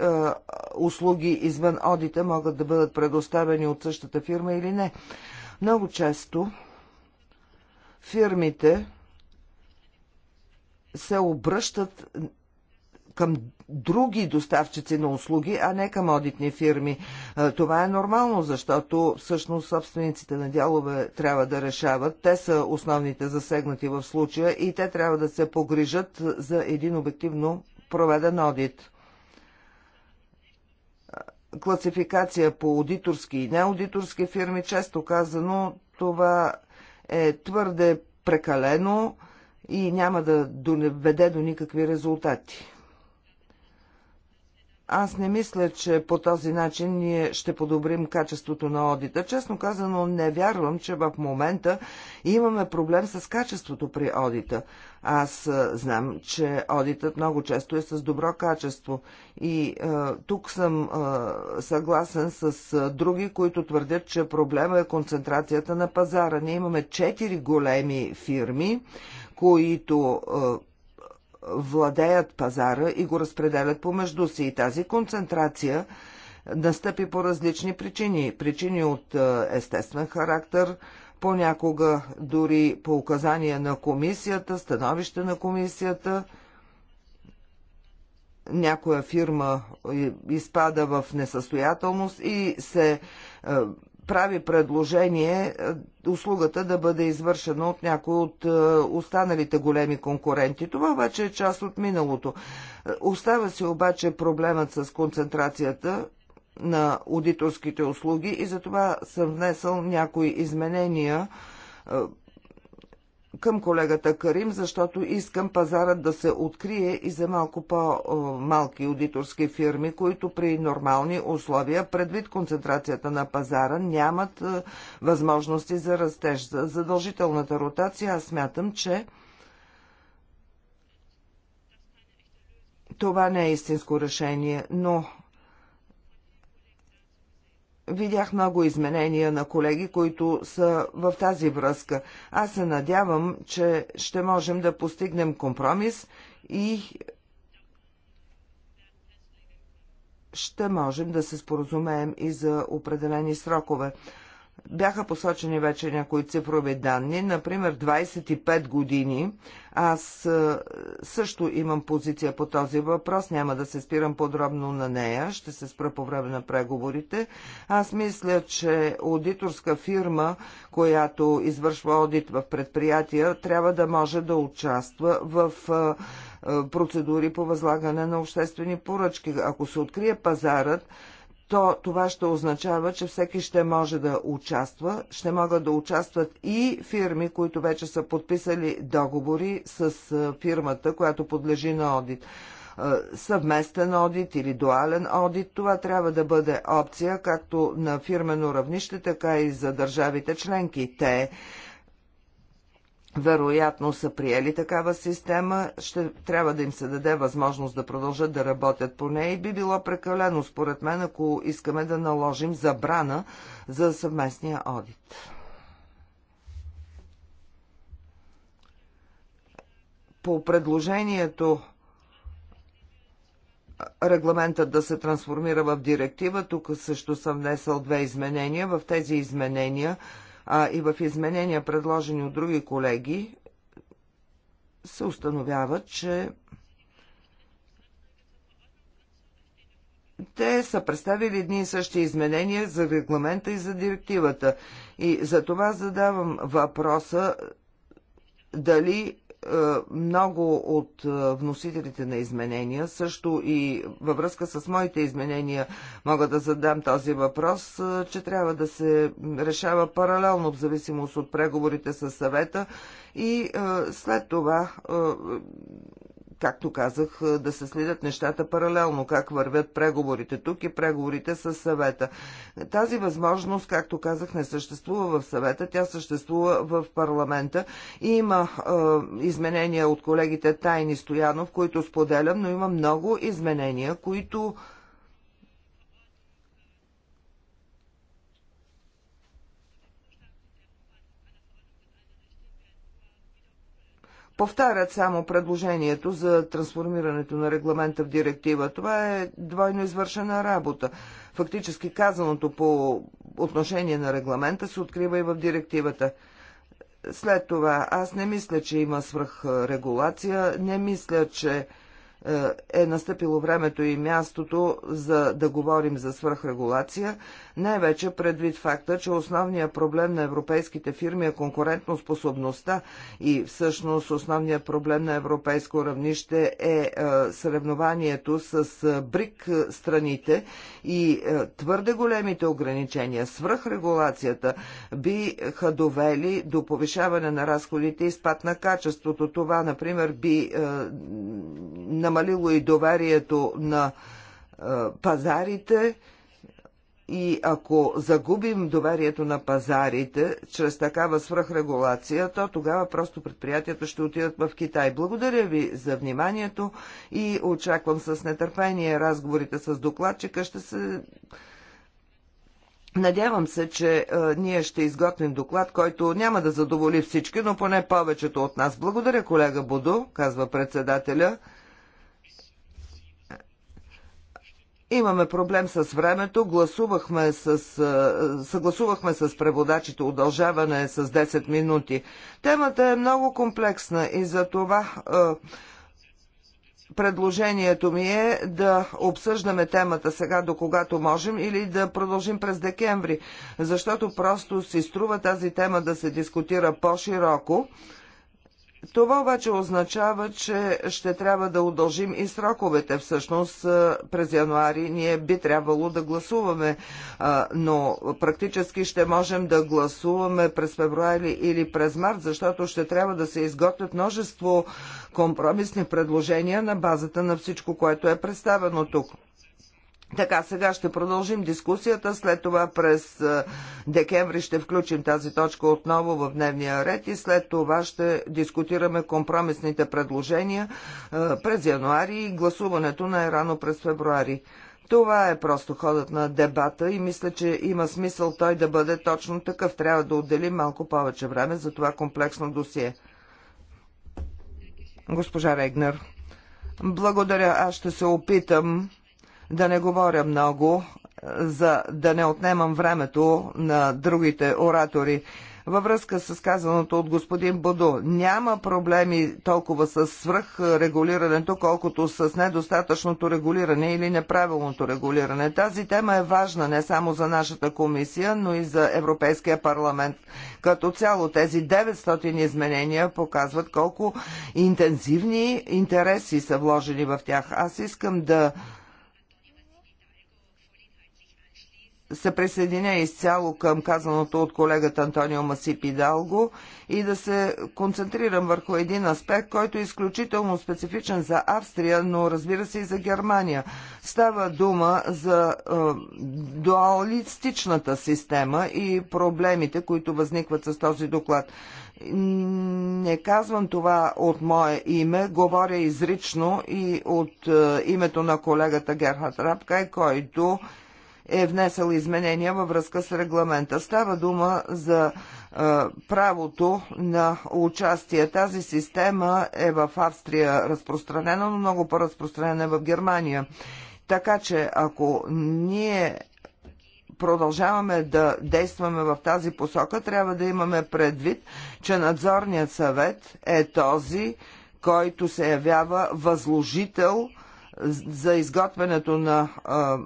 услуги извън одита могат да бъдат предоставени от същата фирма или не. Много често фирмите, се обръщат към други доставчици на услуги, а не към одитни фирми. Това е нормално, защото всъщност собствениците на дялове трябва да решават. Те са основните засегнати в случая и те трябва да се погрижат за един обективно проведен одит. Класификация по аудиторски и неаудиторски фирми, често казано, това е твърде прекалено и няма да доведе до никакви резултати. Аз не мисля, че по този начин ние ще подобрим качеството на одита. Честно казано, не вярвам, че в момента имаме проблем с качеството при одита. Аз знам, че одитът много често е с добро качество. И е, тук съм е, съгласен с е, други, които твърдят, че проблема е концентрацията на пазара. Ние имаме четири големи фирми, които е, владеят пазара и го разпределят помежду си. И тази концентрация настъпи по различни причини. Причини от е, естествен характер, понякога дори по указания на комисията, становище на комисията. Някоя фирма е, изпада в несъстоятелност и се прави предложение е, услугата да бъде извършена от някой от е, останалите големи конкуренти. Това обаче е част от миналото. Е, остава се обаче проблемът с концентрацията на аудиторските услуги и затова съм внесъл някои изменения към колегата Карим, защото искам пазарът да се открие и за малко по-малки аудиторски фирми, които при нормални условия, предвид концентрацията на пазара, нямат е, възможности за растеж. За задължителната ротация аз смятам, че това не е истинско решение, но Видях много изменения на колеги, които са в тази връзка. Аз се надявам, че ще можем да постигнем компромис и ще можем да се споразумеем и за определени срокове. Бяха посочени вече някои цифрови данни, например 25 години. Аз е, също имам позиция по този въпрос, няма да се спирам подробно на нея, ще се спра по време на преговорите. Аз мисля, че аудиторска фирма, която извършва аудит в предприятия, трябва да може да участва в е, е, процедури по възлагане на обществени поръчки. Ако се открие пазарът, то това ще означава, че всеки ще може да участва. Ще могат да участват и фирми, които вече са подписали договори с фирмата, която подлежи на одит. Съвместен одит или дуален одит, това трябва да бъде опция както на фирмено равнище, така и за държавите членки. Те вероятно са приели такава система, ще трябва да им се даде възможност да продължат да работят по нея и би било прекалено, според мен, ако искаме да наложим забрана за съвместния одит. По предложението регламентът да се трансформира в директива, тук също съм внесъл две изменения. В тези изменения а и в изменения, предложени от други колеги, се установява, че те са представили едни и същи изменения за регламента и за директивата. И за това задавам въпроса дали е, много от е, вносителите на изменения, също и във връзка с моите изменения мога да задам този въпрос, е, че трябва да се решава паралелно в зависимост от преговорите с съвета и след това както казах, е, да се следят нещата паралелно, как вървят преговорите тук и преговорите с съвета. Тази възможност, както казах, не съществува в съвета, тя съществува в парламента. И има е, изменения от колегите Тайни Стоянов, които споделям, но има много изменения, които повтарят само предложението за трансформирането на регламента в директива. Това е двойно извършена работа. Фактически казаното по отношение на регламента се открива и в директивата. След това, аз не мисля, че има свръхрегулация, не мисля, че е, е настъпило времето и мястото за да говорим за свръхрегулация, най-вече предвид факта, че основният проблем на европейските фирми е конкурентноспособността и всъщност основният проблем на европейско равнище е, е съревнованието с е, брик страните и твърде големите ограничения, свръхрегулацията биха довели до повишаване на разходите и спад на качеството. Това, например, би на намалило и доверието на пазарите и ако загубим доверието на пазарите чрез такава свръхрегулация, то тогава просто предприятията ще отидат в Китай. Благодаря ви за вниманието и очаквам с нетърпение разговорите с докладчика. Ще се... Надявам се, че е, ние ще изготвим доклад, който няма да задоволи всички, но поне повечето от нас. Благодаря, колега Будо, казва председателя. Имаме проблем с времето. Гласувахме с, съгласувахме с преводачите удължаване е с 10 минути. Темата е много комплексна и за това предложението ми е да обсъждаме темата сега до когато можем или да продължим през декември, защото просто си струва тази тема да се дискутира по-широко. Това обаче означава, че ще трябва да удължим и сроковете. Всъщност през януари ние би трябвало да гласуваме, но практически ще можем да гласуваме през февруари или през март, защото ще трябва да се изготвят множество компромисни предложения на базата на всичко, което е представено тук. Така, сега ще продължим дискусията. След това през е, декември ще включим тази точка отново в дневния ред и след това ще дискутираме компромисните предложения е, през януари и гласуването на Ерано рано през февруари. Това е просто ходът на дебата и мисля, че има смисъл той да бъде точно такъв. Трябва да отделим малко повече време за това комплексно досие. Госпожа Регнер, благодаря. Аз ще се опитам да не говоря много, е, за да не отнемам времето на другите оратори във връзка с казаното от господин Бодо. Няма проблеми толкова с свръхрегулирането, колкото с недостатъчното регулиране или неправилното регулиране. Тази тема е важна не само за нашата комисия, но и за Европейския парламент. Като цяло тези 900 изменения показват колко интензивни интереси са вложени в тях. Аз искам да се присъединя изцяло към казаното от колегата Антонио Масип Идалго и да се концентрирам върху един аспект, който е изключително специфичен за Австрия, но разбира се и за Германия. Става дума за е, дуалистичната система и проблемите, които възникват с този доклад. Не казвам това от мое име, говоря изрично и от е, името на колегата Герхард Рапкай, който е, е внесъл изменения във връзка с регламента. Става дума за е, правото на участие. Тази система е в Австрия разпространена, но много по-разпространена е в Германия. Така че ако ние продължаваме да действаме в тази посока, трябва да имаме предвид, че надзорният съвет е този, който се явява възложител – за изготвянето на а,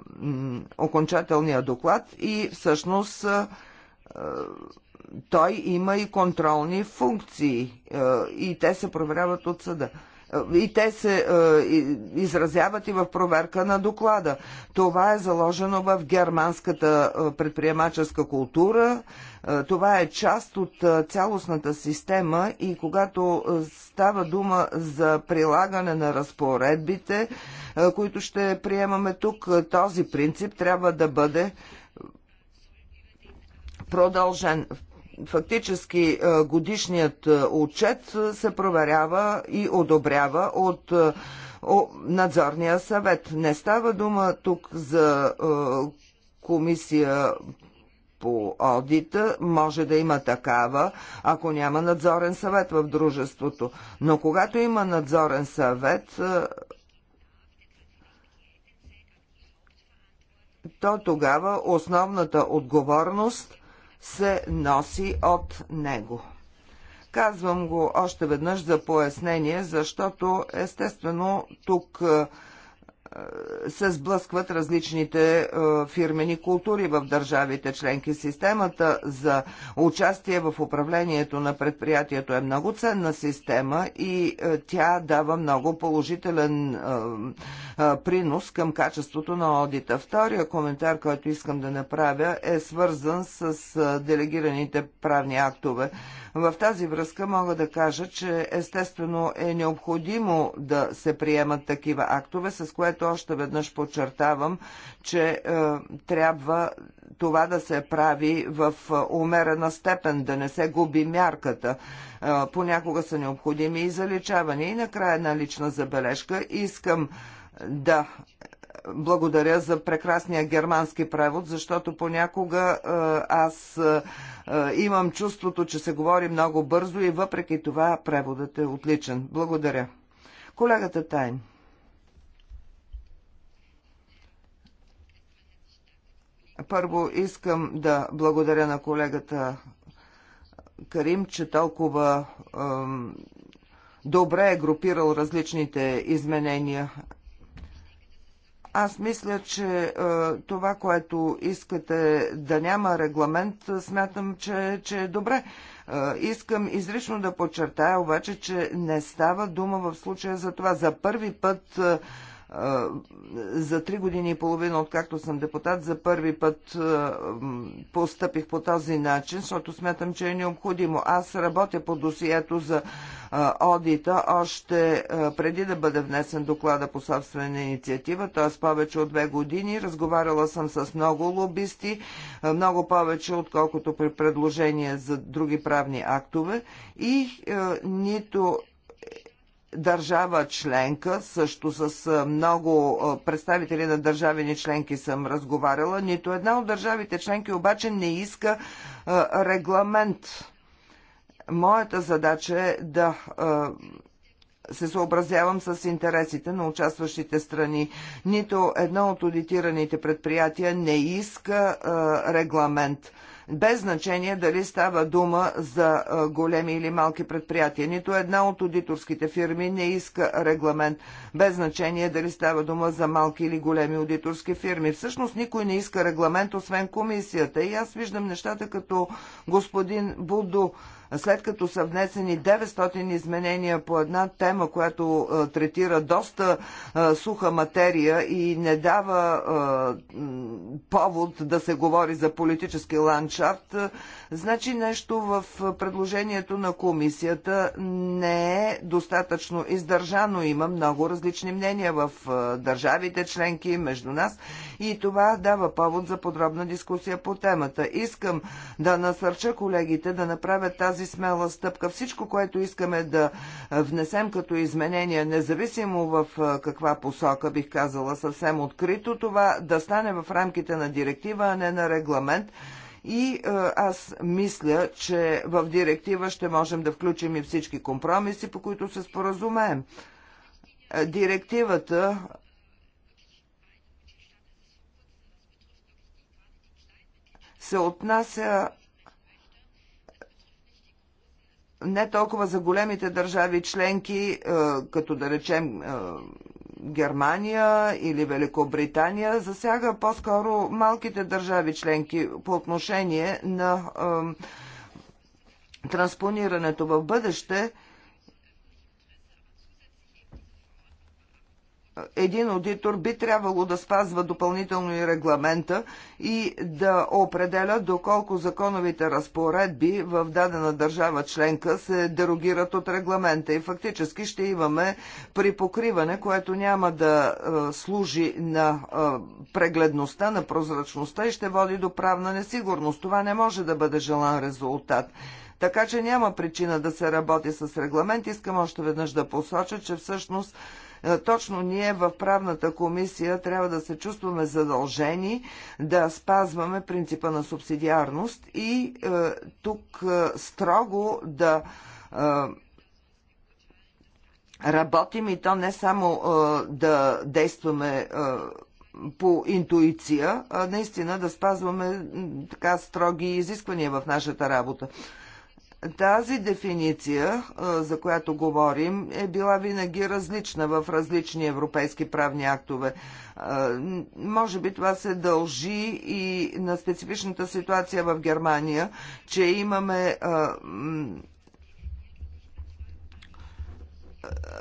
окончателния доклад и всъщност а, той има и контролни функции а, и те се проверяват от съда и те се е, изразяват и в проверка на доклада. Това е заложено в германската е, предприемаческа култура. Е, това е част от е, цялостната система и когато става дума за прилагане на разпоредбите, които ще приемаме тук, този принцип трябва да бъде продължен. Фактически е, годишният е, отчет се проверява и одобрява от е, надзорния съвет. Не става дума тук за комисия по одита, може да има такава, ако няма надзорен съвет в дружеството. Но когато има надзорен съвет, то тогава основната отговорност – се носи от него. Казвам го още веднъж за пояснение, защото естествено тук се сблъскват различните е, фирмени култури в държавите членки. Системата за участие в управлението на предприятието е много ценна система и е, тя дава много положителен е, принос към качеството на одита. Втория коментар, който искам да направя, е свързан с делегираните правни актове. В тази връзка мога да кажа, че естествено е необходимо да се приемат такива актове, с което още веднъж подчертавам, че е, трябва това да се прави в е, умерена степен, да не се губи мярката. Е, понякога са необходими и заличавания. И накрая една лична забележка. Искам да благодаря за прекрасния германски превод, защото понякога е, аз е, е, имам чувството, че се говори много бързо и въпреки това преводът е отличен. Благодаря. Колегата Тайн. Първо искам да благодаря на колегата Карим, че толкова добре е групирал различните изменения. Аз мисля, че е, това, което искате да няма регламент, смятам, че, че е добре. Е, искам изрично да подчертая обаче, че не става дума в случая за това. За първи път е, е, за три години и половина, откакто съм депутат, за първи път е, постъпих по този начин, защото смятам, че е необходимо. Аз работя по досието за е, одита още преди да бъде внесен доклада по собствена инициатива, т.е. повече от две години. Разговаряла съм с много лобисти, много повече отколкото при предложения за други правни актове и нито държава членка, също с много представители на държавени членки съм разговаряла. Нито една от държавите членки обаче не иска регламент. Моята задача е да се съобразявам с интересите на участващите страни. Нито едно от аудитираните предприятия не иска регламент без значение дали става дума за големи или малки предприятия. Нито една от аудиторските фирми не иска регламент, без значение дали става дума за малки или големи аудиторски фирми. Всъщност никой не иска регламент, освен комисията. И аз виждам нещата като господин Будо след като са внесени 900 изменения по една тема, която третира доста суха материя и не дава повод да се говори за политически ландшафт, значи нещо в предложението на комисията не е достатъчно издържано. Има много различни мнения в държавите членки, между нас и това дава повод за подробна дискусия по темата. Искам да насърча колегите да направят тази тази смела стъпка. Всичко, което искаме да внесем като изменение, независимо в каква посока, бих казала съвсем открито, това да стане в рамките на директива, а не на регламент. И аз мисля, че в директива ще можем да включим и всички компромиси, по които се споразумеем. Директивата се отнася не толкова за големите държави членки, е, като да речем е, Германия или Великобритания, засяга по-скоро малките държави членки по отношение на е, транспонирането в бъдеще един аудитор би трябвало да спазва допълнително и регламента и да определя доколко законовите разпоредби в дадена държава членка се дерогират от регламента и фактически ще имаме припокриване, което няма да е, служи на е, прегледността, на прозрачността и ще води до правна несигурност. Това не може да бъде желан резултат. Така че няма причина да се работи с регламент. Искам още веднъж да посоча, че всъщност е, точно ние в правната комисия трябва да се чувстваме задължени да спазваме принципа на субсидиарност и е, тук е, строго да работим и то не само да действаме по интуиция, а наистина да спазваме така строги изисквания в нашата работа. Тази дефиниция, за която говорим, е била винаги различна в различни европейски правни актове. Може би това се дължи и на специфичната ситуация в Германия, че имаме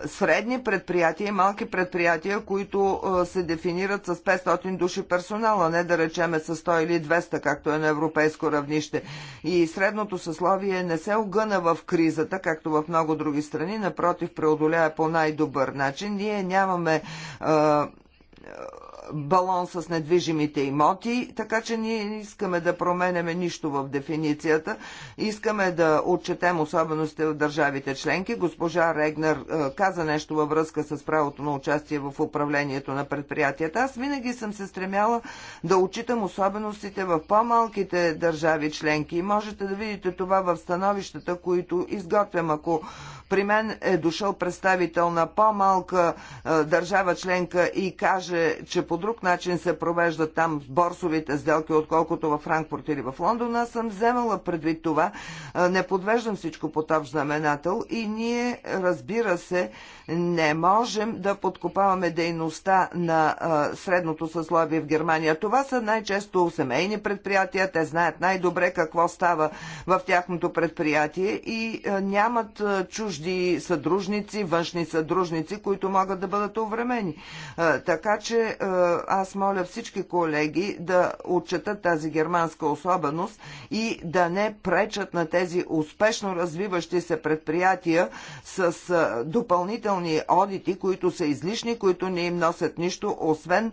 средни предприятия и малки предприятия, които се дефинират с 500 души персонала, не да речеме с 100 или 200, както е на европейско равнище. И средното съсловие не се огъна в кризата, както в много други страни, напротив, преодоляе по най-добър начин. Ние нямаме балон с недвижимите имоти, така че ние не искаме да променяме нищо в дефиницията. Искаме да отчетем особеностите в държавите членки. Госпожа Регнер е, каза нещо във връзка с правото на участие в управлението на предприятията. Аз винаги съм се стремяла да отчитам особеностите в по-малките държави членки. можете да видите това в становищата, които изготвям, ако при мен е дошъл представител на по-малка е, държава членка и каже, че по по друг начин се провеждат там борсовите сделки, отколкото във Франкфурт или в Лондон. Аз съм вземала предвид това. Не подвеждам всичко по топ знаменател и ние, разбира се, не можем да подкопаваме дейността на средното съсловие в Германия. Това са най-често семейни предприятия. Те знаят най-добре какво става в тяхното предприятие и нямат чужди съдружници, външни съдружници, които могат да бъдат увремени. Така че аз моля всички колеги да отчетат тази германска особеност и да не пречат на тези успешно развиващи се предприятия с допълнителни одити, които са излишни, които не им носят нищо, освен,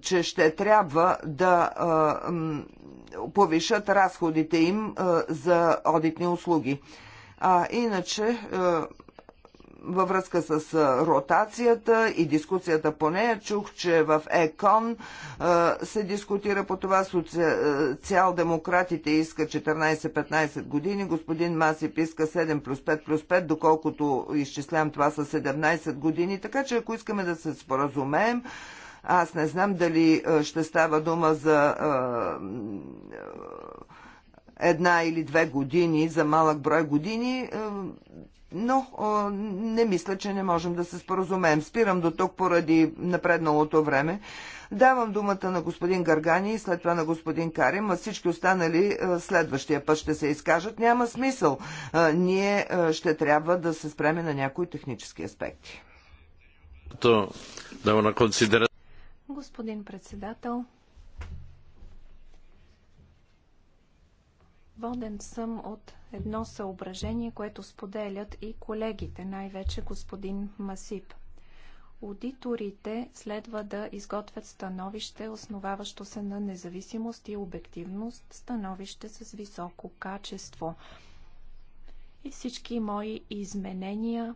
че ще трябва да повишат разходите им за одитни услуги. А иначе във връзка с ротацията и дискусията по нея. Чух, че в ЕКОН се дискутира по това. Социал-демократите иска 14-15 години. Господин Масип иска 7 плюс 5 плюс 5, доколкото изчислям това са 17 години. Така че ако искаме да се споразумеем, аз не знам дали ще става дума за една или две години, за малък брой години, но а, не мисля, че не можем да се споразумеем. Спирам до тук поради напредналото време. Давам думата на господин Гаргани и след това на господин Карим, а всички останали а, следващия път ще се изкажат. Няма смисъл. А, ние а, ще трябва да се спреме на някои технически аспекти. Господин председател, Воден съм от едно съображение, което споделят и колегите, най-вече господин Масип. Аудиторите следва да изготвят становище, основаващо се на независимост и обективност, становище с високо качество. И всички мои изменения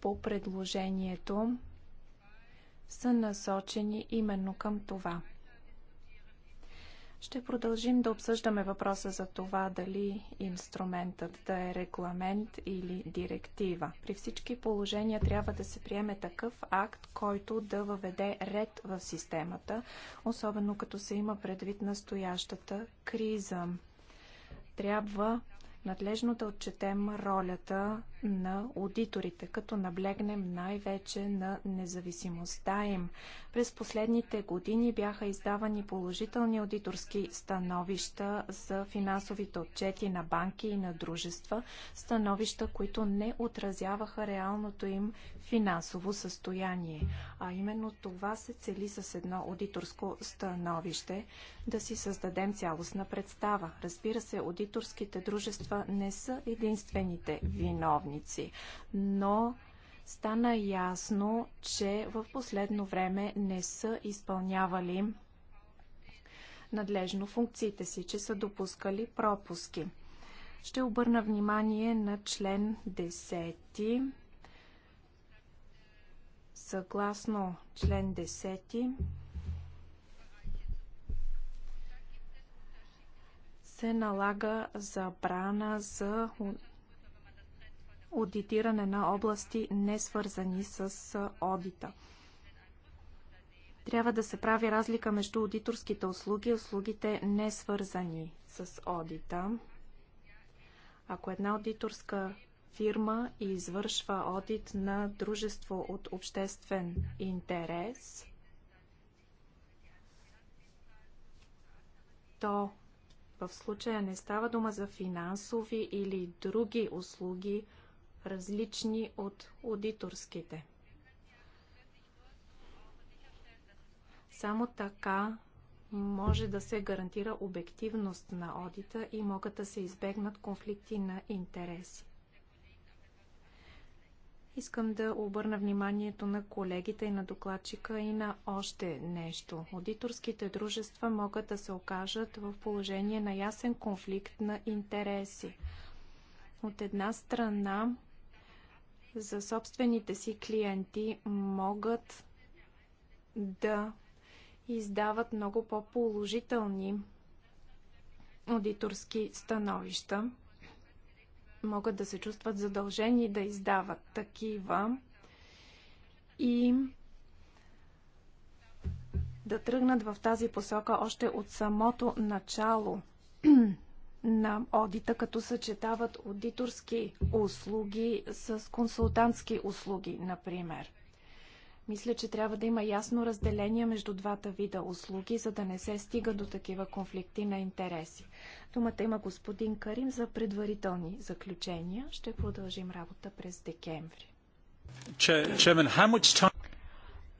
по предложението са насочени именно към това – ще продължим да обсъждаме въпроса за това дали инструментът да е регламент или директива. При всички положения трябва да се приеме такъв акт, който да въведе ред в системата, особено като се има предвид настоящата криза. Трябва надлежно да отчетем ролята на аудиторите, като наблегнем най-вече на независимостта им. През последните години бяха издавани положителни аудиторски становища за финансовите отчети на банки и на дружества, становища, които не отразяваха реалното им финансово състояние. А именно това се цели с едно аудиторско становище да си създадем цялостна представа. Разбира се, аудиторските дружества не са единствените виновници, но стана ясно, че в последно време не са изпълнявали надлежно функциите си, че са допускали пропуски. Ще обърна внимание на член 10 Съгласно член 10 се налага забрана за аудитиране на области, не свързани с одита. Трябва да се прави разлика между аудиторските услуги и услугите, не свързани с одита. Ако една аудиторска фирма извършва одит на дружество от обществен интерес, то в случая не става дума за финансови или други услуги, различни от аудиторските. Само така може да се гарантира обективност на одита и могат да се избегнат конфликти на интереси. Искам да обърна вниманието на колегите и на докладчика и на още нещо. Аудиторските дружества могат да се окажат в положение на ясен конфликт на интереси. От една страна, за собствените си клиенти могат да издават много по-положителни аудиторски становища, могат да се чувстват задължени да издават такива и да тръгнат в тази посока още от самото начало на одита, като съчетават аудиторски услуги с консултантски услуги, например. Мисля, че трябва да има ясно разделение между двата вида услуги, за да не се стига до такива конфликти на интереси. Думата има господин Карим за предварителни заключения. Ще продължим работа през декември.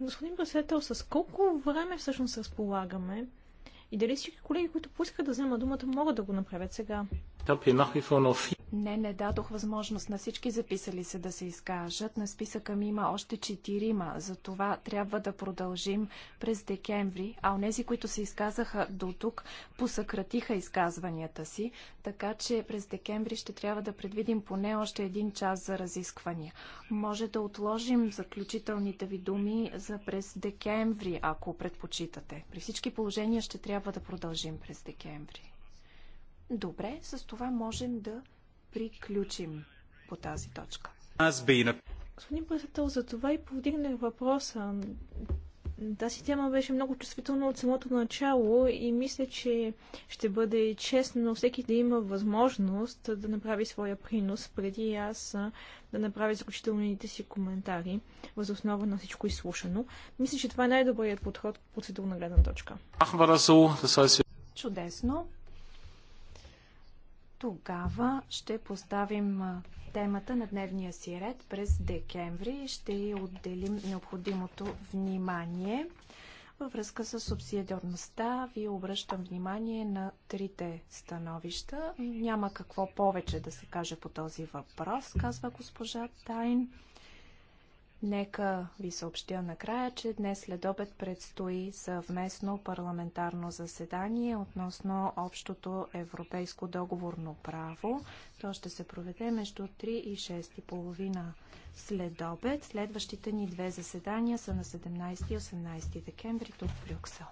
Господин председател, с колко време всъщност разполагаме и дали всички колеги, които поискат да вземат думата, могат да го направят сега? Не, не дадох възможност на всички записали се да се изкажат. На списъка ми има още четирима. За това трябва да продължим през декември. А онези, които се изказаха до тук, посъкратиха изказванията си. Така че през декември ще трябва да предвидим поне още един час за разисквания. Може да отложим заключителните ви думи за през декември, ако предпочитате. При всички положения ще трябва да продължим през декември. Добре, с това можем да приключим по тази точка. Господин председател, за това и повдигнах въпроса. Тази тема беше много чувствителна от самото начало и мисля, че ще бъде честно всеки да има възможност да направи своя принос, преди аз да направя заключителните си коментари, въз основа на всичко изслушано. Мисля, че това е най-добрият подход от процедурна гледна точка. Чудесно тогава ще поставим темата на дневния си ред през декември и ще й отделим необходимото внимание. Във връзка с субсидиорността ви обръщам внимание на трите становища. Няма какво повече да се каже по този въпрос, казва госпожа Тайн. Нека ви съобщя накрая, че днес след обед предстои съвместно парламентарно заседание относно общото европейско договорно право. То ще се проведе между 3 и 6 и половина след обед. Следващите ни две заседания са на 17 и 18 декември тук в Брюксел.